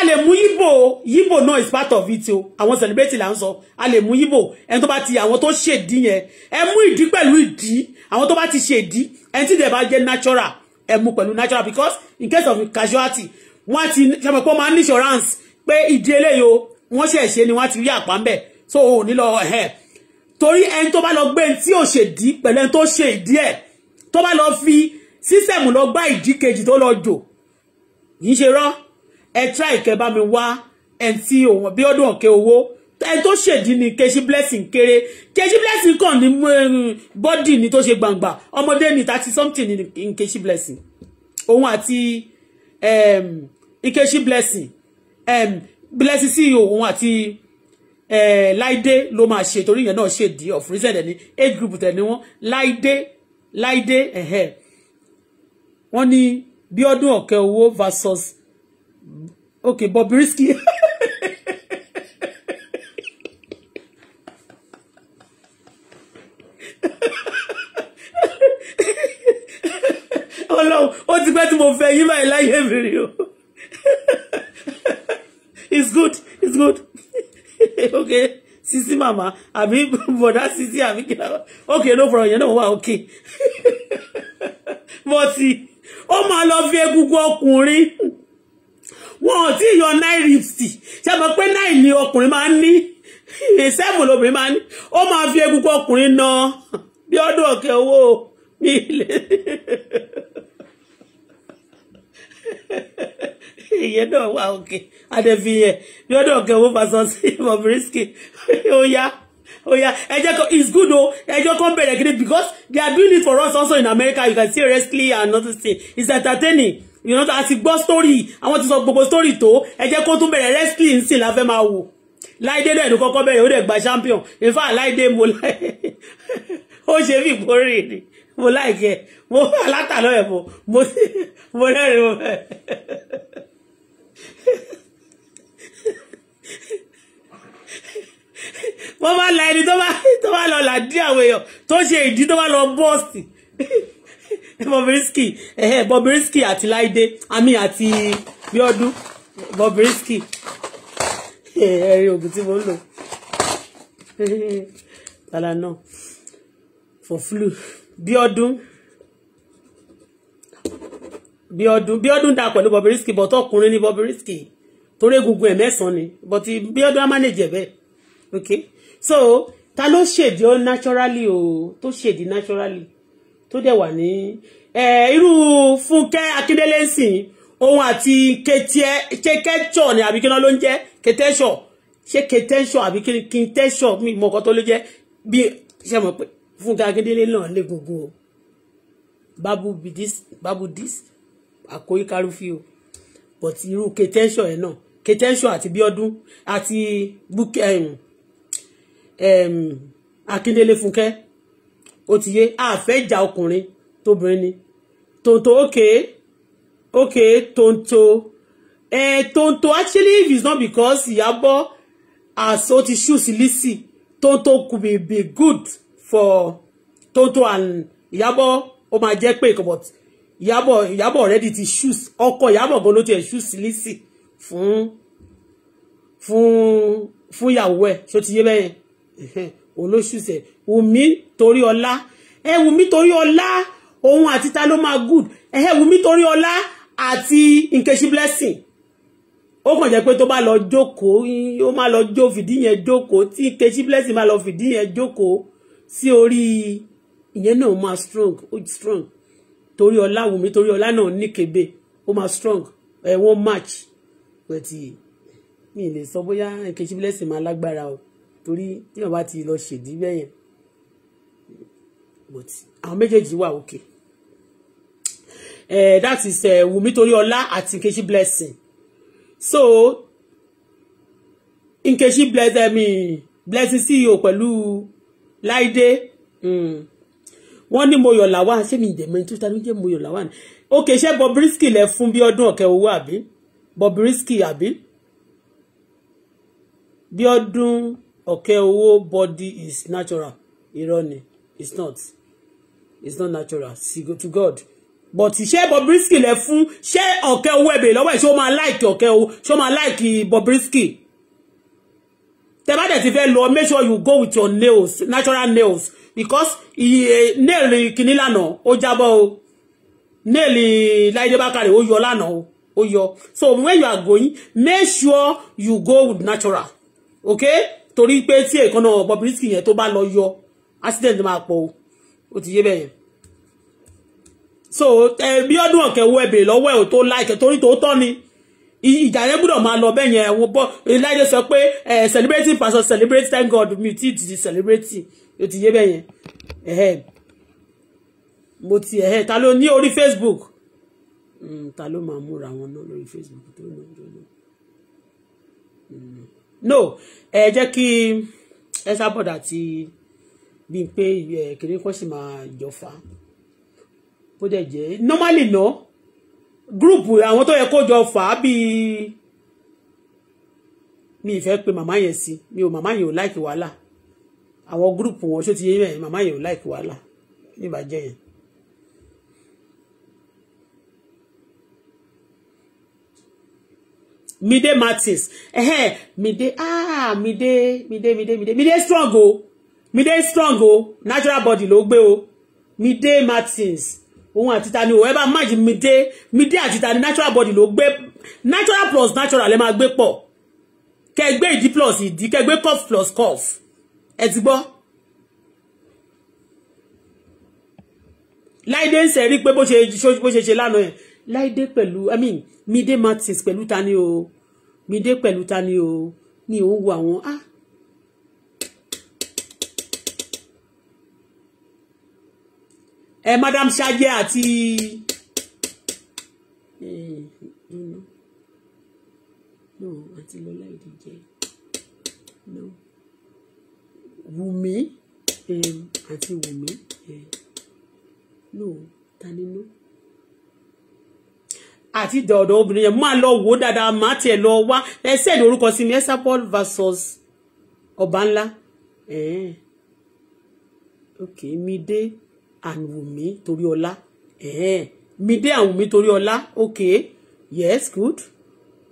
a le mú yibo, yibo no is part of it o àwọn celebrity là ń sọ a lè mú yíbò ẹni tó bá ti àwọn tó ṣèdí yẹn ẹ mú ìdí pẹ̀lú ìdí àwọn tó ba ti ṣèdí ẹni tí de ba jẹ́ natural ẹ mú pẹ̀lú natural because in case of casualty wọ́n ti ṣe mọ̀ pé wọ́n insurance pé ìdí eléyìí wọ́n ṣe ṣe ni wọ́n ti rí àpá ń bẹ̀ so ò ní lọ ẹ̀ torí ẹni tó bá lọ gbé tí ò ṣe dí pẹ̀lú ẹni tó ṣe ìdí ẹ̀ tó bá lọ fi sísẹ̀mù lọ gbá ìdí kejì tó lọ jò yìí ṣe rọ́ ẹ tíra ìkẹ́ bá mi wá ẹni tí òun bí ọdún ọ̀kẹ́ owó ẹni tó ṣèdí ni kejì blessing kéré kejì blessing kàn ní mm, bọ́dì ni tó ṣe gbangba ọmọdé ni thirty something ni kejì blessing òun àti ìkejì blessing Blessing CEO òun àti Láìdé ló máa ṣe torí ìyẹn náà ṣe di of reason, ẹni age group tẹ̀ ni wọ́n Láìdé Láìdé ẹ̀hẹ́ wọ́n ní Bíọ́dún ọ̀kẹ́ owó versus okay Bobrisky. ọlọ́run ó ti pẹ́ tí mo fẹ́ yí báyìí láyé mi rí o it's good it's good okay sisi mama I àbí bọ̀dá sisi I kìlá okay no problem You know what? okay mọ̀tì ó máa lọ fi egungun ọkùnrin wọn ò tí yọ nine ripsi ṣe mọ̀ pé nine ni ọkùnrin máa ń ní ìṣẹ́fù lóbìnrin máa ń ní ó máa fi egungun ọkùnrin nà bí ọdún ọ̀kẹ́ owó mi lè ìyẹn náà wà òkè adẹ́fi yẹn bí ọdún ọ̀kẹ́ owó fasọ sí risky. ó yá ó yá ẹjẹ́ kan it's good o ẹjọ́ kan bẹ̀rẹ̀ kiri because they are doing it for us also in America you can see seriously and nothing say it's entertaining you know àti gbọ́ story àwọn ti sọ gbogbo story tó ẹjẹ́ kó tún bẹ̀rẹ̀ wrestling sí la fẹ́ máa wò láìdé náà ẹnu kọ́kọ́ bẹ̀rẹ̀ ó dẹ̀ gba champion in fact láìdé mo láì ó ṣe fi ìkórè ni mo láìkẹ mo alátàlọ́ ẹ̀ mo mo rẹ́rìn mo fẹ́ wọ́n bá la ẹni tó bá tó bá lọ làdí àwọn èèyàn tó ṣe ìdí tó bá lọ bọ́ọ̀sì Bobrisky ẹ̀hẹ́ Bobrisky àti Láìdé àmì àti Bíọ́dún Bobrisky ẹ̀rí oògùn tí mo ń lò tàlà náà for flu Bíọ́dún. Bíọ́dún Bíọ́dún dà pẹ̀lú Bobrisky but ọkùnrin ni Bobrisky torí egungun ẹ̀ mẹ́sàn-án ni but Bíọ́dún á manage ẹ̀ bẹ́ẹ̀ okay so ta ló ṣèdí ó naturally o tó ṣèdí naturally tó dẹ̀ wà ní irú Fúnkẹ́ Akíndélé ń sìn òun àti kẹtíẹ ṣe kẹtíọ ni àbí kí ló ń jẹ kẹtẹṣọ ṣe kẹtẹṣọ àbí kí n tẹṣọ mi mọ ọkọ tó ló jẹ bí ṣe mọ pé Fúnkẹ́ Akíndélé náà lé gbogbo o babu be this babu this àkórí kárúfì o but irú kẹtẹ́ńṣọ̀ yẹn náà kẹtẹ́ńṣọ̀ àti bíọ́dún àti búkẹ́ akíndélé fúnkẹ́ ó ti yé àfẹ́jà ọkùnrin tóbìnrin ni tonto okay okay tonto eh, tonto actually if it's not because ìyàbọ̀ as ó ti ṣùsì lisi tonto could be, be good for tonto and ìyàbọ̀ ó máa jẹ́ pé but Yabo yabo already ti shoes Oko yabo gan ló tiẹ̀ shoes lisi fun fun fun ìyàwó ẹ̀ ṣó ti yé bẹ́yẹn òun ló shoes ẹ̀ wùmí tori ola ẹ wùmí tori ola òun ati ta ló máa good ẹ wùmí torí ọlá àti nkechi blessing ó kàn jẹ́ pé tó bá lọ jókòó ó máa lọ jó fìdí yẹn jókòó tí nkechi blessing máa lọ fìdí yẹn jókòó sí orí ìyẹn náà máa strong o strong torí ọlá wùmí torí ọlá náà níkebe ó máa strong ẹ wọ́n match pẹ̀tì eh, mi lè sọ bóyá Nkechi Blessing máa lágbára o torí tíyàn bá ti lọ ṣèdí bẹ́yẹn but àwọn méjèèjì wà òkè ẹ eh, that is eh, wùmí torí ọlá àti Nkechi Blessing so Nkechi Blessing mi Blessing CEO pẹ̀lú Láìdé. Mm wọ́n ní Moyọ̀ Lawan ṣé mi ìdẹ̀mọ́ ẹni tó ta ló jẹ́ Moyọ̀ Lawan òkè ṣé Bobrisky lẹ fún bí ọdún ọ̀kẹ́ owó àbí Bobrisky àbí bí ọdún ọ̀kẹ́ owó body is natural irọ́ ni it's not it's not natural see to God but ṣé Bobrisky lẹ fún ṣé ọ̀kẹ́ owó ẹ̀bẹ̀ lọ́wọ́ ẹ̀ ṣé ó máa láìkì ọ̀kẹ́ owó ṣé ó máa láìkì Bobrisky tẹ bá dẹ̀ ti fẹ́ lọ make sure you go with your nails natural nails because nail kìíní lánàá ó jábọ́ o nail Láìdé Bákàrè ó yọ lánàá o ó yọ so when you are going make sure you go with natural okay torí pé tí èkánná Bobrisky yẹn tó bá lọ yọ accident máa pọ̀ o ó ti yé bẹ́ẹ̀ yẹn so bí ọdún ọ̀kẹ́ wo ẹ̀bẹ̀ lọ́wọ́ ẹ̀ tó láìkẹ́ to tòótọ́ ni ìjà yẹn gbọ́dọ̀ máa lọ bẹ́ẹ̀ yẹn wọ́n bọ́ Láìdé sọ pé celebrating pastor celebrate thank God mi ti di celebrating ó ti yé bẹ́ẹ̀ yẹn mo ti ta ló ní orí Facebook hmm, ta ló máa múra wọn náà lórí Facebook tó náà jọ náà no ẹ jẹ́ kí ẹ sábọ̀dà ti bí n pé kìnìún kan sì máa jọ fà bó dẹ̀ jẹ́ normally no group àwọn tó yẹ kó jọ fà á bíi mi ìfẹ́ pé màmá yẹn sí mi ò màmá yẹn ò láìkí wàhálà àwọn gúrùpù wọn ṣó ti yé bẹ́ẹ̀ màmá yẹn ò láìkí wàhálà níbàjẹ́ yẹn. Mide Martins ẹ̀hẹ́ Mide ah Mide Mide Mide Mide Mide strong o Mide strong o natural body ló gbé o Mide Martins òun àti ta ni òun ẹ bá má jí Mide Mide àti ta natural body ló gbé natural plus natural ẹ máa gbé pọ̀ kẹ gbé ìdí plus ìdí kẹ gbé cough plus cough ẹ ti gbọ́. láìdé ń sẹ́rí pé bó ṣe ṣe lánàá ẹ̀ láìdé pẹ̀lú i mean midé martins pẹ̀lú ta ni o midé pẹ̀lú ta ni o ni òun wo àwọn ah eh, madam Ṣajẹ àti eh, no, no, no, àti lọ́lá ìdíje no. Wùmí àti Wùmí no ta nínú àti dọ̀dọ̀ obìnrin yẹn máa lọ wò dáadáa máa tiẹ̀ lọ wá ẹsẹ̀ ní orúkọ sí mi Esabod versus ọba ńlá ok Mide and Wùmí torí ọlá Mide and Wùmí torí ọlá ok yes good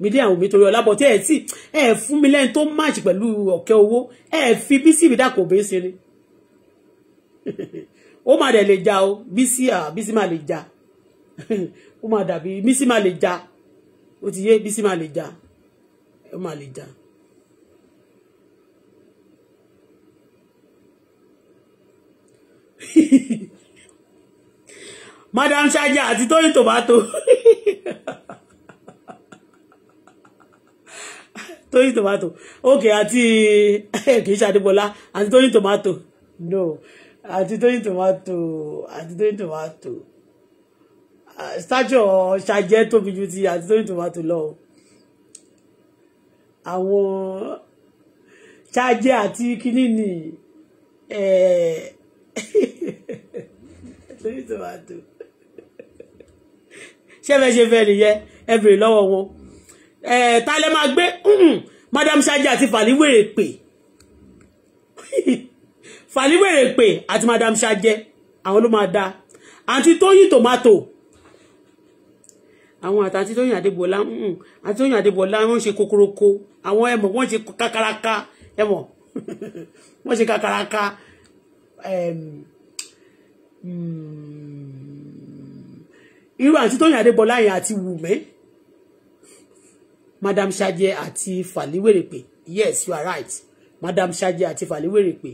mídíà omi torí ọlá bọ̀ tí ẹ̀ tí ẹ̀ fún mi lẹ́yìn tó máàjì pẹ̀lú ọ̀kẹ́ owó ẹ̀ fi bísí mi dàpọ̀ bẹ́sẹ̀ ni ó máa dẹ̀ lè ja o bísí à bísí máa lè ja ó máa dàbí bísí máa lè ja ó ti yé bísí máa lè ja ó máa lè ja. madam ṣáájà àti tóyìn tòbátò. Tóyìn tomato okay àti eh, kìí ṣàdébọlá àti Tóyìn tomato no àti Tóyìn tomato àti Tóyìn tomato ah, sájọ ṣàjẹ tóbi ju ti àti Tóyìn tomato lọ o àwọn ṣàjẹ àti kínní ni eh, Tóyìn tomato ṣé fẹ́ ṣe fẹ́ nìyẹn ẹ bèrè lọ́wọ́ wọn ẹ̀ eh, ta lẹ́ máa gbé madam Ṣadé àti fàlíwèrè pè fàlíwèrè pè àti madam Ṣadé àwọn ló máa da àǹtí Tóyìn tòmátò àwọn àtàǹtí Tóyìn Adébọlá àǹtí Tóyìn Adébọlá wọ́n ṣe kokoroko àwọn ẹmọ wọ́n ṣe kakaraka ẹmọ wọ́n ṣe kakaraka mm, irú àǹtí Tóyìn Adébọlá yẹn àti Wùmí madam Ṣadé àti Fàlíwèrèpè yes you are right madam Ṣadé àti Fàlíwèrèpè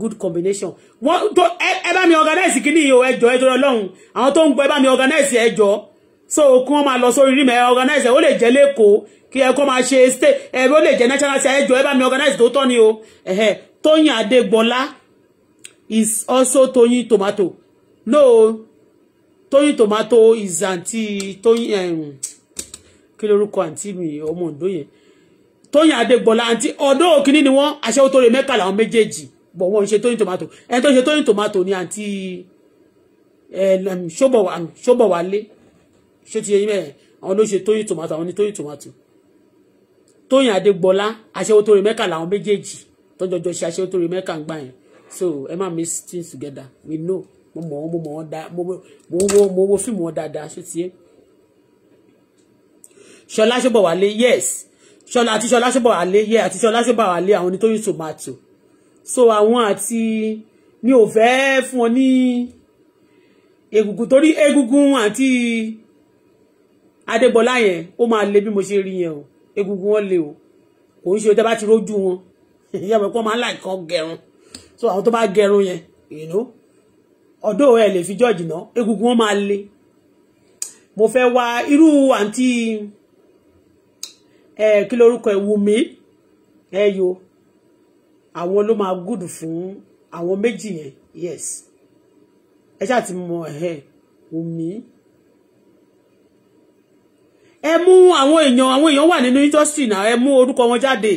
good combination wọ́n tó ẹ bá mi organize kí ni ìyó ẹjọ́ ẹjọ́ ọlọ́run àwọn tó ń gbọ́ ẹ bá mi organize ẹjọ́ so kí wọ́n máa lọ sórí rí mẹ́ organize ó lè jẹ́ lẹ́kọ̀ọ́ kí ẹ kọ́ máa ṣe state ẹ ó lè jẹ́ national ṣe ẹjọ́ ẹ bá mi organize tó tọ́ ni o Tóyìn Adégbọlá is also Tóyìn tomato no Tóyìn tomato is àǹtí Tóyìn. Um, kí lórúkọ àǹtí mi ọmọ Oǹdó yẹn Tóyìn Adégbọlá àǹtí ọdọ òkìní ni wọn aṣẹ́wó tó lè mẹ́ta làwọn méjèèjì bọ̀ wọ́n ṣe Tóyìn tomato ẹni tó ń ṣe Tóyìn tomato ni àǹtí eh, um, um, ṣóbọ̀wálé ṣé ti yẹyin mẹ́rin àwọn ló ṣe Tóyìn tomato àwọn ni Tóyìn tomato Tóyìn Adégbọlá aṣẹ́wó tó lè mẹ́ta làwọn méjèèjì tọ́jọ́jọ́ ṣe aṣẹ́wó tó lè mẹ́ta gbà yẹn so ẹ má mix things together we know mo mọ̀ wọ́n mo mọ̀ wọ́n dáa mo wo fíìmù wọn dáadáa ṣé ti yẹn ṣọlá ṣọbọwálé yes ṣọlá àti ṣọlá ṣọbọwálé yẹ àti ṣọlá ṣọbọwálé àwọn ní Tóyìn Tòmátò so àwọn àti mi ò fẹ́ fún ọ ní egungun torí egungun àti adébọlá yẹn ó máa le bí mo ṣe rí yẹn o egungun wọn le o kò ń ṣe o tẹ́ bá ti rójú wọn ìyá mi pọ́n máa ń láì kọ́ so àwọn tó bá gẹrun yẹn you know Odo ẹ le fi jọ́ọ̀jì ná egungun wọn ma le mo fẹ́ wá irú àǹtí ẹ kí lorúkọ ẹ Wùmí ẹ yo àwọn ló máa gùdù fún àwọn méjì yẹn yes ẹ ṣáà ti mọ ẹ Wùmí ẹ mú àwọn èèyàn àwọn èèyàn wà nínú industry náà ẹ mú orúkọ wọn jáde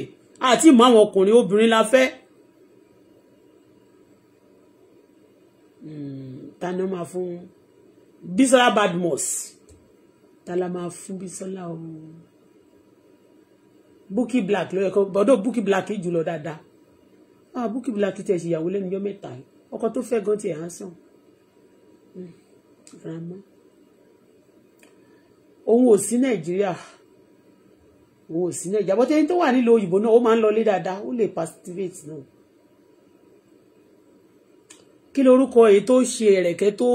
àti ìmọ̀ àwọn ọkùnrin obìnrin la fẹ́. Hmm, ta ni ó máa fún Bísọ́lá Badmus ta la máa fún Bísọ́lá ọ̀hún. Bukky Black ló yẹ kó bọ́dọ̀ Bukky Black jùlọ dáadáa ah Bukky Black tiẹ̀ ṣèyàwó lẹ́nu yọ mẹ́ta yìí ọkọ tó fẹ́ gan tiẹ̀ hàn sàn hmm, rama òun ò sí Nàìjíríà òun ò sí Nàìjíríà bọ́tẹ́ ẹni tó wà nílùú òyìnbó náà ó máa ń lọlé dáadáa ó lè pastivate náà kí lorúkọ èyí tó ṣe ẹ̀rẹ̀kẹ́ tó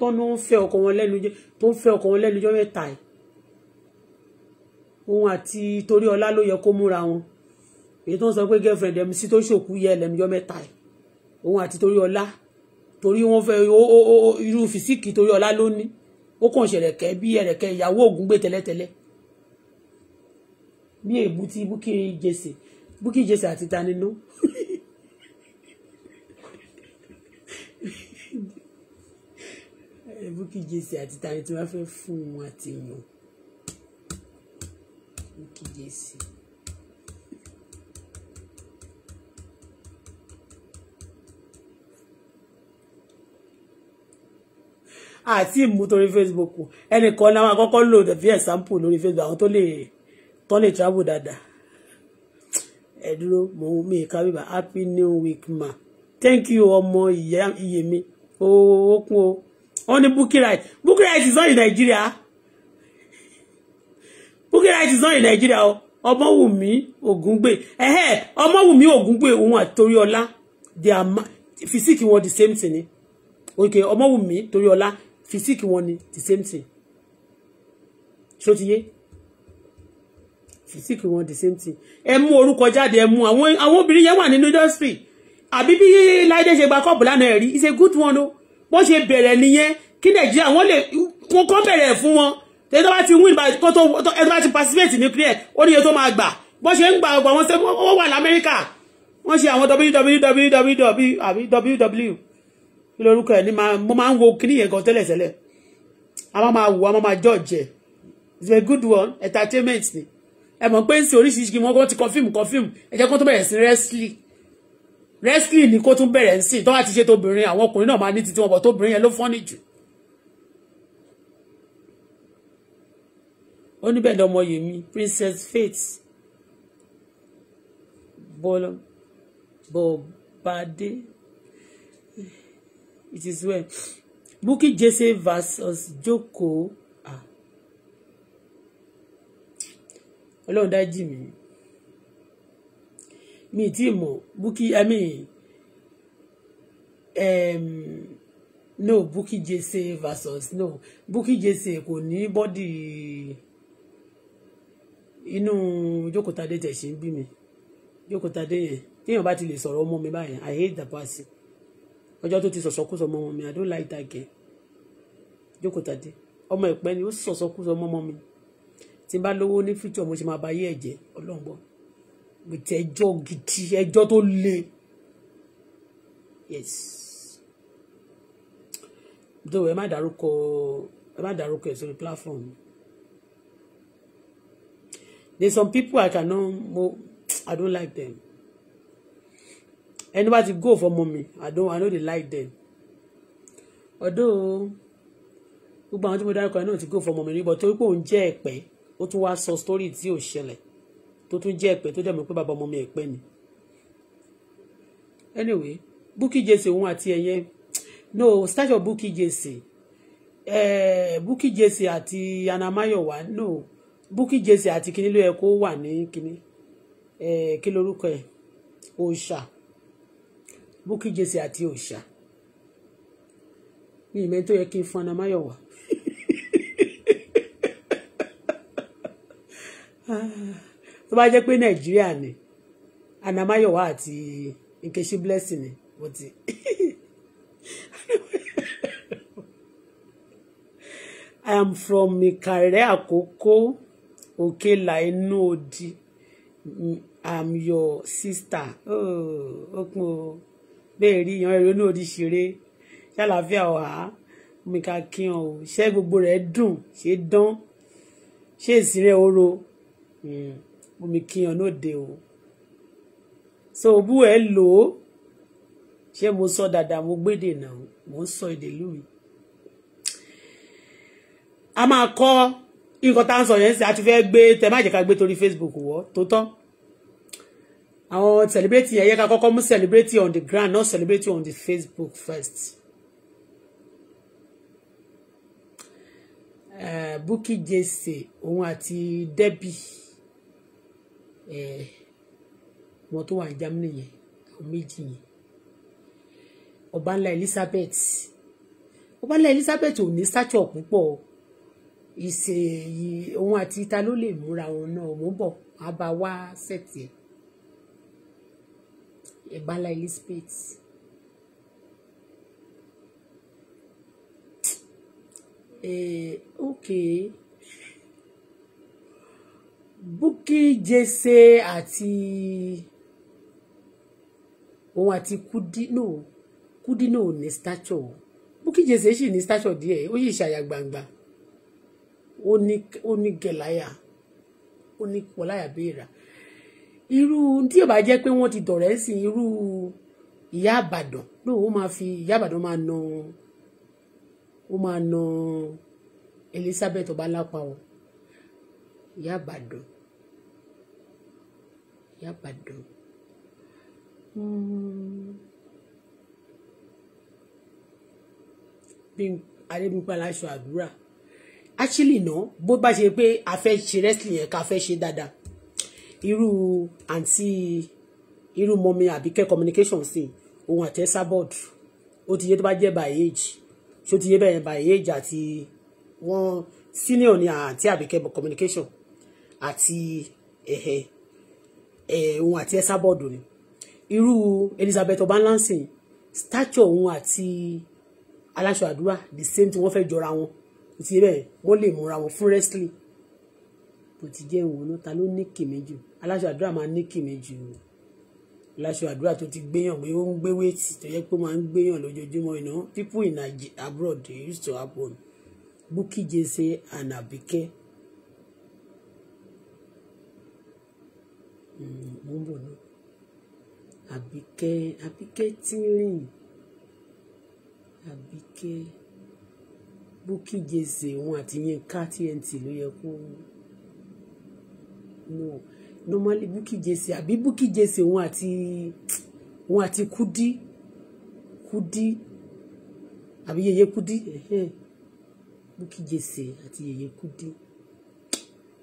tọ́nú ń fẹ́ ọkọ wọn lẹ́nu tó ń fẹ́ ọkọ wọn lẹ́nu jọ́ mẹ́ta yìí òun àti torí ọlá ló yẹ kó múra wọn èyí tó ń sọ pé girlfriend MC tó ṣòkú yẹ lẹ́mìjọ́ mẹ́ta ẹ̀ òun àti torí ọlá torí wọ́n fẹ́ irú fìsíkì torí ọlá ló ní ó kàn ṣẹ̀rẹ̀kẹ́ bí ẹ̀rẹ̀kẹ́ ìyàwó ògùn gbé tẹ́lẹ̀tẹ́lẹ̀ bí èbú tí Bukky Jesse Bukky Jesse àti tanínú Bukky Jesse àti tanínú tí wọ́n fẹ́ fún wọn àti yàn kíyèsí. àti ìmú torí Facebook ẹnìkan náà máa kọ́kọ́ lò dẹ̀ bí ẹ̀sàmpù lórí Facebook àwọn tó lè tán lè travel dáadáa ẹ dúró mò ń mi ìka bíbá happy new week ma thank you ọmọ ìyá iye mi Oh, kún o wọn ní Bukky Rice Bukky is not in Nigeria. Bukky Wright is not in Nigeria Ọmọwùmí Eh, ẹ̀hẹ́ Ọmọwùmí Ògúngbè òun àtòríọlá they are physique wọn the same thing ni okay Ọmọwùmí Toríọlá physique wọn ni the same thing So, ti yé physique wọn the same thing ẹ mu orúkọ jáde ẹ mu àwọn àwọn obìnrin yẹn wà nínú industry àbí bí Láìdé ṣe gba kọ́ọ̀bù lánàá ẹ̀rí it's a good one o wọ́n ṣe bẹ̀rẹ̀ nìyẹn kí Nàìjíríà wọ́n lè wọ́n kọ́ bẹ̀rẹ̀ fún wọn tẹ́lẹ̀ tó bá ti win by kó tó ẹ bá ti participate nuclear ó níye tó máa gbà bó ṣe ń gbà ọgbà wọn ṣe wọ́n wà lamẹ́ríkà wọ́n ṣe àwọn www àbí ẹ̀ ní mo máa ń wo kíní yẹn gan tẹ́lẹ̀ tẹ́lẹ̀ a máa máa wò a máa máa judge ẹ̀ it's a good one entertainment ni ẹ mọ̀ pé ń sin oríṣiríṣi wọn kó ti confirm confirm ẹ jẹ́ kó tó bẹ̀rẹ̀ sí wrestling wrestling ni kó tún bẹ̀rẹ̀ sí tó bá ṣe tóbìnrin àwọn ọkùnrin náà máa ní titi wọn bọ̀ tóbìnrin yẹn ló fọ́nì jù ó ní bẹ́ẹ̀ lọ́mọ princess faith bọ́lọ́ bọ́badé it is well Bukky Jesse vs Joko ah ọlọ́run dájì mí mi ti mọ̀ Bukky i mean um, no Bukky Jesse vs no Bukky Jesse kò ní bọ́dì. Body inú jókòtadé tẹ̀ ṣe ń bí mi jókòtadé yẹn téèyàn bá ti lè sọ̀rọ̀ ọmọ mi báyìí I hate the person ọjọ́ tó ti sọ̀sọ̀kúsọ ọmọ mi I don't like that girl jókòtadé ọmọ ìpẹ́ ni ó sọ̀sọ̀kúsọ ọmọ mi tí n bá lówó ní future mo ṣe máa bá yé ẹ̀jẹ̀ ọlọ́ngbọ́n gbètè ẹjọ́ gidi ẹjọ́ tó le yes though ẹ má dárúkọ ẹ má dárúkọ ẹ sórí platform mi there's some people I cannot I don't like them Anybody go for mommy I don't I no dey like them although gbogbo àwọn tí mo dárúkọ go for mommy but torí pé òun jẹ́ ẹ̀pẹ́ ó tún wá story tí ò ṣẹlẹ̀ tó tún jẹ́ ẹ̀pẹ́ tó dẹ̀ mọ̀ pé bàbá anyway bookie Jesse òun at ẹ̀yẹ no start your bookie Jesse eh, Bukky Jesse Anamayo one. no. Bukky Jesse àti kinní ló yẹ kó wà ní kinní kí lorúkọ ẹ̀ òòṣà Bukky Jesse àti òòṣà ní ìmẹ́ tó yẹ kí n fún anamáyọ̀wá. tó bá jẹ́ pé nàìjíríà ni anamáyọ̀wá àti nkechi blessing ni mo ti. I am from Ìkàrẹ́ Àkókó. Okay, Okela Inuodi I'm your sister oh, okun o bẹ́ẹ̀ rí ìyan ẹ̀rọ Inuodi ṣeré ṣàlàáfíà wà á mi ká kí hàn o ṣé gbogbo rẹ̀ dùn ṣé dán ṣé ìsìnrẹ́ oro hmm, omi kí hàn lóde o so òbú ẹ̀ lò ó ṣé mo sọ dáadáa mo gbédè náà mo ń sọ èdè lómi a máa kọ́ nǹkan tá à ń sọ yẹn sí a ti fẹ́ gbé tẹ má jẹ́ ká gbé torí Facebook wọ́ tó tán àwọn celebrity yẹn yẹ ká kọ́kọ́ mú celebrity on the ground not celebrity on the Facebook first. Uh, Bukky Jesse òun àti Debbie eh, wọn tó wà ní Germany yẹn àwọn méjì yẹn ọba ńlá Elizabeth ọba ńlá Elizabeth ò ní stature púpọ̀ o ìṣe òun àti ìta ló lè múra òun náà mú bọ̀ á bá wá sẹ̀tì ẹ̀bálá Elizabeth. Eh, okay Bukky jese àti òun àti Kudino Kudino ò ní stature Bukky Jesse sì ní stature díẹ̀ ó yìí ṣàyà gbangba ó ní gẹ̀láyà ó ní pọ̀láyà béèrà irú tí ò bá jẹ́ pé wọ́n ti dọ̀rẹ́ sí irú ìyá àbàdàn lóò ó máa fi ìyá àbàdàn máa na ó máa na Elizabeth ọbalápá o ìyá àbàdàn ìyá àbàdàn. Hmm. Adébímpé aláṣọ àdúrà actually ná bó bá ṣe pé a fẹ́ ṣe wrestling yẹn ká fẹ́ ṣe dáadáa irú àǹtí irú mọ́mi àbíkẹ́ communication sí òun àtẹ sábọ̀d ó ti yé tó bá jẹ́ by age ṣó ti yé bẹ́ẹ̀ by age àti wọ́n senior ni àǹtí àbíkẹ́ communication àti ẹ̀hẹ̀ ẹ̀ òun àti ẹ̀ sábọ̀d ni irú Elizabeth Obanlansin stature òun àti aláṣọ àdúrà the same tí wọ́n fẹ́ jọra wọn kò sí bẹ́ẹ̀ wọ́n lè múra wọn fún wrestling bó ti jẹ́ ìwọ̀n náà ta ló ní kìmí jù aláṣọ àdúrà máa ní kìmí jù o aláṣọ àdúrà tó ti gbéyàn pé ó ń gbé wéètì tó yẹ pé máa ń gbéyàn lójoojúmọ́ iná people in abroad dey used to happen Bukky Jesse and Abike hmm, mo ń Abike Abike tí Abike. Bukky Jesse òun àti Yinka TNT ló yẹ kó no normally Bukky Jesse àbí Bukky Jesse òun àti òun àti Kudi Kudi àbí Yeye Kudi Bukky Jesse àti Yeye Kudi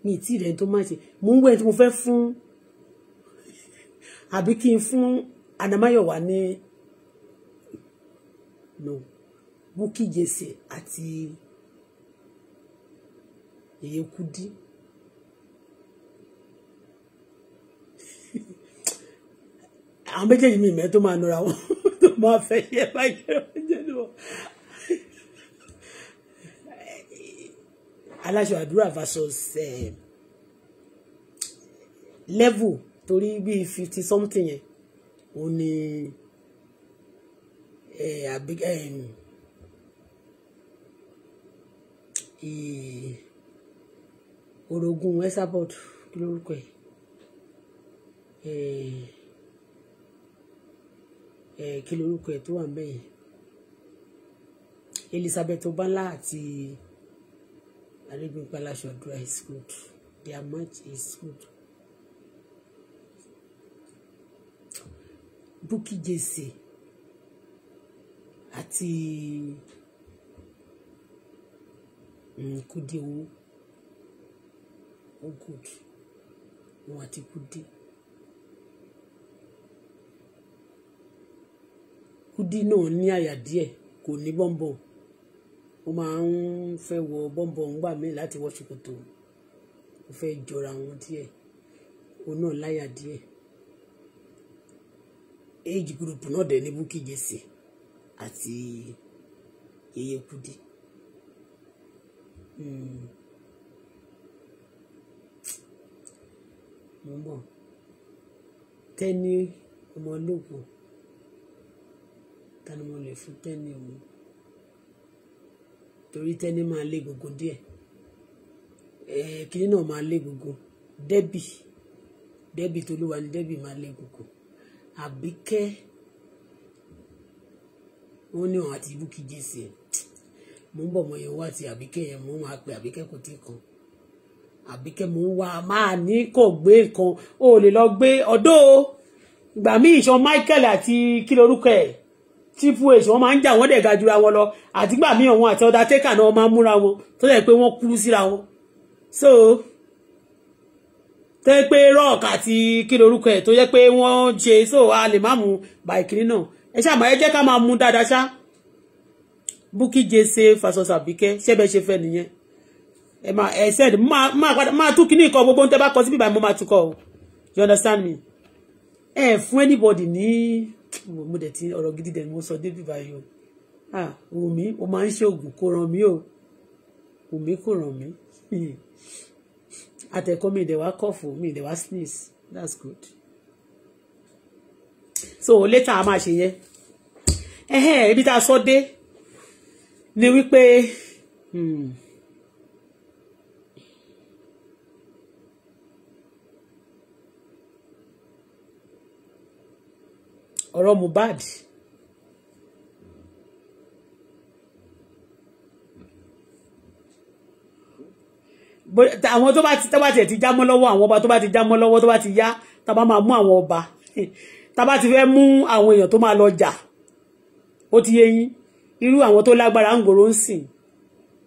mi ì tí ì rẹ̀ tó má ṣe mò ń wẹ̀ tí mo fẹ́ fún àbí kí n fún Adamáyọ̀wá ní no. Bukky Jesse àti Yèyé Kudi. àwọn méjèèjì mi mẹ́ẹ́ tó máa nura wọn tó máa fẹ́ yẹ báyìí jẹ́ ní wọn. aláṣọ àdúrà versus eh, level torí bíi fifty something yẹn òun ni. Eh, eh orogún esabod kí lórúkọ ẹ ẹ kí lórúkọ ẹ tó wà mẹyìn Elizabeth Obanla àti Adebimpé Aláṣọdúrà is good their match is good. Bukky Jesse àti. Kúdé owó ó good òun Kudi Kúdé Kúdé náà ní àyà díẹ̀ kò ní bọ́ǹbọ̀n ó máa ń fẹ́ wọ bọ́ǹbọ̀n ńgbà míì láti wọ ṣòkòtò ó fẹ́ jọra wọn díẹ̀ òun náà láyà díẹ̀ age group náà dẹ̀ ní Bukky Jesse àti Yeye kudi. Hmm. mo ń bọ̀ tẹ́ni fún òun torí máa lé gbogbo kìnìún náà máa lé gbogbo lé gbogbo àbíkẹ́ wọn àti mo ń bọ̀ mọ yẹn wá ti àbíkẹ́ yẹn mo máa pe àbíkẹ́ kò tí kan àbíkẹ́ mo ń wá máa ní kò gbé kan o lè lọ gbé ọ̀dọ́ ìgbà míì ìṣan Michael àti kí lorúkọ ẹ̀ tífù èṣù wọn máa ń jà wọn dẹ̀ ga jura wọn lọ àtìgbà míì ọ̀hún àti ọ̀dà tẹ́kà náà máa ń múra wọn tó yẹ pé wọ́n kúrú síra wọn so tó yẹ pé rock àti kí lorúkọ ẹ̀ tó yẹ pé wọ́n ṣe so a lè má mú bàìkì náà ẹ ṣáà máa ẹ jẹ́ ká máa mú dáadáa ṣáà Bukky Jesse fasos Abike ṣé bẹ́ẹ̀ ṣe fẹ́ nìyẹn ma máa ẹ said ma ma ma máa tún kíní nǹkan gbogbo ń tẹ́ bá kọ sí bíbá mo ma tún kọ o you understand me ẹ fún anybody ní mo dẹ̀ ti ọ̀rọ̀ gidi dẹ̀ ni mo sọ dé bíbá yìí o ah Wùmí o ma ń ṣoògùn kó ràn mí o Wùmí kò ràn mí àtẹ̀kọ́ mi ìdẹ̀wá kọ̀fù mi ìdẹ̀wá sneeze that's good so later a ma ṣe yẹn ẹ̀hẹ́ ibi tá a sọ dé ni wípé hmm, ọ̀rọ̀ Mohbad àwọn tó bá ti tó ẹ̀ ti já mọ́ lọ́wọ́ àwọn ọba tó bá ti já mọ́ lọ́wọ́ tó bá ti yá tá bá máa mú àwọn ọba tá bá ti fẹ́ mú àwọn èèyàn tó máa lọ jà ó ti yé yín irú àwọn tó lágbára ń gòrò ń sìn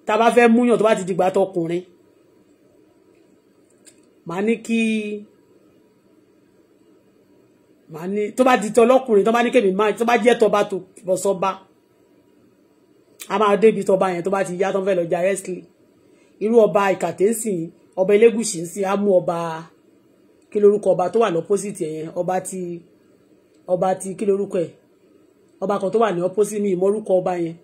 tá a bá fẹ́ múyàn tó bá ti dìgbà tọkùnrin màá ní kí màá ní tó bá di tọlọ́kùnrin tó bá ní kébì máa tó bá jẹ́ tọba tó bọ̀sọ́ba a máa débi tọba yẹn tó bá ti yá tó ń fẹ́ lọ ja wrestling irú ọba ìkàtẹ́sìn ọba elégùsì ń á mú ọba kí lorúkọ ọba tó wà lọ́pọ́sìtì yẹn ọba ti ọba ti kí lorúkọ ẹ̀ ọba kan tó wà ní opposite mi ìmọ̀rúkọ ọba yẹn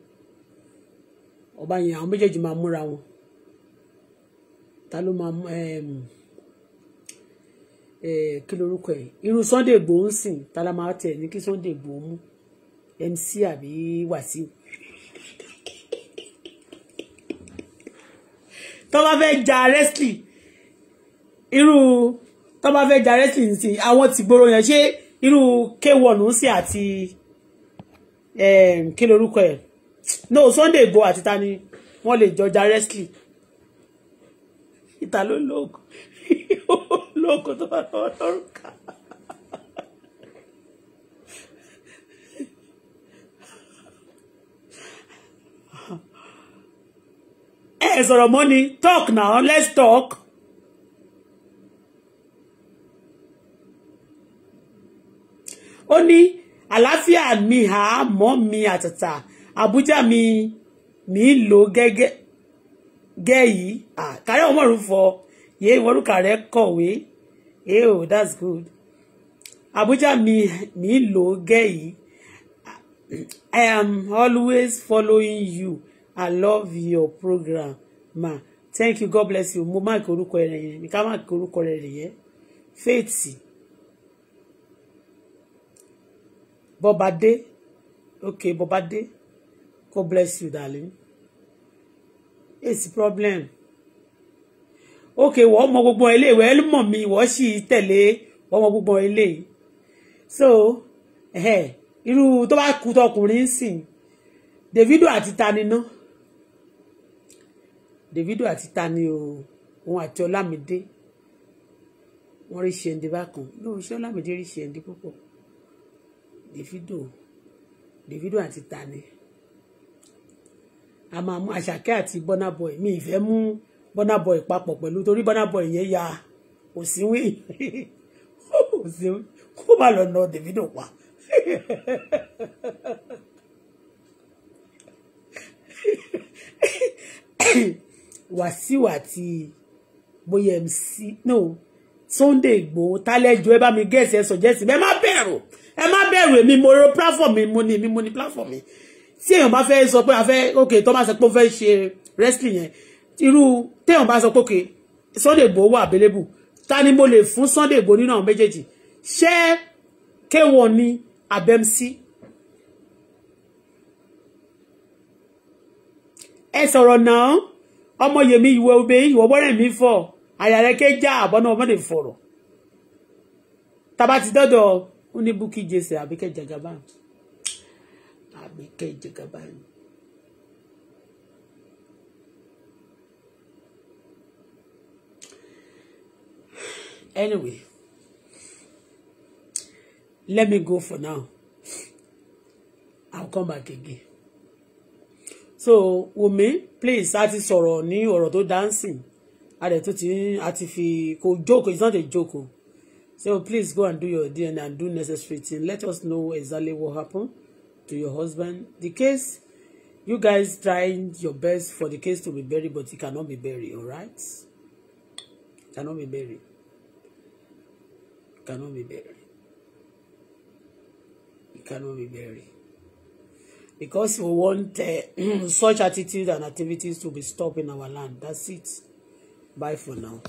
ọba yẹn àwọn méjèèjì máa múra wọn ta ló máa ehm, eh, kí lorúkọ ẹ irú Sunday Igboho ń sìn ta la máa tẹ̀ ní kí Sunday Igboho mú MC àbí Wàsíù tó bá fẹ́ ja wrestling irú tó bá fẹ́ ja wrestling sí àwọn tìgboro yẹn ṣé irú K1 ń sìn àti. kí lorúkọ ẹ̀ no Sunday Igboho àti ni wọ́n lè jọjà wrestling ìta ló lóògùn lóògùn tó bá ẹ now let's talk. ó ní àlàáfíà mi mọ́ mi àtàtà àbújá mi mi ń lò gẹ́gẹ́ gẹ́yìí kárẹ́ ọmọrùn fọ yé ìwọ́rùkà rẹ kọ̀wé ew oh, that's good abuja mi mi ń lò I am always following you I love your program ma thank you God bless you mo má kí orúkọ rẹ yẹn mi ká má kí orúkọ rẹ yẹn faith. Bobade. Okay, Bobade. God bless you, darling. It's a problem. Okay, wọ́n mọ gbogbo ilé ìwé ẹlùmọ̀ mi wọ́n sì tẹ̀lé wọ́n mọ gbogbo ilé yìí. So, you irú tó bá kú tọkùnrin ń sìn. Davido àti tani ná. Davido àti tani o, òun àti Ọlámidé. Wọ́n rí ṣe ẹ̀ǹdí bákan. Lóòótọ́ Ọlámidé rí ṣe ẹ̀ǹdí púpọ̀. Davido Davido àti tani a máa mú àṣàkẹ́ àti burna boy mi ìfẹ́ mú burna boy papọ̀ pẹ̀lú torí burna boy yẹn ya òsínwé òsínwé kó má lọ nà Davido pa wàsíù àti bóyá mc no Sunday Igboho tálẹ́jọ́ ẹ bá mi gẹ̀ẹ́sì ẹ sọ̀jẹ́sì bẹ́ẹ̀ má bẹ̀rù ẹ má bẹ̀rù èmi mo ro platform mi mo ní èmi mo ní platform mi tí èèyàn bá fẹ́ sọ pé a fẹ́ ok tó bá sọ pé ó fẹ́ ṣe wrestling yẹn irú téèyàn bá sọ pé ok Sunday bo wà available ta ni mo lè fún Sunday Igboho nínú àwọn méjèèjì ṣé kéwọ́n ní abemsi. ẹ sọ̀rọ̀ náà ọmọ yèmí ìwé obe ìwọ bọ́rẹ̀ mi fọ̀ àyà rẹ̀ ké já àbọ̀nà ọmọdé fọ̀rọ̀ tàbá dọ́dọ̀ ní Bukky Jesse Àbíkẹ́ Jagaban Àbíkẹ́ Jagaban. Anyway, let me go for now. I'll come back again. So, Wunmi, please, a ti sọ̀rọ̀ ní ọ̀rọ̀ dancing. A dẹ̀ tó ti a ti fi kò jókòó, it's not a joke o. So please go and do your DNA and do necessary thing. Let us know exactly what happened to your husband. The case, you guys trying your best for the case to be buried, but it cannot be buried, all right? It cannot be buried. It cannot be buried. It cannot be buried. Because we want uh, such attitude and activities to be stopped in our land. That's it. Bye for now.